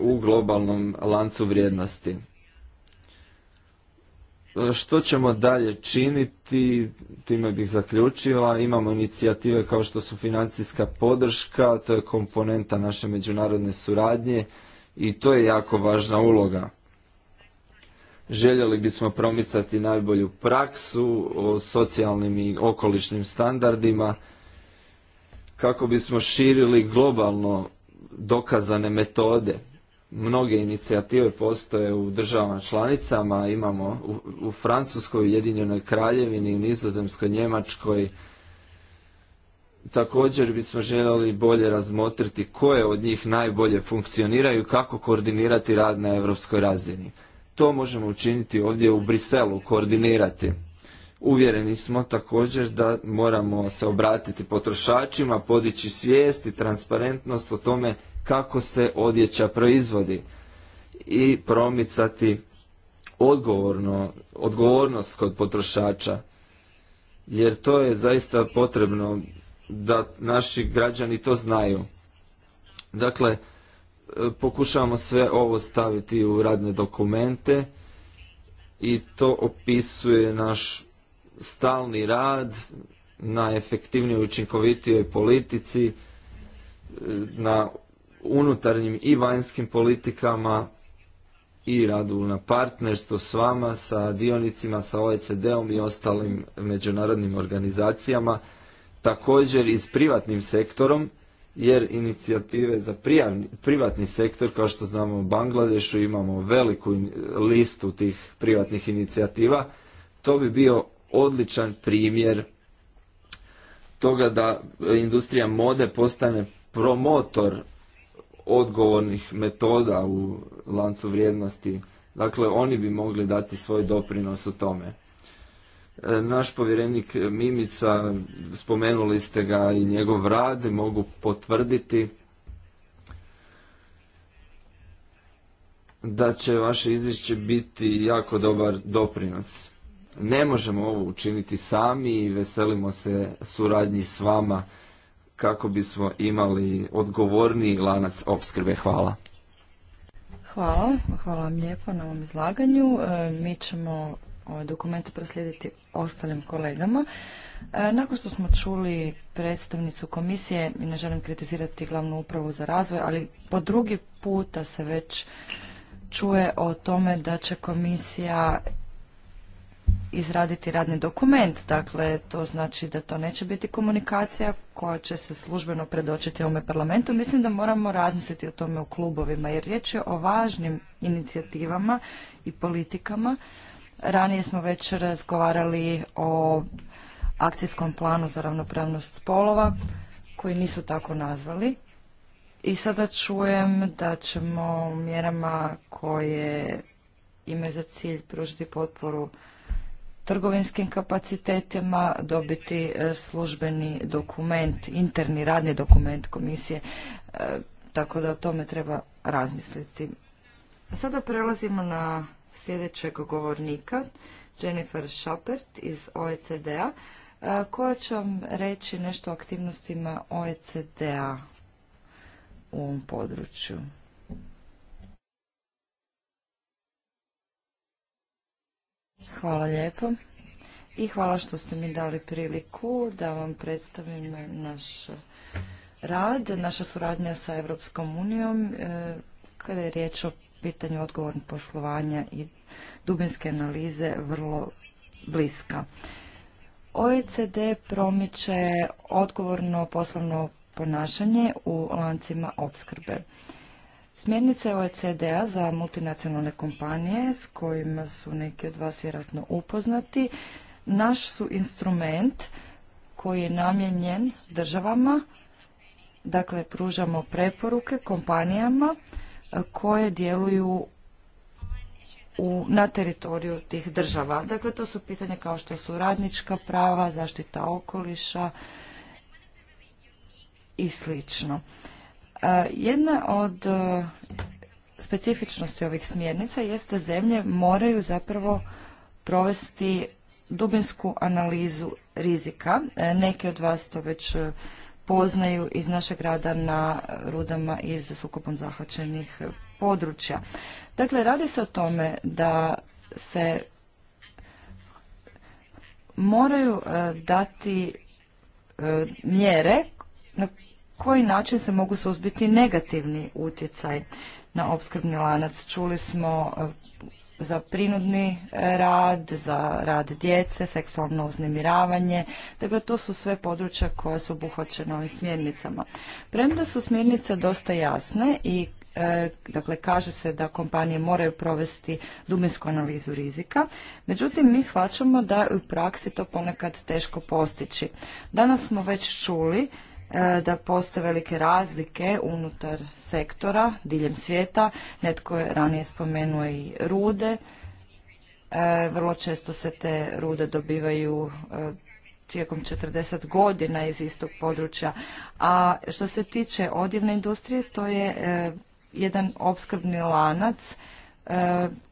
u globalnom lancu vrijednosti. Što ćemo dalje činiti, time bih zaključila, imamo inicijative kao što su financijska podrška, to je komponenta naše međunarodne suradnje i to je jako važna uloga. Željeli bismo promicati najbolju praksu o socijalnim i okolišnim standardima kako bismo širili globalno dokazane metode Mnoge inicijative postoje u državama članicama, imamo u, u Francuskoj, Ujedinjenoj Kraljevini, u Nizozemskoj, Njemačkoj. Također bismo željeli bolje razmotriti koje od njih najbolje funkcioniraju i kako koordinirati rad na europskoj razini. To možemo učiniti ovdje u Briselu, koordinirati. Uvjereni smo također da moramo se obratiti potrošačima, podići svijest i transparentnost o tome kako se odjeća proizvodi i promicati odgovorno, odgovornost kod potrošača. Jer to je zaista potrebno da naši građani to znaju. Dakle, e, pokušavamo sve ovo staviti u radne dokumente i to opisuje naš stalni rad na efektivnijoj učinkovitijoj politici, e, na unutarnjim i vanjskim politikama i radu na partnerstvo s vama, sa dionicima, sa OECD-om i ostalim međunarodnim organizacijama, također i s privatnim sektorom, jer inicijative za privatni sektor, kao što znamo u Bangladešu, imamo veliku listu tih privatnih inicijativa, to bi bio odličan primjer toga da industrija mode postane promotor odgovornih metoda u lancu vrijednosti. Dakle, oni bi mogli dati svoj doprinos u tome. E, naš povjerenik Mimica, spomenuli ste ga i njegov rad, mogu potvrditi da će vaše izvješće biti jako dobar doprinos. Ne možemo ovo učiniti sami i veselimo se suradnji s vama kako bismo imali odgovorni lanac opskrbe. Hvala. Hvala, hvala vam lijepo na ovom izlaganju. E, mi ćemo dokumente proslijediti ostalim kolegama. E, nakon što smo čuli predstavnicu komisije, ne želim kritizirati glavnu upravu za razvoj, ali po drugi puta se već čuje o tome da će komisija izraditi radni dokument, dakle to znači da to neće biti komunikacija koja će se službeno predočiti ovome parlamentu. Mislim da moramo razmisliti o tome u klubovima jer riječ je o važnim inicijativama i politikama. Ranije smo već razgovarali o akcijskom planu za ravnopravnost spolova koji nisu tako nazvali. I sada čujem da ćemo mjerama koje imaju za cilj pružiti potporu trgovinskim kapacitetima dobiti e, službeni dokument, interni radni dokument komisije, e, tako da o tome treba razmisliti. Sada prelazimo na sljedećeg govornika, Jennifer Schappert iz OECD-a, e, koja će vam reći nešto o aktivnostima OECD-a u ovom području. Hvala lijepo i hvala što ste mi dali priliku da vam predstavim naš rad, naša suradnja sa Europskom unijom e, kada je riječ o pitanju odgovornog poslovanja i dubinske analize vrlo bliska. OECD promiče odgovorno poslovno ponašanje u lancima opskrbe. Smjernice OECD-a za multinacionalne kompanije, s kojima su neki od vas vjerojatno upoznati, naš su instrument koji je namjenjen državama, dakle pružamo preporuke kompanijama e, koje djeluju u, na teritoriju tih država. Dakle, to su pitanja kao što su radnička prava, zaštita okoliša i slično. Jedna od e, specifičnosti ovih smjernica jeste da zemlje moraju zapravo provesti dubinsku analizu rizika. E, Neki od vas to već e, poznaju iz našeg rada na rudama iz sukobom zahvaćenih područja. Dakle, radi se o tome da se moraju dati mjere koji način se mogu suzbiti negativni utjecaj na opskrbni lanac. Čuli smo e, za prinudni e, rad, za rad djece, seksualno uznemiravanje. Dakle, to su sve područja koja su obuhvaćena ovim smjernicama. Premda su smjernice dosta jasne i e, dakle kaže se da kompanije moraju provesti dubinsku analizu rizika. Međutim, mi shvaćamo da u praksi to ponekad teško postići. Danas smo već čuli E, da postoje velike razlike unutar sektora diljem svijeta. Netko je ranije spomenuo i rude. E, vrlo često se te rude dobivaju e, tijekom 40 godina iz istog područja. A što se tiče odjevne industrije, to je jedan opskrbni lanac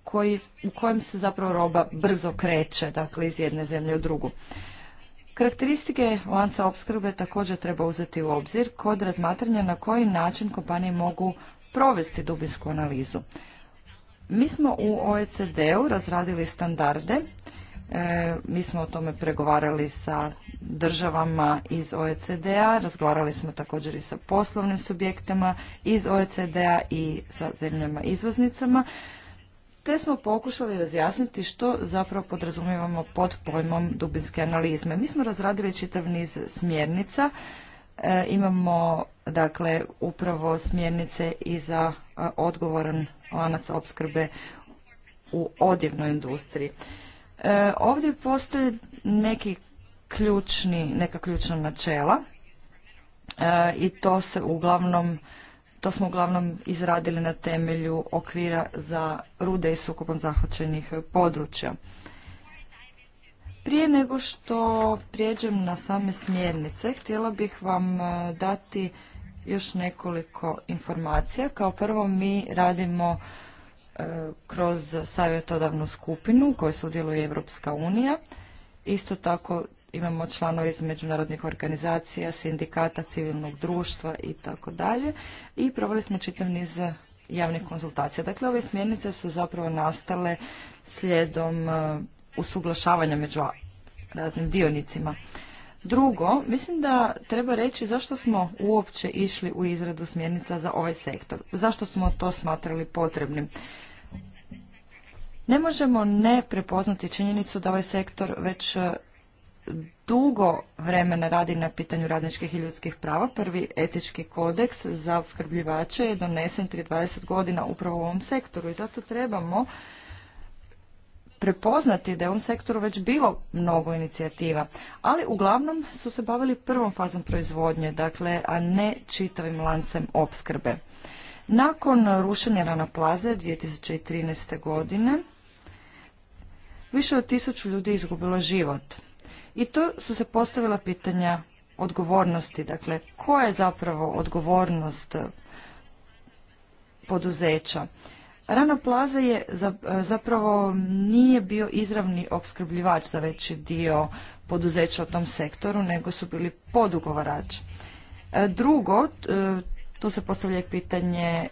koji, u kojem se zapravo roba brzo kreće, dakle iz jedne zemlje u drugu. Karakteristike lanca opskrbe također treba uzeti u obzir kod razmatranja na koji način kompanije mogu provesti dubinsku analizu. Mi smo u OECD-u razradili standarde, e, mi smo o tome pregovarali sa državama iz OECD-a, razgovarali smo također i sa poslovnim subjektima iz OECD-a i sa zemljama izvoznicama te smo pokušali razjasniti što zapravo podrazumijevamo pod pojmom dubinske analizme. Mi smo razradili čitav niz smjernica, e, imamo dakle upravo smjernice i za e, odgovoran lanac opskrbe u odjevnoj industriji. E, ovdje postoje neki ključni, neka ključna načela i to se uglavnom to smo uglavnom izradili na temelju okvira za rude i sukupom zahvaćenih područja. Prije nego što prijeđem na same smjernice, htjela bih vam e, dati još nekoliko informacija. Kao prvo mi radimo e, kroz savjetodavnu skupinu u kojoj sudjeluje Europska unija. Isto tako imamo članove iz međunarodnih organizacija, sindikata, civilnog društva i tako dalje. I proveli smo čitav niz javnih konzultacija. Dakle, ove smjernice su zapravo nastale slijedom e, usuglašavanja među raznim dionicima. Drugo, mislim da treba reći zašto smo uopće išli u izradu smjernica za ovaj sektor. Zašto smo to smatrali potrebnim? Ne možemo ne prepoznati činjenicu da ovaj sektor već e, dugo vremena radi na pitanju radničkih i ljudskih prava. Prvi etički kodeks za opskrbljivače je donesen prije 20 godina upravo u ovom sektoru i zato trebamo prepoznati da je u ovom sektoru već bilo mnogo inicijativa, ali uglavnom su se bavili prvom fazom proizvodnje, dakle, a ne čitavim lancem opskrbe. Nakon rušenja Rana Plaze 2013. godine, više od tisuću ljudi izgubilo život. I to su se postavila pitanja odgovornosti. Dakle, koja je zapravo odgovornost eh, poduzeća? Rana Plaza je eh, zapravo nije bio izravni opskrbljivač za veći dio poduzeća u tom sektoru, nego su bili podugovarači. Eh, drugo, tu se postavlja pitanje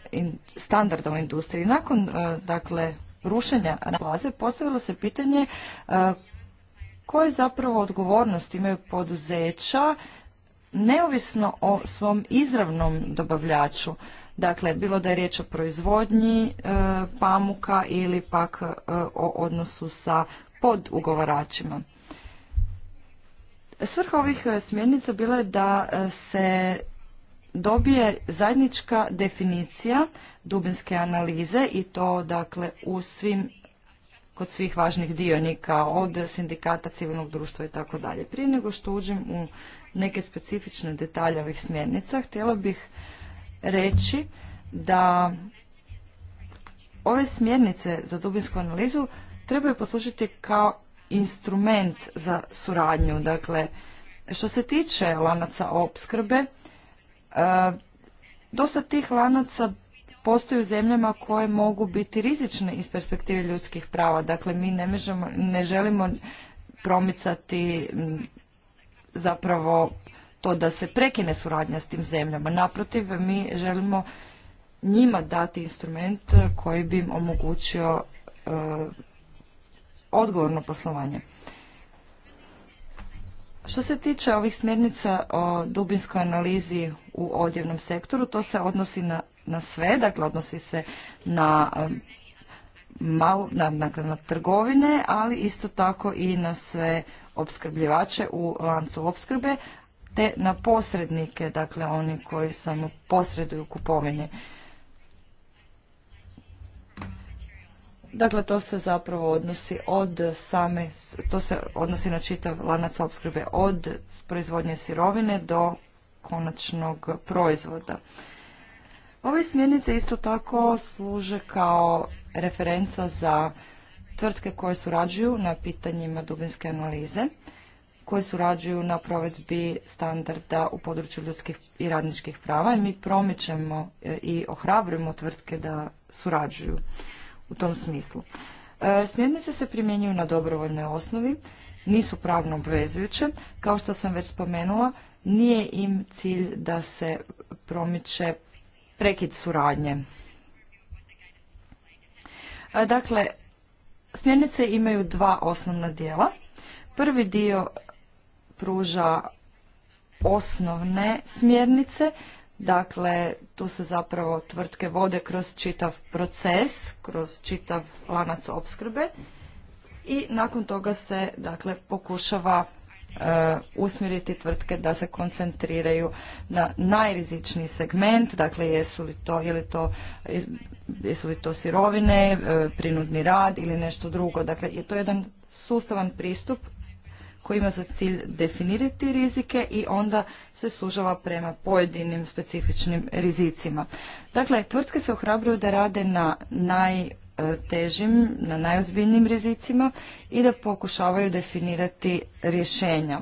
standarda u industriji. Nakon, dakle, rušenja Rana Plaze postavilo se pitanje koje zapravo odgovornost imaju poduzeća neovisno o svom izravnom dobavljaču. Dakle, bilo da je riječ o proizvodnji e, pamuka ili pak e, o odnosu sa podugovaračima. Svrha ovih e, smjernica bila je da se dobije zajednička definicija dubinske analize i to dakle u svim kod svih važnih dionika, od sindikata, civilnog društva i tako dalje. Prije nego što uđem u neke specifične detalje ovih smjernica, htjela bih reći da ove smjernice za dubinsku analizu trebaju poslušiti kao instrument za suradnju. Dakle, što se tiče lanaca opskrbe, e, dosta tih lanaca postoji u zemljama koje mogu biti rizične iz perspektive ljudskih prava. Dakle, mi ne, mežemo, ne želimo promicati zapravo to da se prekine suradnja s tim zemljama. Naprotiv, mi želimo njima dati instrument koji bi im omogućio e, odgovorno poslovanje. Što se tiče ovih smjernica o dubinskoj analizi u odjevnom sektoru, to se odnosi na, sve, dakle odnosi se na um, dakle, na trgovine, ali isto tako i na sve opskrbljivače u lancu opskrbe, te na posrednike, dakle oni koji samo posreduju kupovine. Dakle, to se zapravo odnosi od same, to se odnosi na čitav lanac opskrbe od proizvodnje sirovine do konačnog proizvoda. Ove smjernice isto tako služe kao referenca za tvrtke koje surađuju na pitanjima dubinske analize, koje surađuju na provedbi standarda u području ljudskih i radničkih prava i mi promičemo e, i ohrabrujemo tvrtke da surađuju u tom smislu. E, smjernice se primjenjuju na dobrovoljnoj osnovi, nisu pravno obvezujuće. Kao što sam već spomenula, nije im cilj da se promiče prekid suradnje. E, dakle, smjernice imaju dva osnovna dijela. Prvi dio pruža osnovne smjernice Dakle, tu se zapravo tvrtke vode kroz čitav proces, kroz čitav lanac opskrbe i nakon toga se dakle pokušava e, usmjeriti tvrtke da se koncentriraju na najrizičniji segment, dakle jesu li to, je to jesu li to sirovine, e, prinudni rad ili nešto drugo. Dakle, je to jedan sustavan pristup koji ima za cilj definirati rizike i onda se sužava prema pojedinim specifičnim rizicima. Dakle, tvrtke se ohrabruju da rade na najtežim, na najozbiljnijim rizicima i da pokušavaju definirati rješenja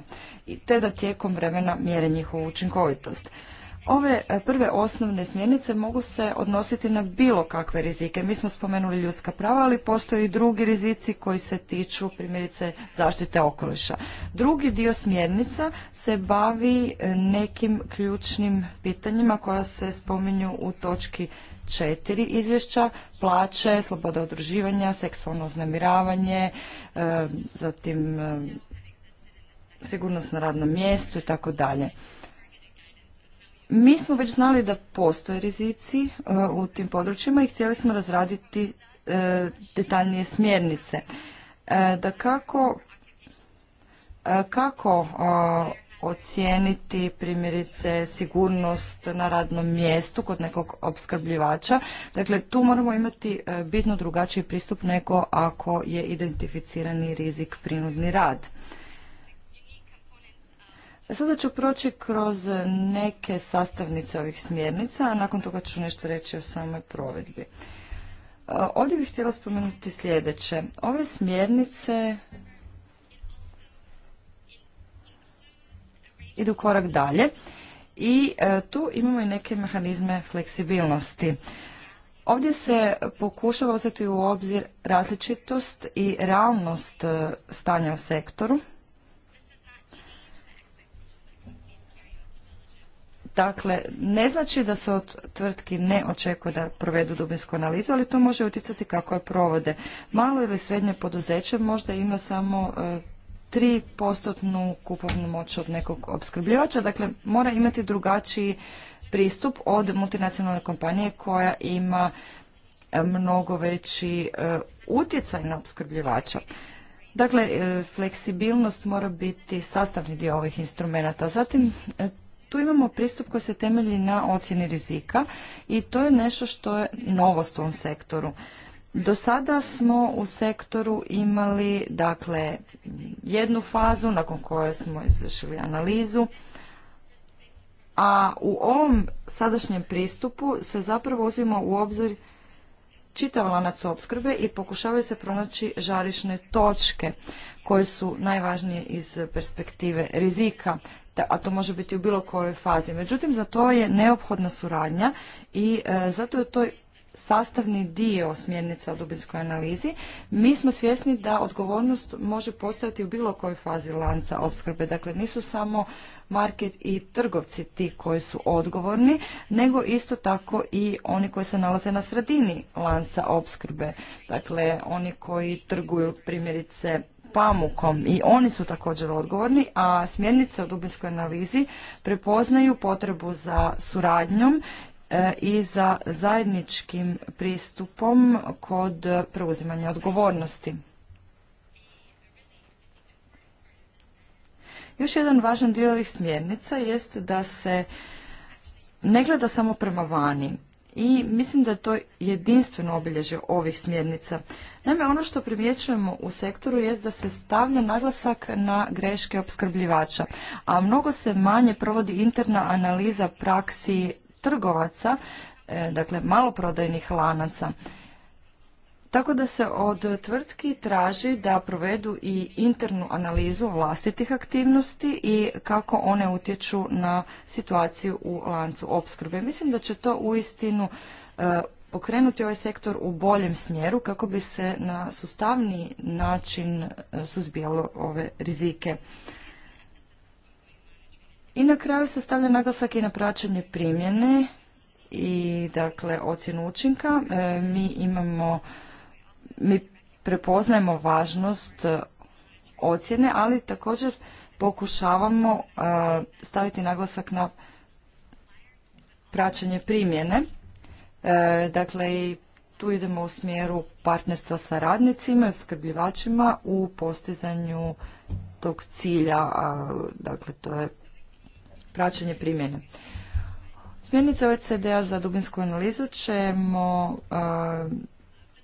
te da tijekom vremena mjere njihovu učinkovitost. Ove e, prve osnovne smjernice mogu se odnositi na bilo kakve rizike. Mi smo spomenuli ljudska prava, ali postoje i drugi rizici koji se tiču primjerice zaštite okoliša. Drugi dio smjernica se bavi e, nekim ključnim pitanjima koja se spominju u točki četiri izvješća, plaće, sloboda odruživanja, seksualno uznemiravanje, e, zatim sigurnost na radnom mjestu i tako dalje. Mi smo već znali da postoje rizici e, u tim područjima i htjeli smo razraditi e, detaljnije smjernice. E, da kako, kako ocijeniti primjerice sigurnost na radnom mjestu kod nekog opskrbljivača. Dakle, tu moramo imati bitno drugačiji pristup nego ako je identificirani rizik prinudni rad. Sada ću proći kroz neke sastavnice ovih smjernica, a nakon toga ću nešto reći o samoj provedbi. E, ovdje bih htjela spomenuti sljedeće. Ove smjernice idu korak dalje i e, tu imamo i neke mehanizme fleksibilnosti. Ovdje se pokušava uzeti u obzir različitost i realnost e, stanja u sektoru. Dakle, ne znači da se od tvrtki ne očekuje da provedu dubinsku analizu, ali to može utjecati kako je provode. Malo ili srednje poduzeće možda ima samo e, tri postotnu kupovnu moć od nekog opskrbljivača, dakle mora imati drugačiji pristup od multinacionalne kompanije koja ima e, mnogo veći e, utjecaj na opskrbljivača. Dakle, fleksibilnost mora biti sastavni dio ovih instrumenta. Zatim, tu imamo pristup koji se temelji na ocjeni rizika i to je nešto što je novost u ovom sektoru. Do sada smo u sektoru imali dakle jednu fazu nakon koje smo izvršili analizu, a u ovom sadašnjem pristupu se zapravo uzima u obzir čitav lanac opskrbe i pokušavaju se pronaći žarišne točke koje su najvažnije iz perspektive rizika a to može biti u bilo kojoj fazi. Međutim, za to je neophodna suradnja i e, zato je to sastavni dio smjernica o dubinskoj analizi. Mi smo svjesni da odgovornost može postojati u bilo kojoj fazi lanca opskrbe. Dakle, nisu samo market i trgovci ti koji su odgovorni, nego isto tako i oni koji se nalaze na sredini lanca opskrbe. Dakle, oni koji trguju primjerice pamukom i oni su također odgovorni, a smjernice u dubinskoj analizi prepoznaju potrebu za suradnjom e, i za zajedničkim pristupom kod preuzimanja odgovornosti. Još jedan važan dio ovih smjernica jest da se ne gleda samo prema vani, i mislim da je to jedinstveno obilježje ovih smjernica. Naime, ono što primjećujemo u sektoru je da se stavlja naglasak na greške opskrbljivača, a mnogo se manje provodi interna analiza praksi trgovaca, e, dakle maloprodajnih lanaca. Tako da se od tvrtki traži da provedu i internu analizu vlastitih aktivnosti i kako one utječu na situaciju u lancu opskrbe. Mislim da će to uistinu e, pokrenuti ovaj sektor u boljem smjeru kako bi se na sustavni način e, suzbijalo ove rizike. I na kraju se stavlja naglasak i na praćenje primjene i dakle ocjenu učinka. E, mi imamo mi prepoznajemo važnost e, ocjene, ali također pokušavamo e, staviti naglasak na praćenje primjene. E, dakle, tu idemo u smjeru partnerstva sa radnicima i opskrbljivačima u postizanju tog cilja, dakle to je praćenje primjene. Smjernice OECD-a za dubinsku analizu ćemo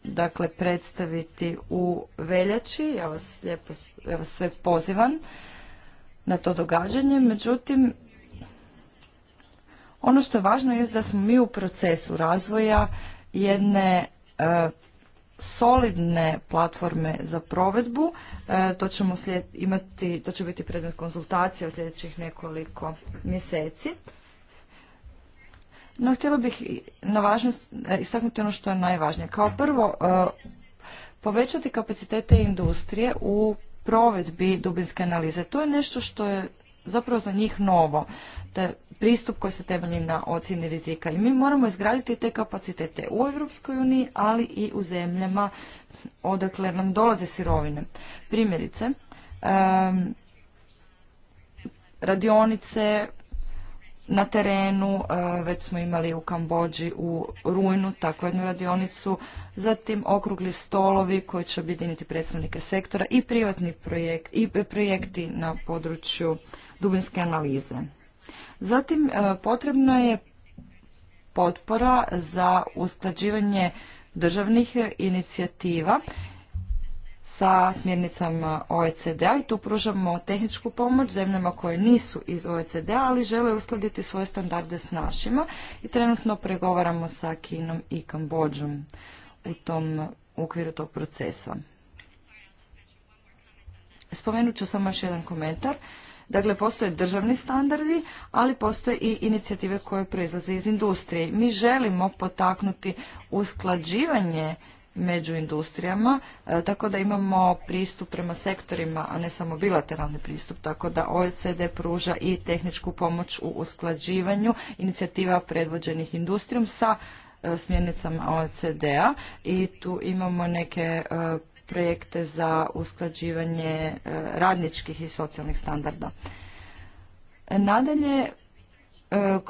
dakle predstaviti u veljači. Ja vas lijepo sve pozivam na to događanje. Međutim, ono što je važno je da smo mi u procesu razvoja jedne e, solidne platforme za provedbu. E, to ćemo imati, to će biti predmet konzultacija u sljedećih nekoliko mjeseci. No, htjela bih na važnost e, istaknuti ono što je najvažnije. Kao prvo, e, povećati kapacitete industrije u provedbi dubinske analize. To je nešto što je zapravo za njih novo. Da pristup koji se temelji na ocjeni rizika. I mi moramo izgraditi te kapacitete u Europskoj uniji, ali i u zemljama odakle nam dolaze sirovine. Primjerice, radionice, na terenu, e, već smo imali u Kambođi u Rujnu tako jednu radionicu, zatim okrugli stolovi koji će objediniti predstavnike sektora i privatni projekt, i projekti na području dubinske analize. Zatim e, potrebna je potpora za usklađivanje državnih inicijativa sa smjernicama OECD-a i tu pružamo tehničku pomoć zemljama koje nisu iz oecd ali žele uskladiti svoje standarde s našima i trenutno pregovaramo sa Kinom i Kambođom u tom ukviru okviru tog procesa. Spomenut ću samo još jedan komentar. Dakle, postoje državni standardi, ali postoje i inicijative koje proizlaze iz industrije. Mi želimo potaknuti usklađivanje među industrijama, e, tako da imamo pristup prema sektorima, a ne samo bilateralni pristup, tako da OECD pruža i tehničku pomoć u usklađivanju inicijativa predvođenih industrijom sa e, smjernicama OECD-a i tu imamo neke e, projekte za usklađivanje radničkih i socijalnih standarda. Nadalje,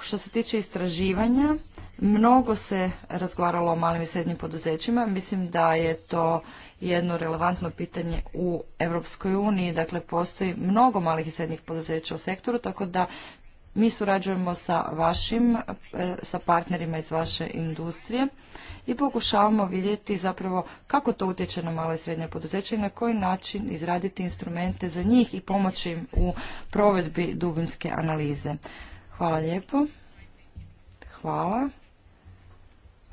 što se tiče istraživanja, Mnogo se razgovaralo o malim i srednjim poduzećima. Mislim da je to jedno relevantno pitanje u Europskoj uniji. Dakle, postoji mnogo malih i srednjih poduzeća u sektoru, tako da mi surađujemo sa vašim, e, sa partnerima iz vaše industrije i pokušavamo vidjeti zapravo kako to utječe na male i srednje poduzeće i na koji način izraditi instrumente za njih i pomoći im u provedbi dubinske analize. Hvala lijepo. Hvala.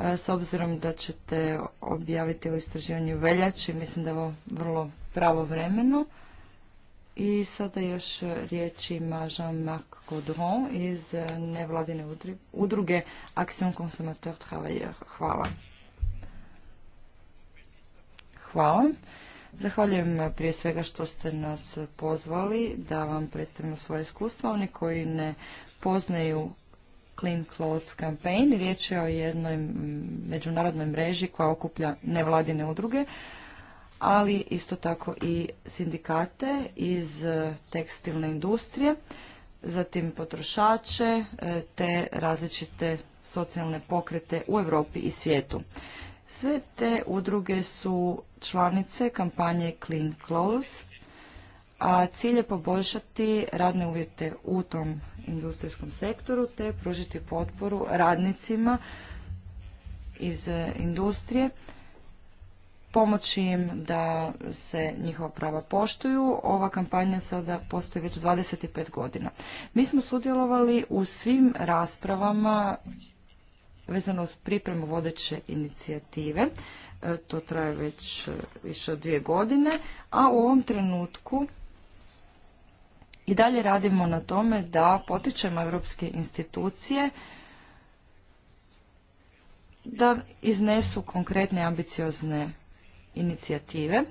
S obzirom da ćete objaviti o istraživanju veljači, mislim da je ovo vrlo pravovremeno. I sada još riječ ima Jean-Marc iz e, nevladine udruge Action Consumateur Travailleur. Hvala. Hvala. Zahvaljujem e, prije svega što ste nas pozvali da vam predstavimo svoje iskustva. Oni koji ne poznaju Clean Clothes Campaign. Riječ je o jednoj međunarodnoj mreži koja okuplja nevladine udruge, ali isto tako i sindikate iz e, tekstilne industrije, zatim potrošače e, te različite socijalne pokrete u Europi i svijetu. Sve te udruge su članice kampanje Clean Clothes a cilj je poboljšati radne uvjete u tom industrijskom sektoru te pružiti potporu radnicima iz e, industrije, pomoći im da se njihova prava poštuju. Ova kampanja sada postoji već 25 godina. Mi smo sudjelovali u svim raspravama vezano uz pripremu vodeće inicijative. E, to traje već e, više od dvije godine, a u ovom trenutku i dalje radimo na tome da potičemo europske institucije da iznesu konkretne ambiciozne inicijative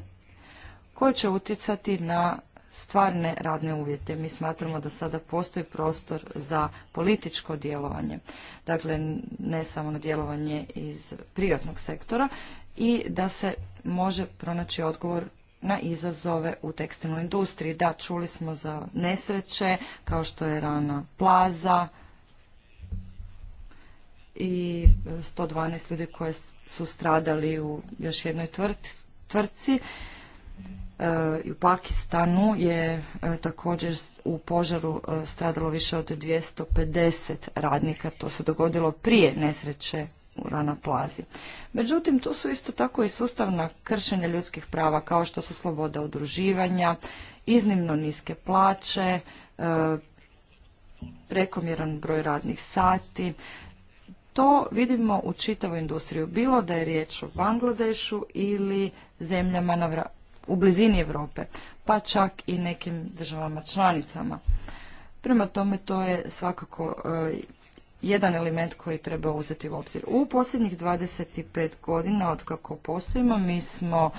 koje će utjecati na stvarne radne uvjete. Mi smatramo da sada postoji prostor za političko djelovanje, dakle ne samo na djelovanje iz privatnog sektora i da se može pronaći odgovor na izazove u tekstilnoj industriji. Da, čuli smo za nesreće kao što je rana plaza i 112 e, ljudi koje su stradali u još jednoj tvrtci. E, I u Pakistanu je e, također u požaru stradalo više od 250 radnika. To se dogodilo prije nesreće u Rana Plazi. Međutim, tu su isto tako i sustavna kršenja ljudskih prava kao što su sloboda udruživanja, iznimno niske plaće, e, prekomjeran broj radnih sati. To vidimo u čitavu industriju, bilo da je riječ o Bangladešu ili zemljama na u blizini Europe, pa čak i nekim državama članicama. Prema tome to je svakako e, jedan element koji treba uzeti u obzir. U posljednjih 25 godina od kako postojimo mi smo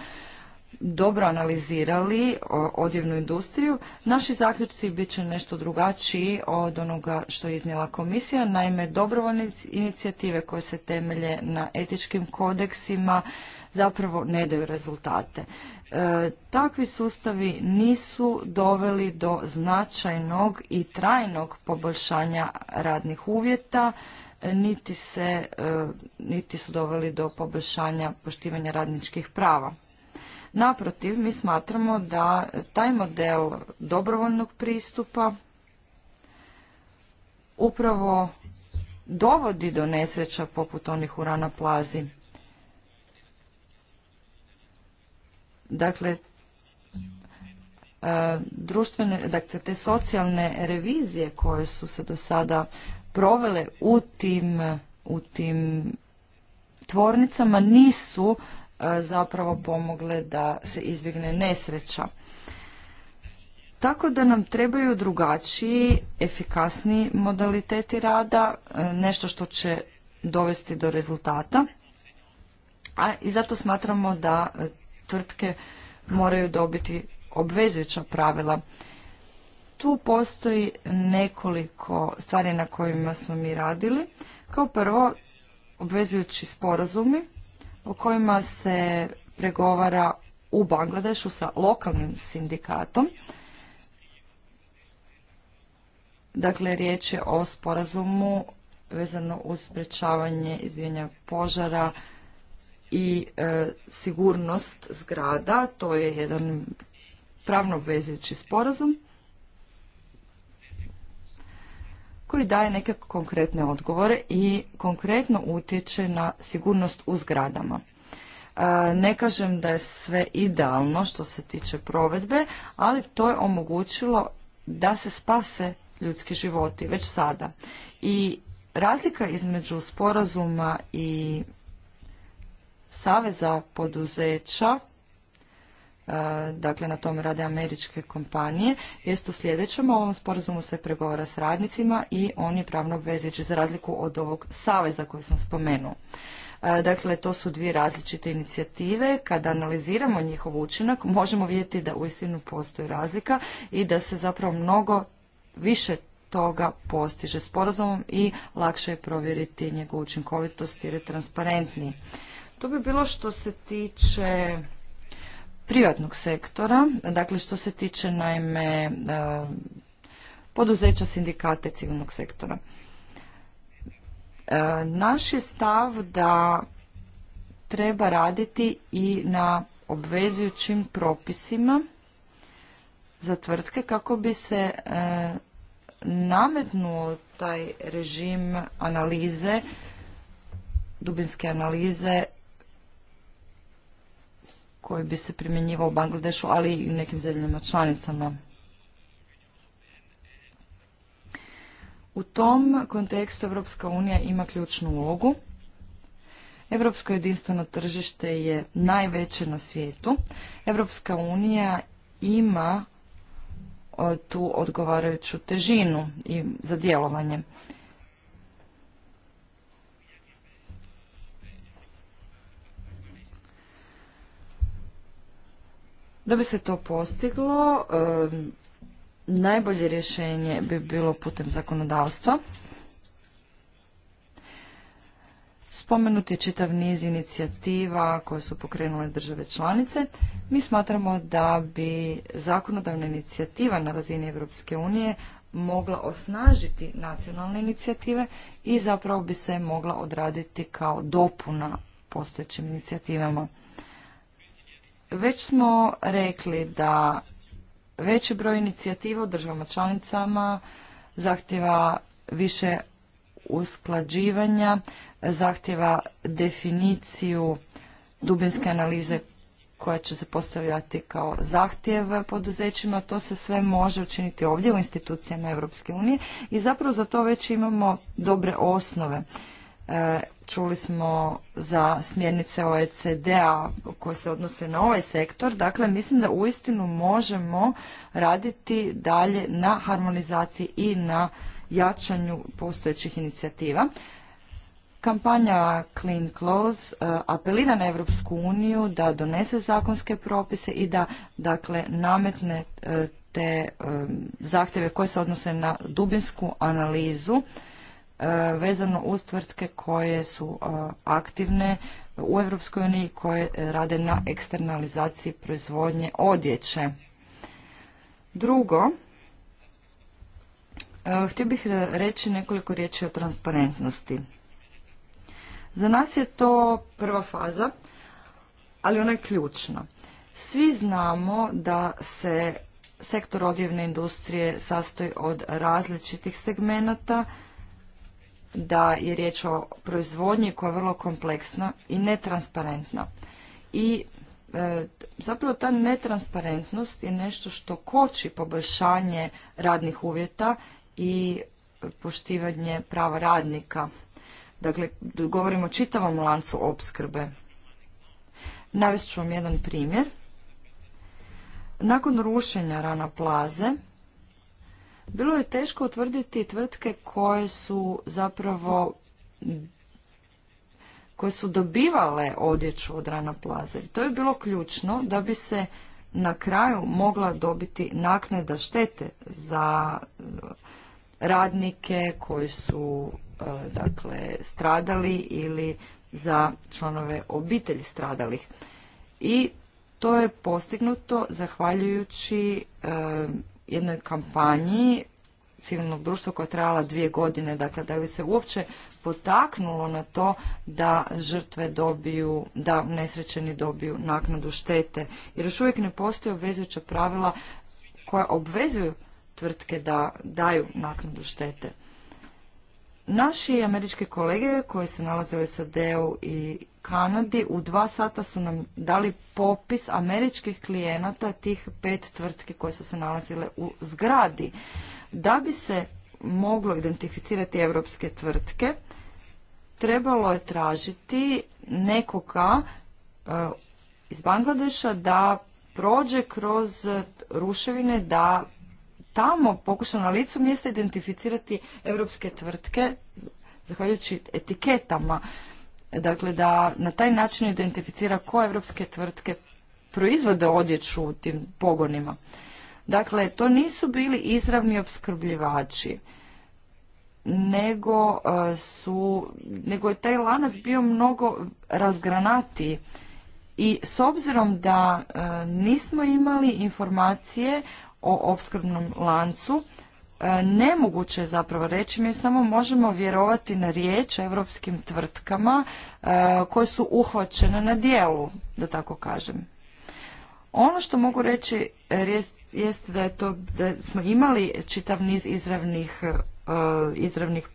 dobro analizirali odjevnu industriju. Naši zaključci bit će nešto drugačiji od onoga što je iznijela komisija. Naime, dobrovoljne inicijative koje se temelje na etičkim kodeksima zapravo ne daju rezultate. E, takvi sustavi nisu doveli do značajnog i trajnog poboljšanja radnih uvjeta, niti, se, e, niti su doveli do poboljšanja poštivanja radničkih prava. Naprotiv, mi smatramo da taj model dobrovoljnog pristupa upravo dovodi do nesreća poput onih u Rana Plazi. Dakle, e, društvene, dakle te socijalne revizije koje su se do sada provele u tim, u tim tvornicama nisu e, zapravo pomogle da se izbjegne nesreća. Tako da nam trebaju drugačiji, efikasniji modaliteti rada, e, nešto što će dovesti do rezultata. A i zato smatramo da tvrtke moraju dobiti obvezujuća pravila. Tu postoji nekoliko stvari na kojima smo mi radili. Kao prvo, obvezujući sporazumi o kojima se pregovara u Bangladešu sa lokalnim sindikatom. Dakle, riječ je o sporazumu vezano uz sprečavanje izbijanja požara, i e, sigurnost zgrada, to je jedan pravno obvezujući sporazum koji daje neke konkretne odgovore i konkretno utječe na sigurnost u zgradama. E, ne kažem da je sve idealno što se tiče provedbe, ali to je omogućilo da se spase ljudski životi već sada. I razlika između sporazuma i saveza poduzeća, e, dakle na tom rade američke kompanije, jest u sljedećem, ovom sporazumu se pregovara s radnicima i on je pravno obvezujući za razliku od ovog saveza koji sam spomenuo. E, dakle, to su dvije različite inicijative. Kada analiziramo njihov učinak, možemo vidjeti da uistinu postoji razlika i da se zapravo mnogo više toga postiže sporazumom i lakše je provjeriti njegovu učinkovitost jer je transparentniji. To bi bilo što se tiče privatnog sektora, dakle što se tiče naime e, poduzeća sindikate civilnog sektora. E, naš je stav da treba raditi i na obvezujućim propisima za tvrtke kako bi se e, nametnuo taj režim analize, dubinske analize koji bi se primjenjivao u Bangladešu, ali i u nekim zemljama članicama. U tom kontekstu Evropska unija ima ključnu ulogu. Europsko jedinstveno tržište je najveće na svijetu. Europska unija ima e, tu odgovarajuću težinu i za djelovanje. Da bi se to postiglo, najbolje rješenje bi bilo putem zakonodavstva. Spomenut je čitav niz inicijativa koje su pokrenule države članice. Mi smatramo da bi zakonodavna inicijativa na razini Europske unije mogla osnažiti nacionalne inicijative i zapravo bi se mogla odraditi kao dopuna postojećim inicijativama. Već smo rekli da veći broj inicijativa u državama članicama zahtjeva više usklađivanja, zahtjeva definiciju dubinske analize koja će se postavljati kao zahtjev poduzećima, to se sve može učiniti ovdje u institucijama Europske unije i zapravo za to već imamo dobre osnove. Čuli smo za smjernice OECD-a koje se odnose na ovaj sektor. Dakle, mislim da uistinu možemo raditi dalje na harmonizaciji i na jačanju postojećih inicijativa. Kampanja Clean Clothes e, apelira na Europsku uniju da donese zakonske propise i da dakle nametne e, te e, zahtjeve koje se odnose na dubinsku analizu E, vezano uz tvrtke koje su e, aktivne u Europskoj uniji koje rade na eksternalizaciji proizvodnje odjeće. Drugo, e, htio bih reći nekoliko riječi o transparentnosti. Za nas je to prva faza, ali ona je ključna. Svi znamo da se sektor odjevne industrije sastoji od različitih segmenata da je riječ o proizvodnji koja je vrlo kompleksna i netransparentna. I e, zapravo ta netransparentnost je nešto što koči poboljšanje radnih uvjeta i poštivanje prava radnika. Dakle, govorimo o čitavom lancu opskrbe. Navest ću vam jedan primjer. Nakon rušenja Rana Plaze, bilo je teško utvrditi tvrtke koje su zapravo koje su dobivale odjeću od Rana Plaza. to je bilo ključno da bi se na kraju mogla dobiti naknada štete za e, radnike koji su e, dakle stradali ili za članove obitelji stradalih. I to je postignuto zahvaljujući e, jednoj kampanji civilnog društva koja je trajala dvije godine, dakle da bi se uopće potaknulo na to da žrtve dobiju, da nesrećeni dobiju naknadu štete. Jer još uvijek ne postoje obvezujuća pravila koja obvezuju tvrtke da daju naknadu štete. Naši američki kolege koji se nalaze u SAD-u i Kanadi u dva sata su nam dali popis američkih klijenata tih pet tvrtki koje su se nalazile u zgradi. Da bi se moglo identificirati europske tvrtke, trebalo je tražiti nekoga e, iz Bangladeša da prođe kroz ruševine, da tamo pokuša na licu mjesta identificirati europske tvrtke, zahvaljujući etiketama dakle da na taj način identificira koje evropske tvrtke proizvode odjeću u tim pogonima. Dakle, to nisu bili izravni opskrbljivači, nego e, su, nego je taj lanac bio mnogo razgranatiji. I s obzirom da e, nismo imali informacije o opskrbnom lancu, E, nemoguće je zapravo reći, mi samo možemo vjerovati na riječ europskim tvrtkama e, koje su uhvaćene na dijelu, da tako kažem. Ono što mogu reći e, jeste da je to da smo imali čitav niz izravnih izravnih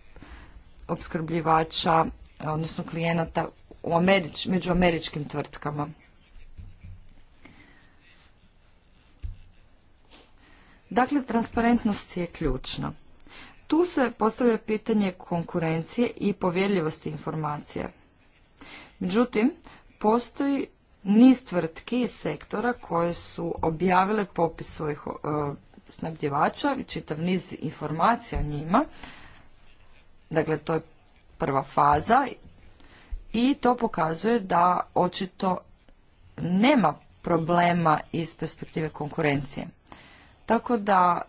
opskrbljivača, odnosno klijenata u Američ, među američkim tvrtkama. Dakle, transparentnost je ključna. Tu se postavlja pitanje konkurencije i povjerljivosti informacije. Međutim, postoji niz tvrtki iz sektora koje su objavile popis svojih e, snabdjevača i čitav niz informacija o njima. Dakle, to je prva faza i to pokazuje da očito nema problema iz perspektive konkurencije. Tako da,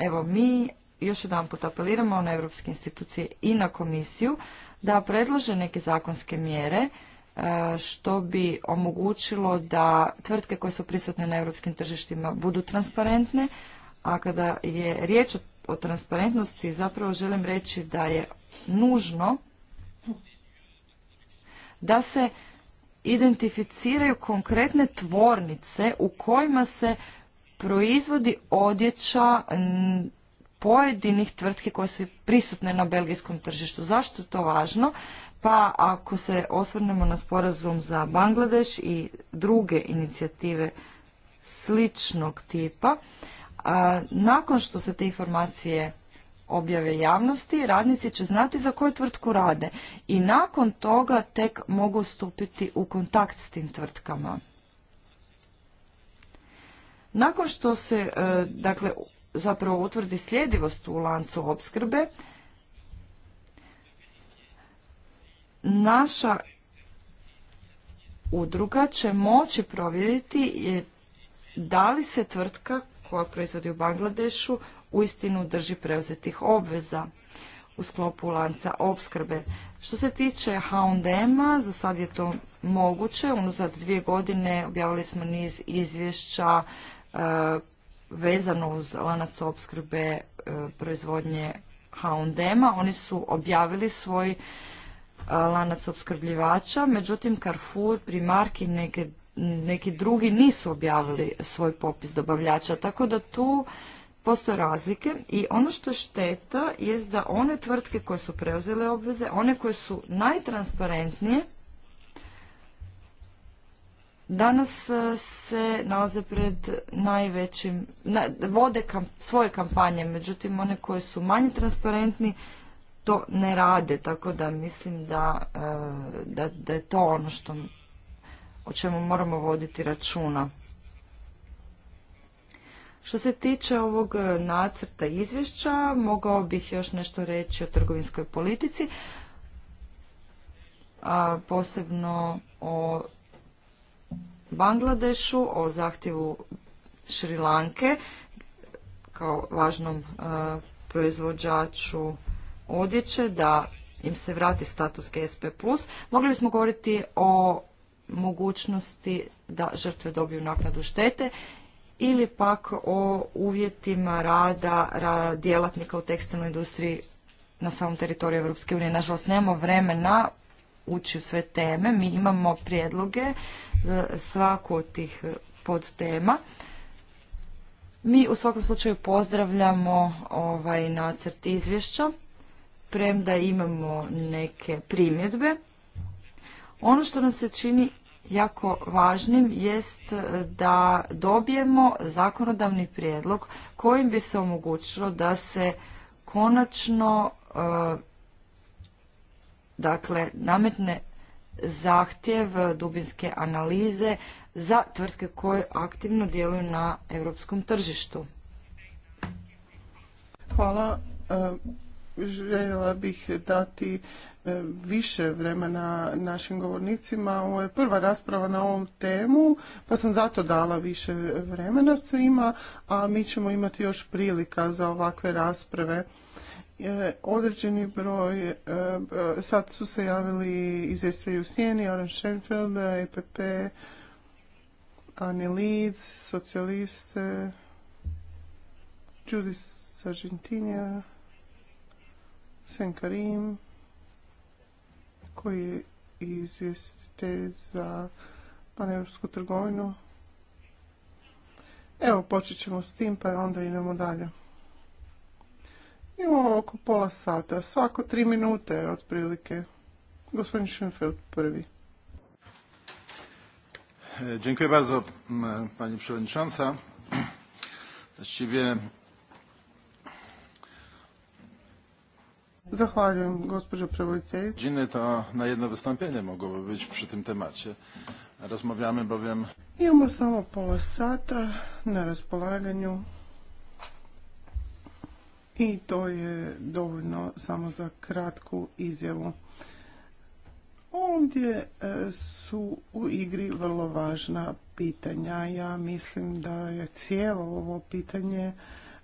evo, mi još jedan put apeliramo na europske institucije i na komisiju da predlože neke zakonske mjere eh, što bi omogućilo da tvrtke koje su prisutne na europskim tržištima budu transparentne, a kada je riječ o transparentnosti zapravo želim reći da je nužno da se identificiraju konkretne tvornice u kojima se proizvodi odjeća pojedinih tvrtki koje su prisutne na belgijskom tržištu. Zašto je to važno? Pa ako se osvrnemo na sporazum za Bangladeš i druge inicijative sličnog tipa, nakon što se te informacije objave javnosti, radnici će znati za koju tvrtku rade i nakon toga tek mogu stupiti u kontakt s tim tvrtkama. Nakon što se e, dakle, zapravo utvrdi sljedivost u lancu opskrbe, naša udruga će moći provjeriti e, da li se tvrtka koja proizvodi u Bangladešu uistinu drži preuzetih obveza u sklopu lanca opskrbe. Što se tiče H&M-a, za sad je to moguće. Unazad dvije godine objavili smo niz izvješća E, vezano uz lanac opskrbe e, proizvodnje H&M-a. Oni su objavili svoj e, lanac opskrbljivača, međutim Carrefour, Primark i neki drugi nisu objavili svoj popis dobavljača, tako da tu postoje razlike i ono što šteta je da one tvrtke koje su preuzele obveze, one koje su najtransparentnije, Danas e, se nalaze pred najvećim, vode svoje kampanje, međutim one koje su manje transparentni to ne rade, tako da mislim da, e, da, da je to ono što, o čemu moramo voditi računa. Što se tiče ovog nacrta izvješća, mogao bih još nešto reći o trgovinskoj politici, a posebno o Bangladešu, o zahtjevu Šrilanke kao važnom e, proizvođaču odjeće da im se vrati status GSP+. Mogli bismo govoriti o mogućnosti da žrtve dobiju naknadu štete ili pak o uvjetima rada, djelatnika u tekstilnoj industriji na samom teritoriju Europske unije. Nažalost, nemamo vremena ući u sve teme. Mi imamo prijedloge za svaku od tih eh, podtema. Mi u svakom slučaju pozdravljamo ovaj nacrt izvješća, premda imamo neke primjedbe. Ono što nam se čini jako važnim jest eh, da dobijemo zakonodavni prijedlog kojim bi se omogućilo da se konačno eh, dakle nametne zahtjev dubinske analize za tvrtke koje aktivno djeluju na europskom tržištu. Hvala. E, željela bih dati e, više vremena našim govornicima. Ovo je prva rasprava na ovom temu, pa sam zato dala više vremena svima, a mi ćemo imati još prilika za ovakve rasprave. E, određeni broj, e, sad su se javili izvjestitelji u Sjeni, Aron Schoenfeld, EPP, Anne Leeds, socijaliste, Judith Sargentinija, Sen Karim, koji je izvjestitelj za paneuropsku trgovinu. Evo, počet ćemo s tim, pa onda idemo dalje. Imamo oko pola sata, svako tri minute otprilike. Gospodin Schoenfeld, prvi. E, dziękuję bardzo, Pani Przewodnicząca. Właściwie... Zahvaljujem, gospođo prevoditeljice. Dziny to na jedno wystąpienie mogłoby być przy tym temacie. Rozmawiamy bowiem... Imamo samo pola sata na raspolaganju. I to je dovoljno samo za kratku izjavu. Ovdje e, su u igri vrlo važna pitanja. Ja mislim da je cijelo ovo pitanje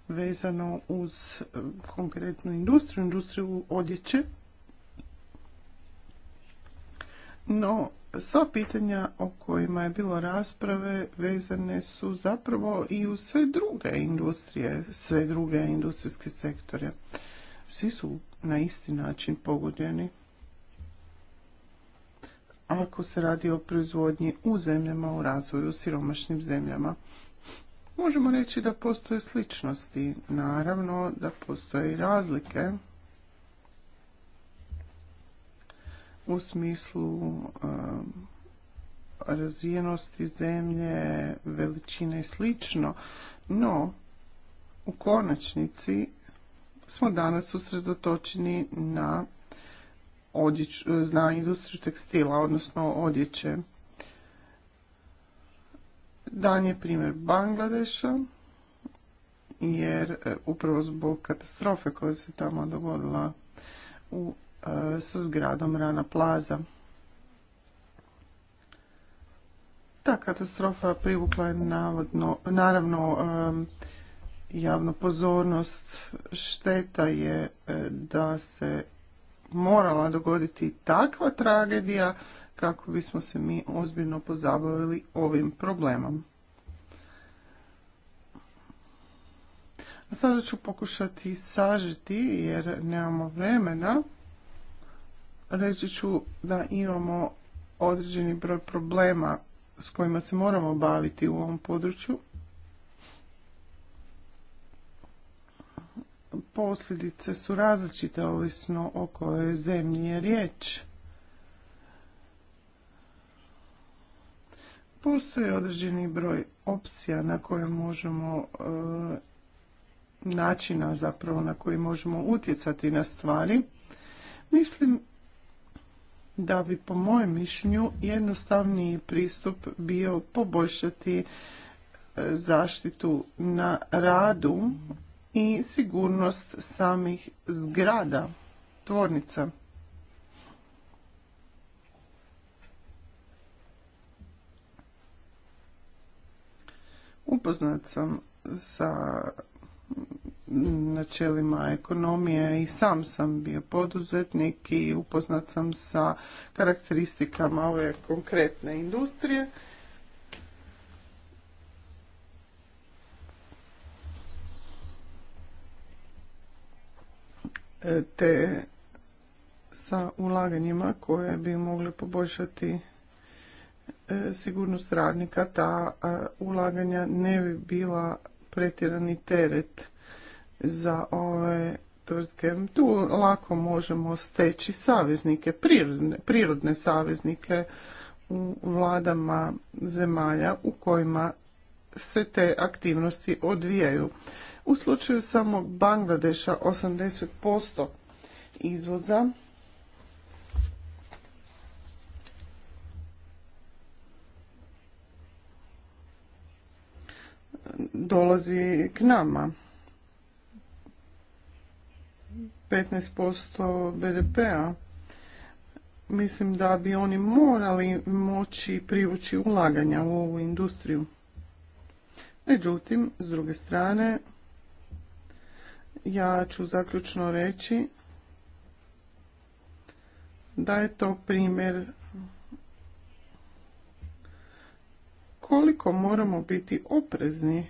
vezano uz e, konkretnu industriju, industriju odjeće. No, Sva pitanja o kojima je bilo rasprave vezane su zapravo i u sve druge industrije, sve druge industrijske sektore. Svi su na isti način pogodjeni. Ako se radi o proizvodnji u zemljama u razvoju, u siromašnim zemljama. Možemo reći da postoje sličnosti, naravno da postoje i razlike. u smislu um, razvijenosti zemlje, veličine i slično, no u konačnici smo danas usredotočeni na, na industriju tekstila, odnosno odjeće. Dan je primjer Bangladeša, jer e, upravo zbog katastrofe koja se tamo dogodila u E, sa zgradom Rana Plaza. Ta katastrofa privukla je naravno e, javno pozornost. Šteta je e, da se morala dogoditi takva tragedija kako bismo se mi ozbiljno pozabavili ovim problemom. sada ću pokušati sažiti jer nemamo vremena reći ću da imamo određeni broj problema s kojima se moramo baviti u ovom području. Posljedice su različite ovisno o kojoj zemlji je riječ. Postoji određeni broj opcija na koje možemo e, načina zapravo na koji možemo utjecati na stvari. Mislim da bi po mojem mišljenju jednostavniji pristup bio poboljšati e, zaštitu na radu i sigurnost samih zgrada, tvornica. Upoznat sam sa načelima ekonomije i sam sam bio poduzetnik i upoznat sam sa karakteristikama ove konkretne industrije. te sa ulaganjima koje bi mogle poboljšati e, sigurnost radnika, ta ulaganja ne bi bila pretjerani teret za ove tvrtke. Tu lako možemo steći saveznike, prirodne, prirodne saveznike u vladama zemalja u kojima se te aktivnosti odvijaju. U slučaju samog Bangladeša 80% izvoza dolazi k nama. 15% BDP-a, mislim da bi oni morali moći privući ulaganja u ovu industriju. Međutim, s druge strane, ja ću zaključno reći da je to primjer koliko moramo biti oprezni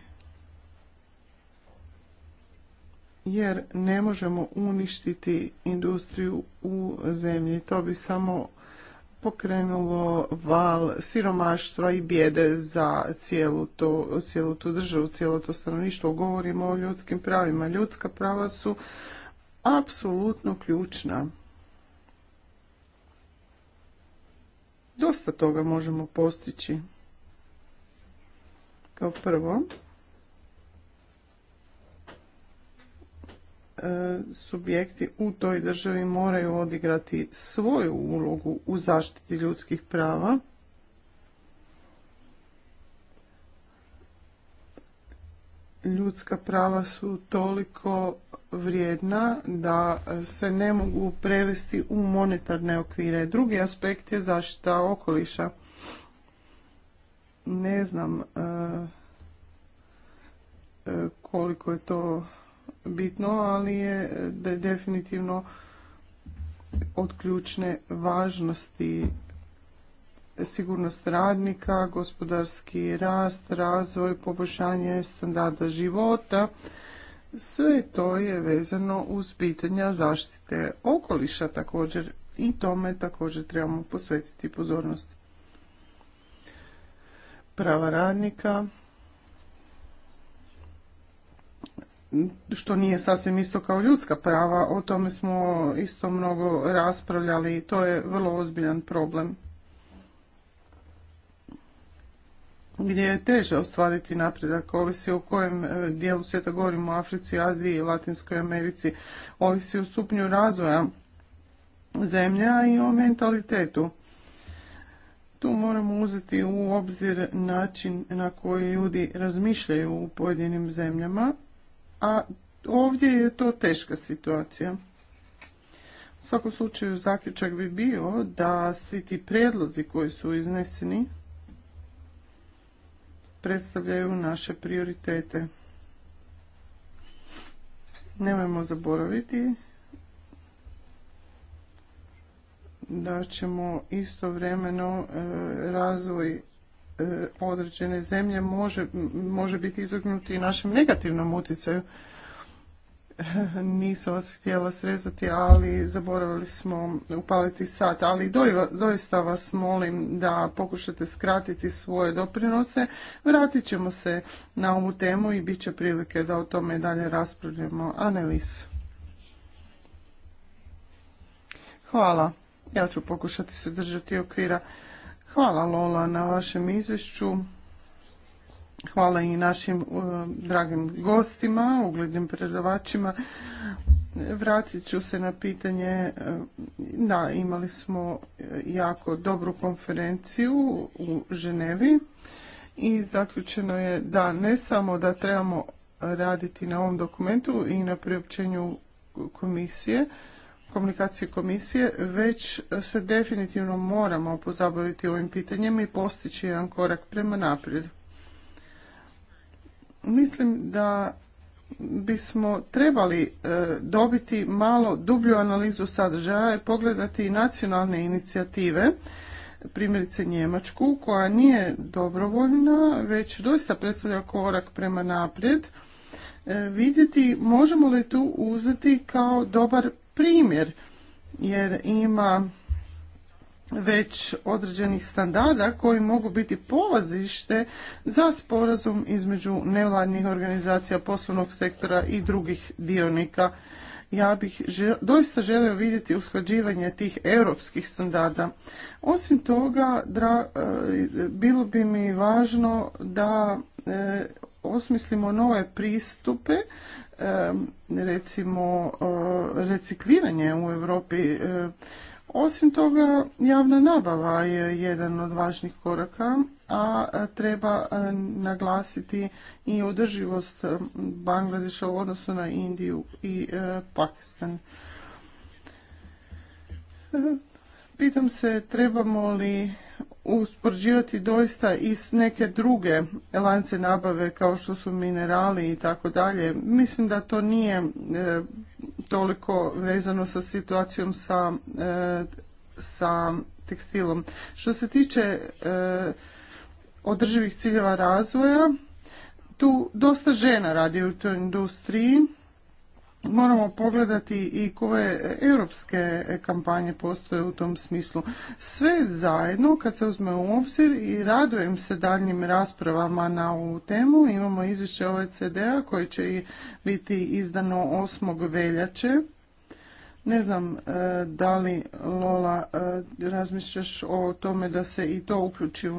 jer ne možemo uništiti industriju u zemlji. To bi samo pokrenulo val siromaštva i bijede za cijelu, to, cijelu tu državu, cijelo to stanovništvo. Govorimo o ljudskim pravima. Ljudska prava su apsolutno ključna. Dosta toga možemo postići. Kao prvo, E, subjekti u toj državi moraju odigrati svoju ulogu u zaštiti ljudskih prava. Ljudska prava su toliko vrijedna da se ne mogu prevesti u monetarne okvire. Drugi aspekt je zaštita okoliša. Ne znam e, e, koliko je to bitno, ali je definitivno od ključne važnosti sigurnost radnika, gospodarski rast, razvoj, poboljšanje standarda života. Sve to je vezano uz pitanja zaštite okoliša također i tome također trebamo posvetiti pozornost. Prava radnika, što nije sasvim isto kao ljudska prava, o tome smo isto mnogo raspravljali i to je vrlo ozbiljan problem. Gdje je teže ostvariti napredak, ovisi o kojem e, dijelu svijeta govorimo, o Africi, Aziji i Latinskoj Americi, ovisi o stupnju razvoja zemlja i o mentalitetu. Tu moramo uzeti u obzir način na koji ljudi razmišljaju u pojedinim zemljama a ovdje je to teška situacija. U svakom slučaju zaključak bi bio da svi ti predlozi koji su izneseni predstavljaju naše prioritete. Nemojmo zaboraviti da ćemo istovremeno e, razvoj E, određene zemlje može, može biti izognuti i našem negativnom utjecaju. Nisam vas htjela srezati, ali zaboravili smo upaliti sat. Ali doista vas molim da pokušate skratiti svoje doprinose. Vratit ćemo se na ovu temu i bit će prilike da o tome dalje raspravljamo. Anelis. Hvala. Ja ću pokušati se držati okvira. Hvala Lola na vašem izvješću. Hvala i našim e, dragim gostima, uglednim predavačima. Vratit ću se na pitanje, e, da, imali smo e, jako dobru konferenciju u Ženevi i zaključeno je da ne samo da trebamo raditi na ovom dokumentu i na priopćenju komisije, Komunikacije komisije, već se definitivno moramo pozabaviti ovim pitanjem i postići jedan korak prema naprijed. Mislim da bismo trebali e, dobiti malo dublju analizu sadržaja i pogledati nacionalne inicijative, primjerice Njemačku, koja nije dobrovoljna, već doista predstavlja korak prema naprijed, e, vidjeti možemo li tu uzeti kao dobar primjer jer ima već određenih standarda koji mogu biti polazište za sporazum između nevladnih organizacija poslovnog sektora i drugih dionika. Ja bih doista želio vidjeti usklađivanje tih europskih standarda. Osim toga, e, bilo bi mi važno da e, osmislimo nove pristupe recimo recikliranje u Europi. Osim toga, javna nabava je jedan od važnih koraka, a treba naglasiti i održivost Bangladeša u odnosu na Indiju i Pakistan. Pitam se trebamo li uspoređivati doista i neke druge lance nabave kao što su minerali i tako dalje. Mislim da to nije e, toliko vezano sa situacijom sa, e, sa tekstilom. Što se tiče e, održivih ciljeva razvoja, tu dosta žena radi u toj industriji moramo pogledati i koje europske kampanje postoje u tom smislu. Sve zajedno, kad se uzme u obzir i radujem se daljnjim raspravama na ovu temu, imamo izvješće OECD-a koje će biti izdano 8. veljače. Ne znam e, da li Lola e, razmišljaš o tome da se i to uključi u,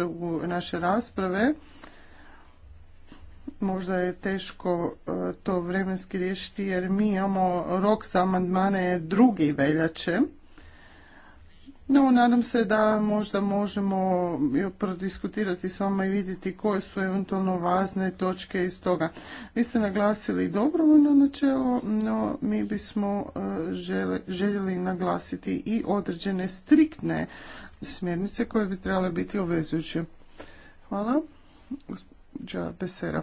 u naše rasprave možda je teško e, to vremenski riješiti jer mi imamo rok za amandmane drugi veljače. No, nadam se da možda možemo prodiskutirati s vama i vidjeti koje su eventualno važne točke iz toga. Vi ste naglasili dobrovoljno načelo, no mi bismo e, željeli naglasiti i određene striktne smjernice koje bi trebale biti obvezujuće. Hvala. Gospođa Pesera.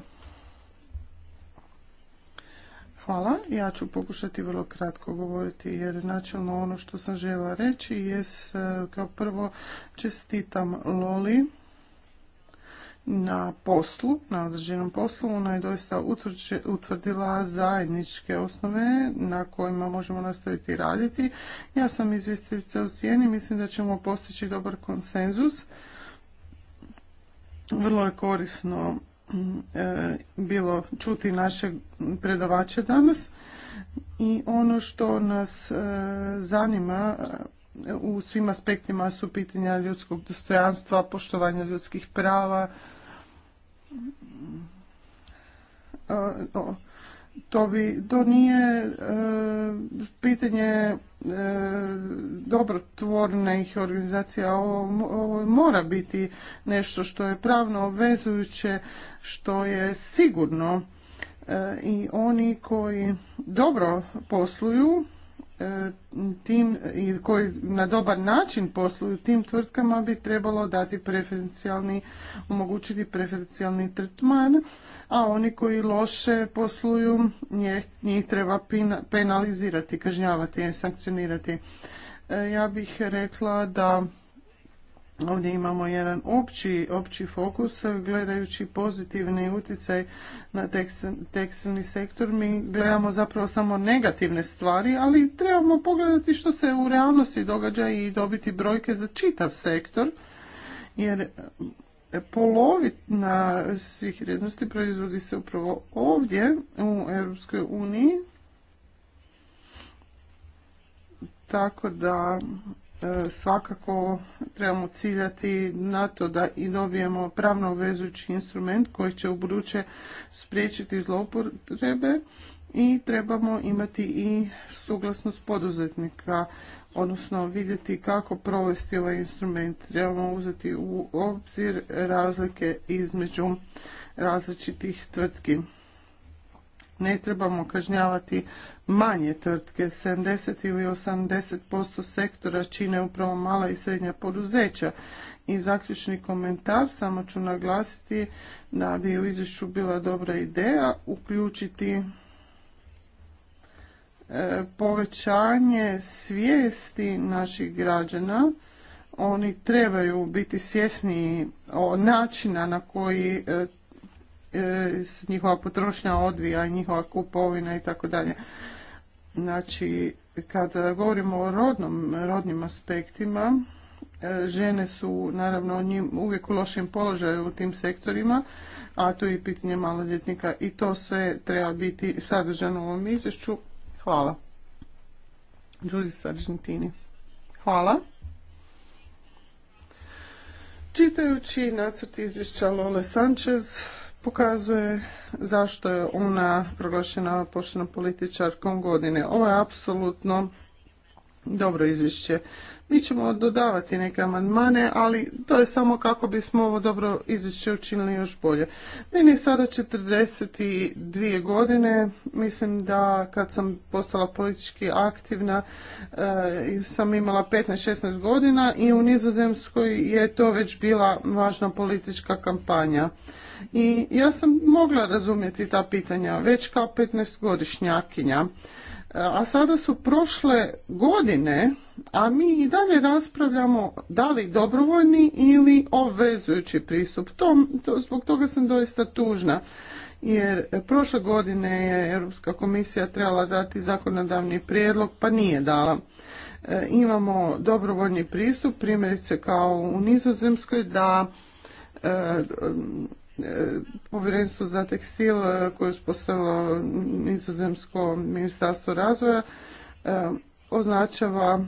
Hvala. Ja ću pokušati vrlo kratko govoriti jer načelno ono što sam žela reći je e, kao prvo čestitam Loli na poslu, na određenom poslu. Ona je doista utvrdila zajedničke osnove na kojima možemo nastaviti raditi. Ja sam izvjestiteljica u Sijeni, mislim da ćemo postići dobar konsenzus. Vrlo je korisno E, bilo čuti naše predavače danas i ono što nas e, zanima e, u svim aspektima su pitanja ljudskog dostojanstva, poštovanja ljudskih prava, to bi, to nije e, pitanje e, dobrotvornih organizacija, ovo, mora biti nešto što je pravno obvezujuće, što je sigurno e, i oni koji dobro posluju tim koji na dobar način posluju tim tvrtkama bi trebalo dati preferencijalni, omogućiti preferencijalni tretman, a oni koji loše posluju njih treba penalizirati, kažnjavati, sankcionirati. E, ja bih rekla da Ovdje imamo jedan opći, opći fokus gledajući pozitivni utjecaj na tekstilni sektor. Mi gledamo zapravo samo negativne stvari, ali trebamo pogledati što se u realnosti događa i dobiti brojke za čitav sektor. Jer polovina svih vrijednosti proizvodi se upravo ovdje u Europskoj uniji. Tako da E, svakako trebamo ciljati na to da i dobijemo pravno obvezujući instrument koji će ubuduće spriječiti zloupotrebe i trebamo imati i suglasnost poduzetnika, odnosno vidjeti kako provesti ovaj instrument. Trebamo uzeti u obzir razlike između različitih tvrtki ne trebamo kažnjavati manje tvrtke. 70 ili 80% sektora čine upravo mala i srednja poduzeća. I zaključni komentar, samo ću naglasiti da bi u izvješću bila dobra ideja uključiti e, povećanje svijesti naših građana oni trebaju biti svjesni o načina na koji e, E, njihova potrošnja odvija, i njihova kupovina i tako dalje. Znači, kad govorimo o rodnom, rodnim aspektima, e, žene su naravno njim, uvijek u lošem položaju u tim sektorima, a to je i pitanje maloljetnika i to sve treba biti sadržano u ovom izvješću. Hvala. Đuris Argentini. Hvala. Čitajući nacrt izvješća Lole Sanchez, pokazuje zašto je ona proglašena poštenom političarkom godine. Ovo je apsolutno dobro izvješće. Mi ćemo dodavati neke amandmane, ali to je samo kako bismo ovo dobro izvješće učinili još bolje. Meni je sada 42 godine, mislim da kad sam postala politički aktivna eh, sam imala 15-16 godina i u Nizozemskoj je to već bila važna politička kampanja. I ja sam mogla razumjeti ta pitanja već kao 15-godišnjakinja a sada su prošle godine, a mi i dalje raspravljamo da li dobrovoljni ili obvezujući pristup. to, zbog toga sam doista tužna jer prošle godine je Europska komisija trebala dati zakonodavni prijedlog pa nije dala. E, imamo dobrovoljni pristup, primjerice kao u Nizozemskoj da e, Povjerenstvo za tekstil e, koje je uspostavilo nizozemsko ministarstvo razvoja e, označava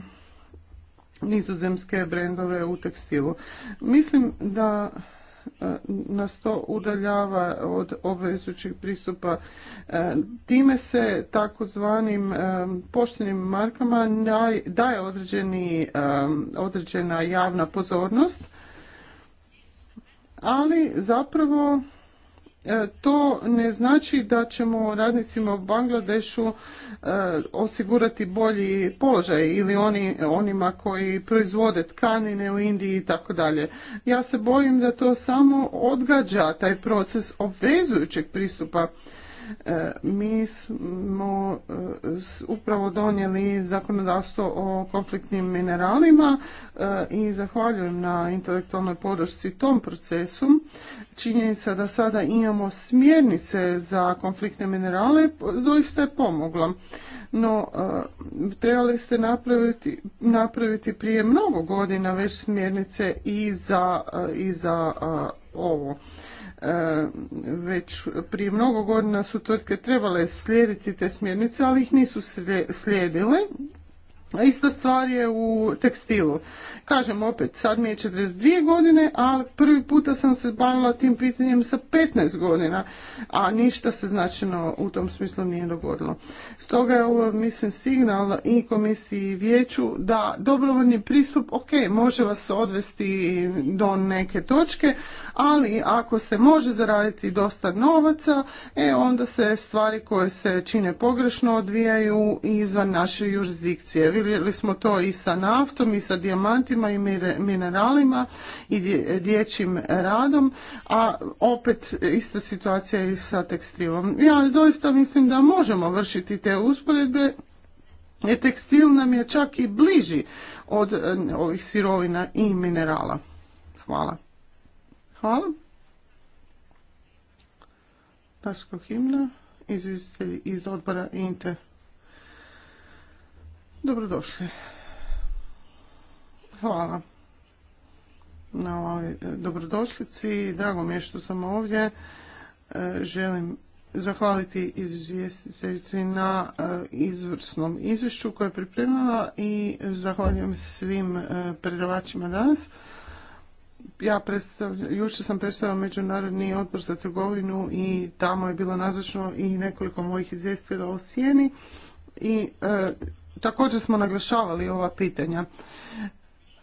nizozemske brendove u tekstilu. Mislim da e, nas to udaljava od obvezujućeg pristupa. Time se takozvanim poštenim markama daje određeni, određena javna pozornost ali zapravo e, to ne znači da ćemo radnicima u Bangladešu e, osigurati bolji položaj ili oni, onima koji proizvode tkanine u Indiji i tako dalje. Ja se bojim da to samo odgađa taj proces obvezujućeg pristupa E, mi smo e, upravo donijeli zakonodavstvo o konfliktnim mineralima e, i zahvaljujem na intelektualnoj podršci tom procesu. Činjenica da sada imamo smjernice za konfliktne minerale doista je pomogla. No, trebali ste napraviti, napraviti prije mnogo godina već smjernice i za, i za ovo. E, već prije mnogo godina su tvrtke trebale slijediti te smjernice, ali ih nisu slijedile Ista stvar je u tekstilu. Kažem opet, sad mi je 42 godine, a prvi puta sam se bavila tim pitanjem sa 15 godina, a ništa se značajno u tom smislu nije dogodilo. Stoga je ovo, mislim, signal i komisiji i vijeću da dobrovoljni pristup, ok, može vas odvesti do neke točke, ali ako se može zaraditi dosta novaca, e onda se stvari koje se čine pogrešno odvijaju izvan naše jurisdikcije Radili smo to i sa naftom i sa dijamantima i mineralima i dječjim radom, a opet ista situacija i sa tekstilom. Ja doista mislim da možemo vršiti te usporedbe jer tekstil nam je čak i bliži od eh, ovih sirovina i minerala. Hvala. Hvala. Pasko himna, izvjestitelj iz odbora Inter. Dobrodošli. Hvala na ovoj e, dobrodošlici. Drago mi je što sam ovdje. E, želim zahvaliti izvjestiteljici na e, izvrsnom izvješću koje je pripremila i zahvaljujem svim predavačima danas. Ja jučer sam predstavila Međunarodni odbor za trgovinu i tamo je bilo nazočno i nekoliko mojih izvjestitelja o sjeni i Također smo naglašavali ova pitanja.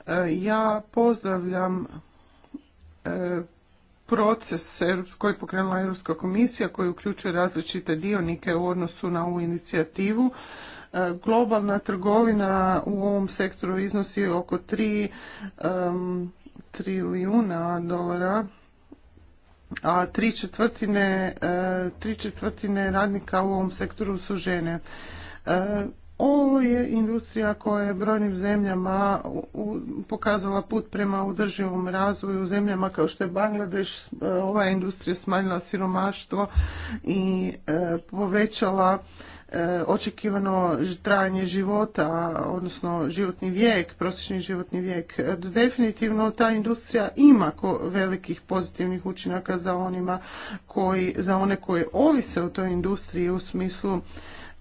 E, ja pozdravljam e, proces koji je pokrenula Europska komisija koji uključuje različite dionike u odnosu na ovu inicijativu. E, globalna trgovina u ovom sektoru iznosi oko 3 trilijuna dolara, a tri četvrtine, tri četvrtine radnika u ovom sektoru su žene. Ovo je industrija koja je brojnim zemljama pokazala put prema održivom razvoju. U zemljama kao što je Bangladeš e, ova industrija smanjila siromaštvo i e, povećala e, očekivano trajanje života, odnosno životni vijek, prosječni životni vijek. Definitivno ta industrija ima ko velikih pozitivnih učinaka za onima koji, za one koji ovise o toj industriji u smislu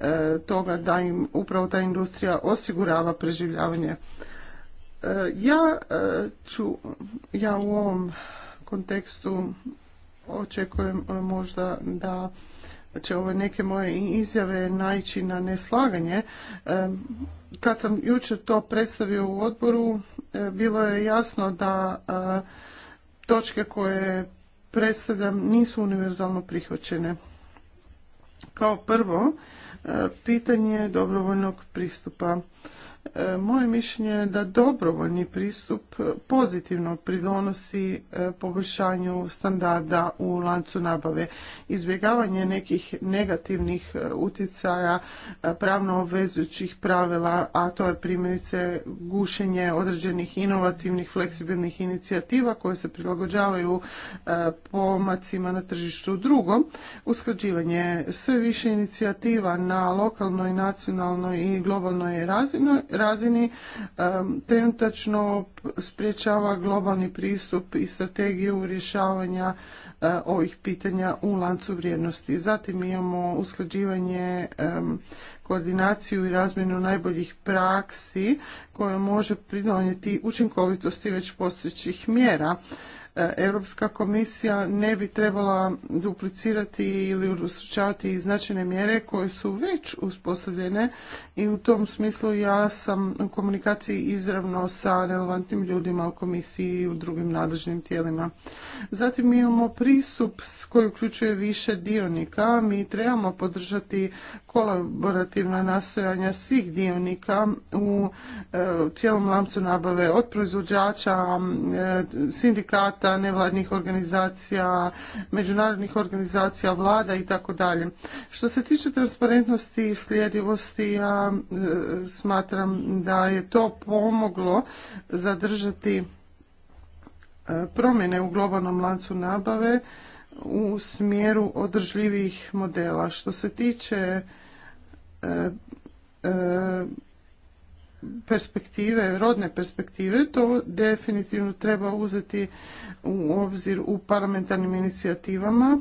E, toga da im upravo ta industrija osigurava preživljavanje. E, ja e, ću, ja u ovom kontekstu očekujem možda da će ove neke moje izjave naići na neslaganje. Kad sam jučer to predstavio u odboru, bilo je jasno da točke koje predstavljam nisu univerzalno prihvaćene. Kao prvo, pitanje dobrovoljnog pristupa E, moje mišljenje je da dobrovoljni pristup pozitivno pridonosi e, poboljšanju standarda u lancu nabave. Izbjegavanje nekih negativnih e, utjecaja pravno obvezujućih pravila, a to je primjerice gušenje određenih inovativnih fleksibilnih inicijativa koje se prilagođavaju pomacima na tržištu drugom, usklađivanje sve više inicijativa na lokalnoj, nacionalnoj i globalnoj razini razini trenutačno spriječava globalni pristup i strategiju rješavanja e, ovih pitanja u lancu vrijednosti. Zatim imamo usklađivanje koordinaciju i razmjenu najboljih praksi koja može pridonijeti učinkovitosti već postojećih mjera. E, Europska komisija ne bi trebala duplicirati ili uručavati značajne mjere koje su već uspostavljene i u tom smislu ja sam u komunikaciji izravno sa relevantnim ljudima u komisiji i u drugim nadležnim tijelima. Zatim imamo pristup koji uključuje više dionika. Mi trebamo podržati kolaborativna nastojanja svih dionika u e, cijelom lancu nabave od proizvođača, e, sindikata, nevladnih organizacija, međunarodnih organizacija, vlada i tako dalje. Što se tiče transparentnosti i sljedivosti, ja e, smatram da je to pomoglo zadržati e, promjene u globalnom lancu nabave u smjeru održljivih modela. Što se tiče e, perspektive, rodne perspektive, to definitivno treba uzeti u obzir u parlamentarnim inicijativama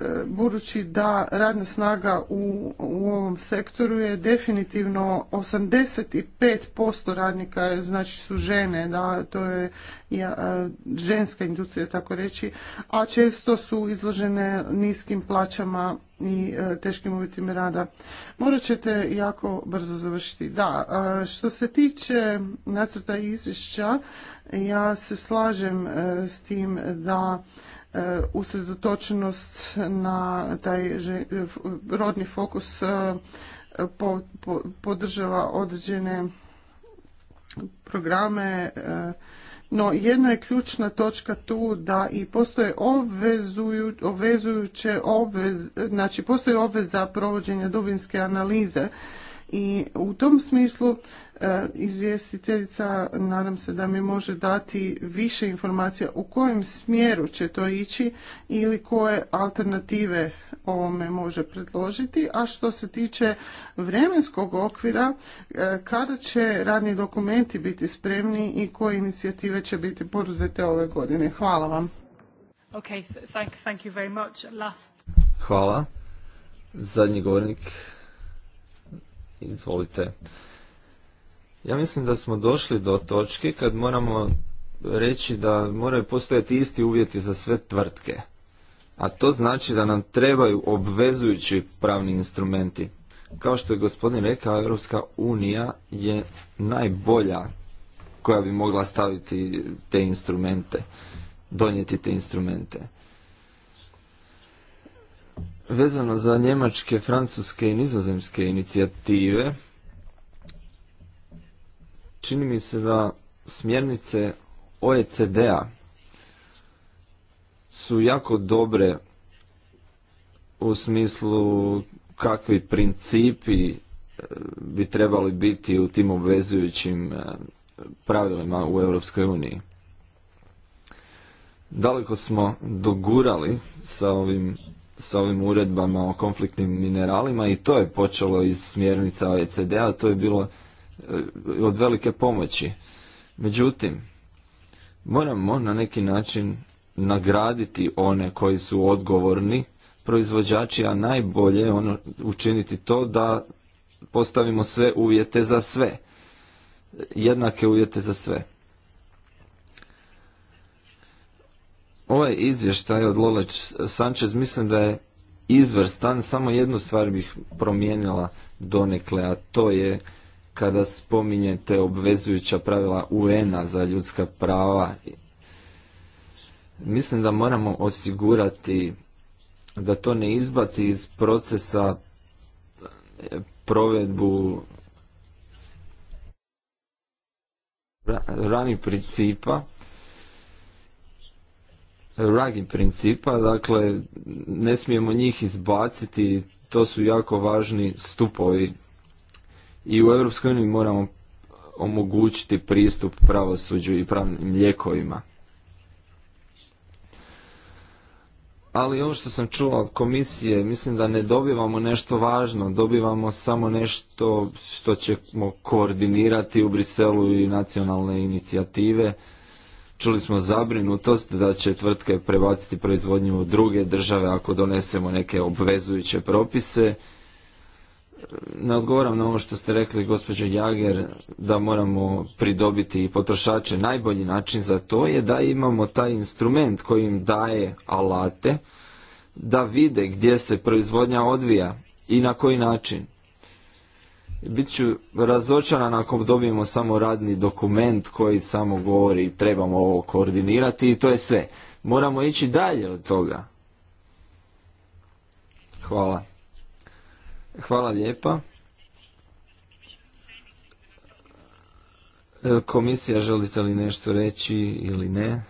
E, budući da radna snaga u, u ovom sektoru je definitivno 85% radnika znači su žene, da to je e, ženska industrija tako reći, a često su izložene niskim plaćama i e, teškim uvjetima rada. Morat ćete jako brzo završiti. Da, što se tiče nacrta izvješća, ja se slažem s tim da E, usredotočenost na taj e, rodni fokus e, podržava određene programe no jedna je ključna točka tu da i postoje obvezuju, obvezujuće obvez, znači postoji obveza provođenja dubinske analize i u tom smislu e, izvjestiteljica nadam se da mi može dati više informacija u kojem smjeru će to ići ili koje alternative ovome može predložiti. A što se tiče vremenskog okvira, e, kada će radni dokumenti biti spremni i koje inicijative će biti poduzete ove godine? Hvala vam. Okay, thank you very much. Last... Hvala. Zadnji govornik Izvolite. Ja mislim da smo došli do točke kad moramo reći da moraju postojati isti uvjeti za sve tvrtke. A to znači da nam trebaju obvezujući pravni instrumenti. Kao što je gospodin rekao, Europska unija je najbolja koja bi mogla staviti te instrumente, donijeti te instrumente. Vezano za njemačke, francuske i nizozemske inicijative, čini mi se da smjernice OECD-a su jako dobre u smislu kakvi principi e, bi trebali biti u tim obvezujućim e, pravilima u Europskoj uniji. Daleko smo dogurali sa ovim sa ovim uredbama o konfliktnim mineralima i to je počelo iz smjernica OECD-a, to je bilo eh, od velike pomoći. Međutim, moramo na neki način nagraditi one koji su odgovorni proizvođači, a najbolje ono učiniti to da postavimo sve uvjete za sve. Jednake uvjete za sve. Ovaj izvještaj od Lola Sanchez mislim da je izvrstan, samo jednu stvar bih promijenila donekle, a to je kada spominjete obvezujuća pravila UN-a za ljudska prava. Mislim da moramo osigurati da to ne izbaci iz procesa e, provedbu ranih principa ragi principa, dakle ne smijemo njih izbaciti, to su jako važni stupovi i u EU moramo omogućiti pristup pravosuđu i pravnim lijekovima. Ali ono što sam čuo od komisije, mislim da ne dobivamo nešto važno, dobivamo samo nešto što ćemo koordinirati u Briselu i nacionalne inicijative. Čuli smo zabrinutost da će tvrtke prebaciti proizvodnju u druge države ako donesemo neke obvezujuće propise. Ne odgovoram na ono što ste rekli, gospođo Jager, da moramo pridobiti i potrošače. Najbolji način za to je da imamo taj instrument koji im daje alate da vide gdje se proizvodnja odvija i na koji način. Bit ću razočaran ako dobijemo samo radni dokument koji samo govori trebamo ovo koordinirati i to je sve. Moramo ići dalje od toga. Hvala. Hvala lijepa. E, komisija, želite li nešto reći ili ne?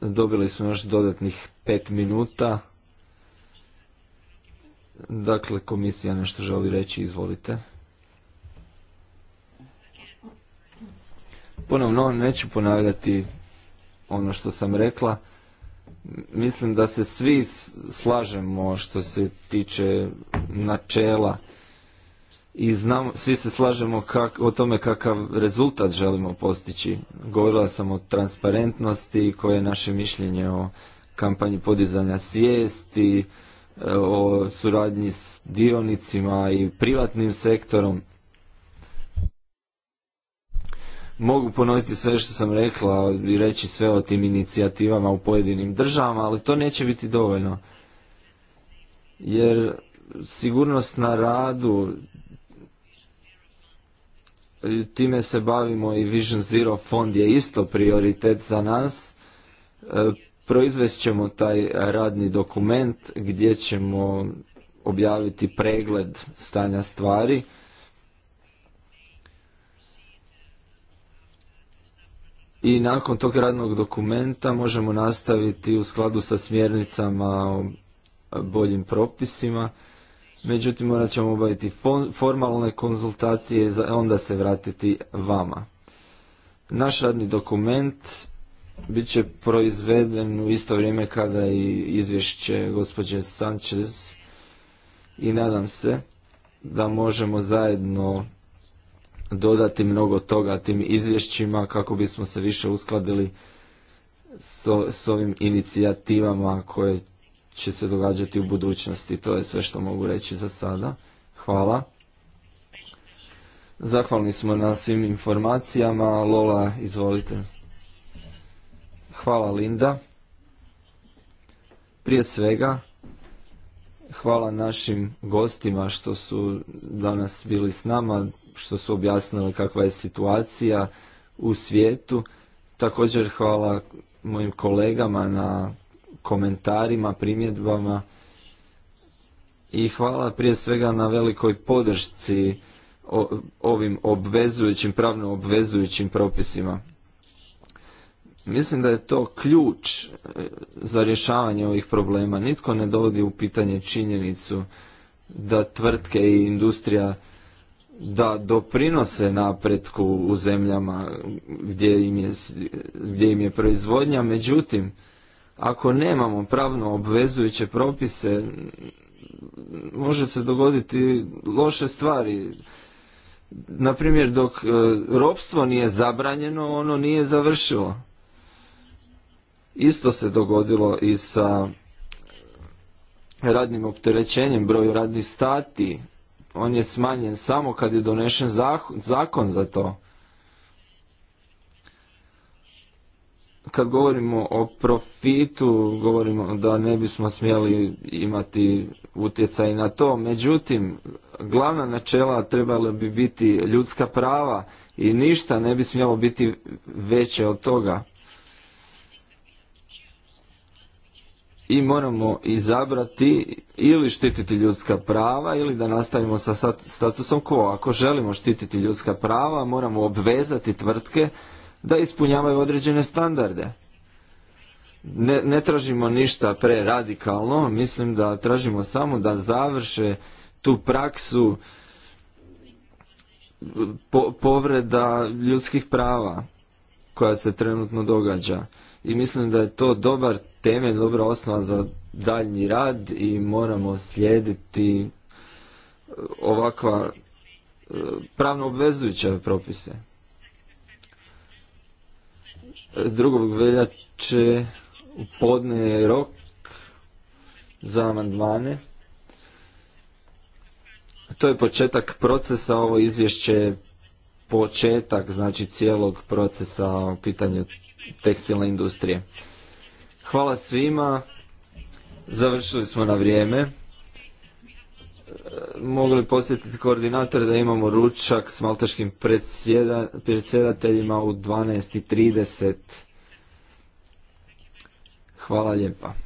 Dobili smo još dodatnih pet minuta. Dakle, komisija nešto želi reći, izvolite. Ponovno, neću ponavljati ono što sam rekla. Mislim da se svi slažemo što se tiče načela i znamo, svi se slažemo o tome kakav rezultat želimo postići. Govorila sam o transparentnosti, koje je naše mišljenje o kampanji podizanja svijesti, o suradnji s dionicima i privatnim sektorom. Mogu ponoviti sve što sam rekla i reći sve o tim inicijativama u pojedinim državama, ali to neće biti dovoljno. Jer sigurnost na radu, time se bavimo i Vision Zero fond je isto prioritet za nas. E, Proizvest ćemo taj radni dokument gdje ćemo objaviti pregled stanja stvari. I nakon tog radnog dokumenta možemo nastaviti u skladu sa smjernicama o boljim propisima. Međutim, morat ćemo obaviti formalne konzultacije, onda se vratiti vama. Naš radni dokument bit će proizveden u isto vrijeme kada i izvješće gospođe Sanchez i nadam se da možemo zajedno dodati mnogo toga tim izvješćima kako bismo se više uskladili s ovim inicijativama koje će se događati u budućnosti. To je sve što mogu reći za sada. Hvala. Zahvalni smo na svim informacijama. Lola, izvolite. Hvala Linda. Prije svega, hvala našim gostima što su danas bili s nama, što su objasnili kakva je situacija u svijetu. Također hvala mojim kolegama na komentarima, primjedbama i hvala prije svega na velikoj podršci ovim obvezujućim, pravno obvezujućim propisima. Mislim da je to ključ e, za rješavanje ovih problema. Nitko ne dovodi u pitanje činjenicu da tvrtke i industrija da doprinose napretku u zemljama gdje im je, gdje im je proizvodnja. Međutim, ako nemamo pravno obvezujuće propise, može se dogoditi loše stvari. Naprimjer, dok e, ropstvo nije zabranjeno, ono nije završilo. Isto se dogodilo i sa radnim opterećenjem, broju radnih stati. On je smanjen samo kad je donešen zakon za to. Kad govorimo o profitu, govorimo da ne bismo smjeli imati utjecaj na to. Međutim, glavna načela trebala bi biti ljudska prava i ništa ne bi smjelo biti veće od toga. i moramo izabrati ili štititi ljudska prava ili da nastavimo sa statusom quo. Ako želimo štititi ljudska prava, moramo obvezati tvrtke da ispunjavaju određene standarde. Ne, ne tražimo ništa preradikalno, mislim da tražimo samo da završe tu praksu povreda ljudskih prava koja se trenutno događa. I mislim da je to dobar temelj, dobra osnova za daljnji rad i moramo slijediti e, ovakva e, pravno obvezujuća propise. Drugog veljače u podne je rok za amandmane. To je početak procesa, ovo izvješće je početak znači cijelog procesa u pitanju tekstilne industrije. Hvala svima. Završili smo na vrijeme. E, Mogli posjetiti koordinator da imamo ručak s maltaškim predsjedateljima u 12.30. Hvala lijepa.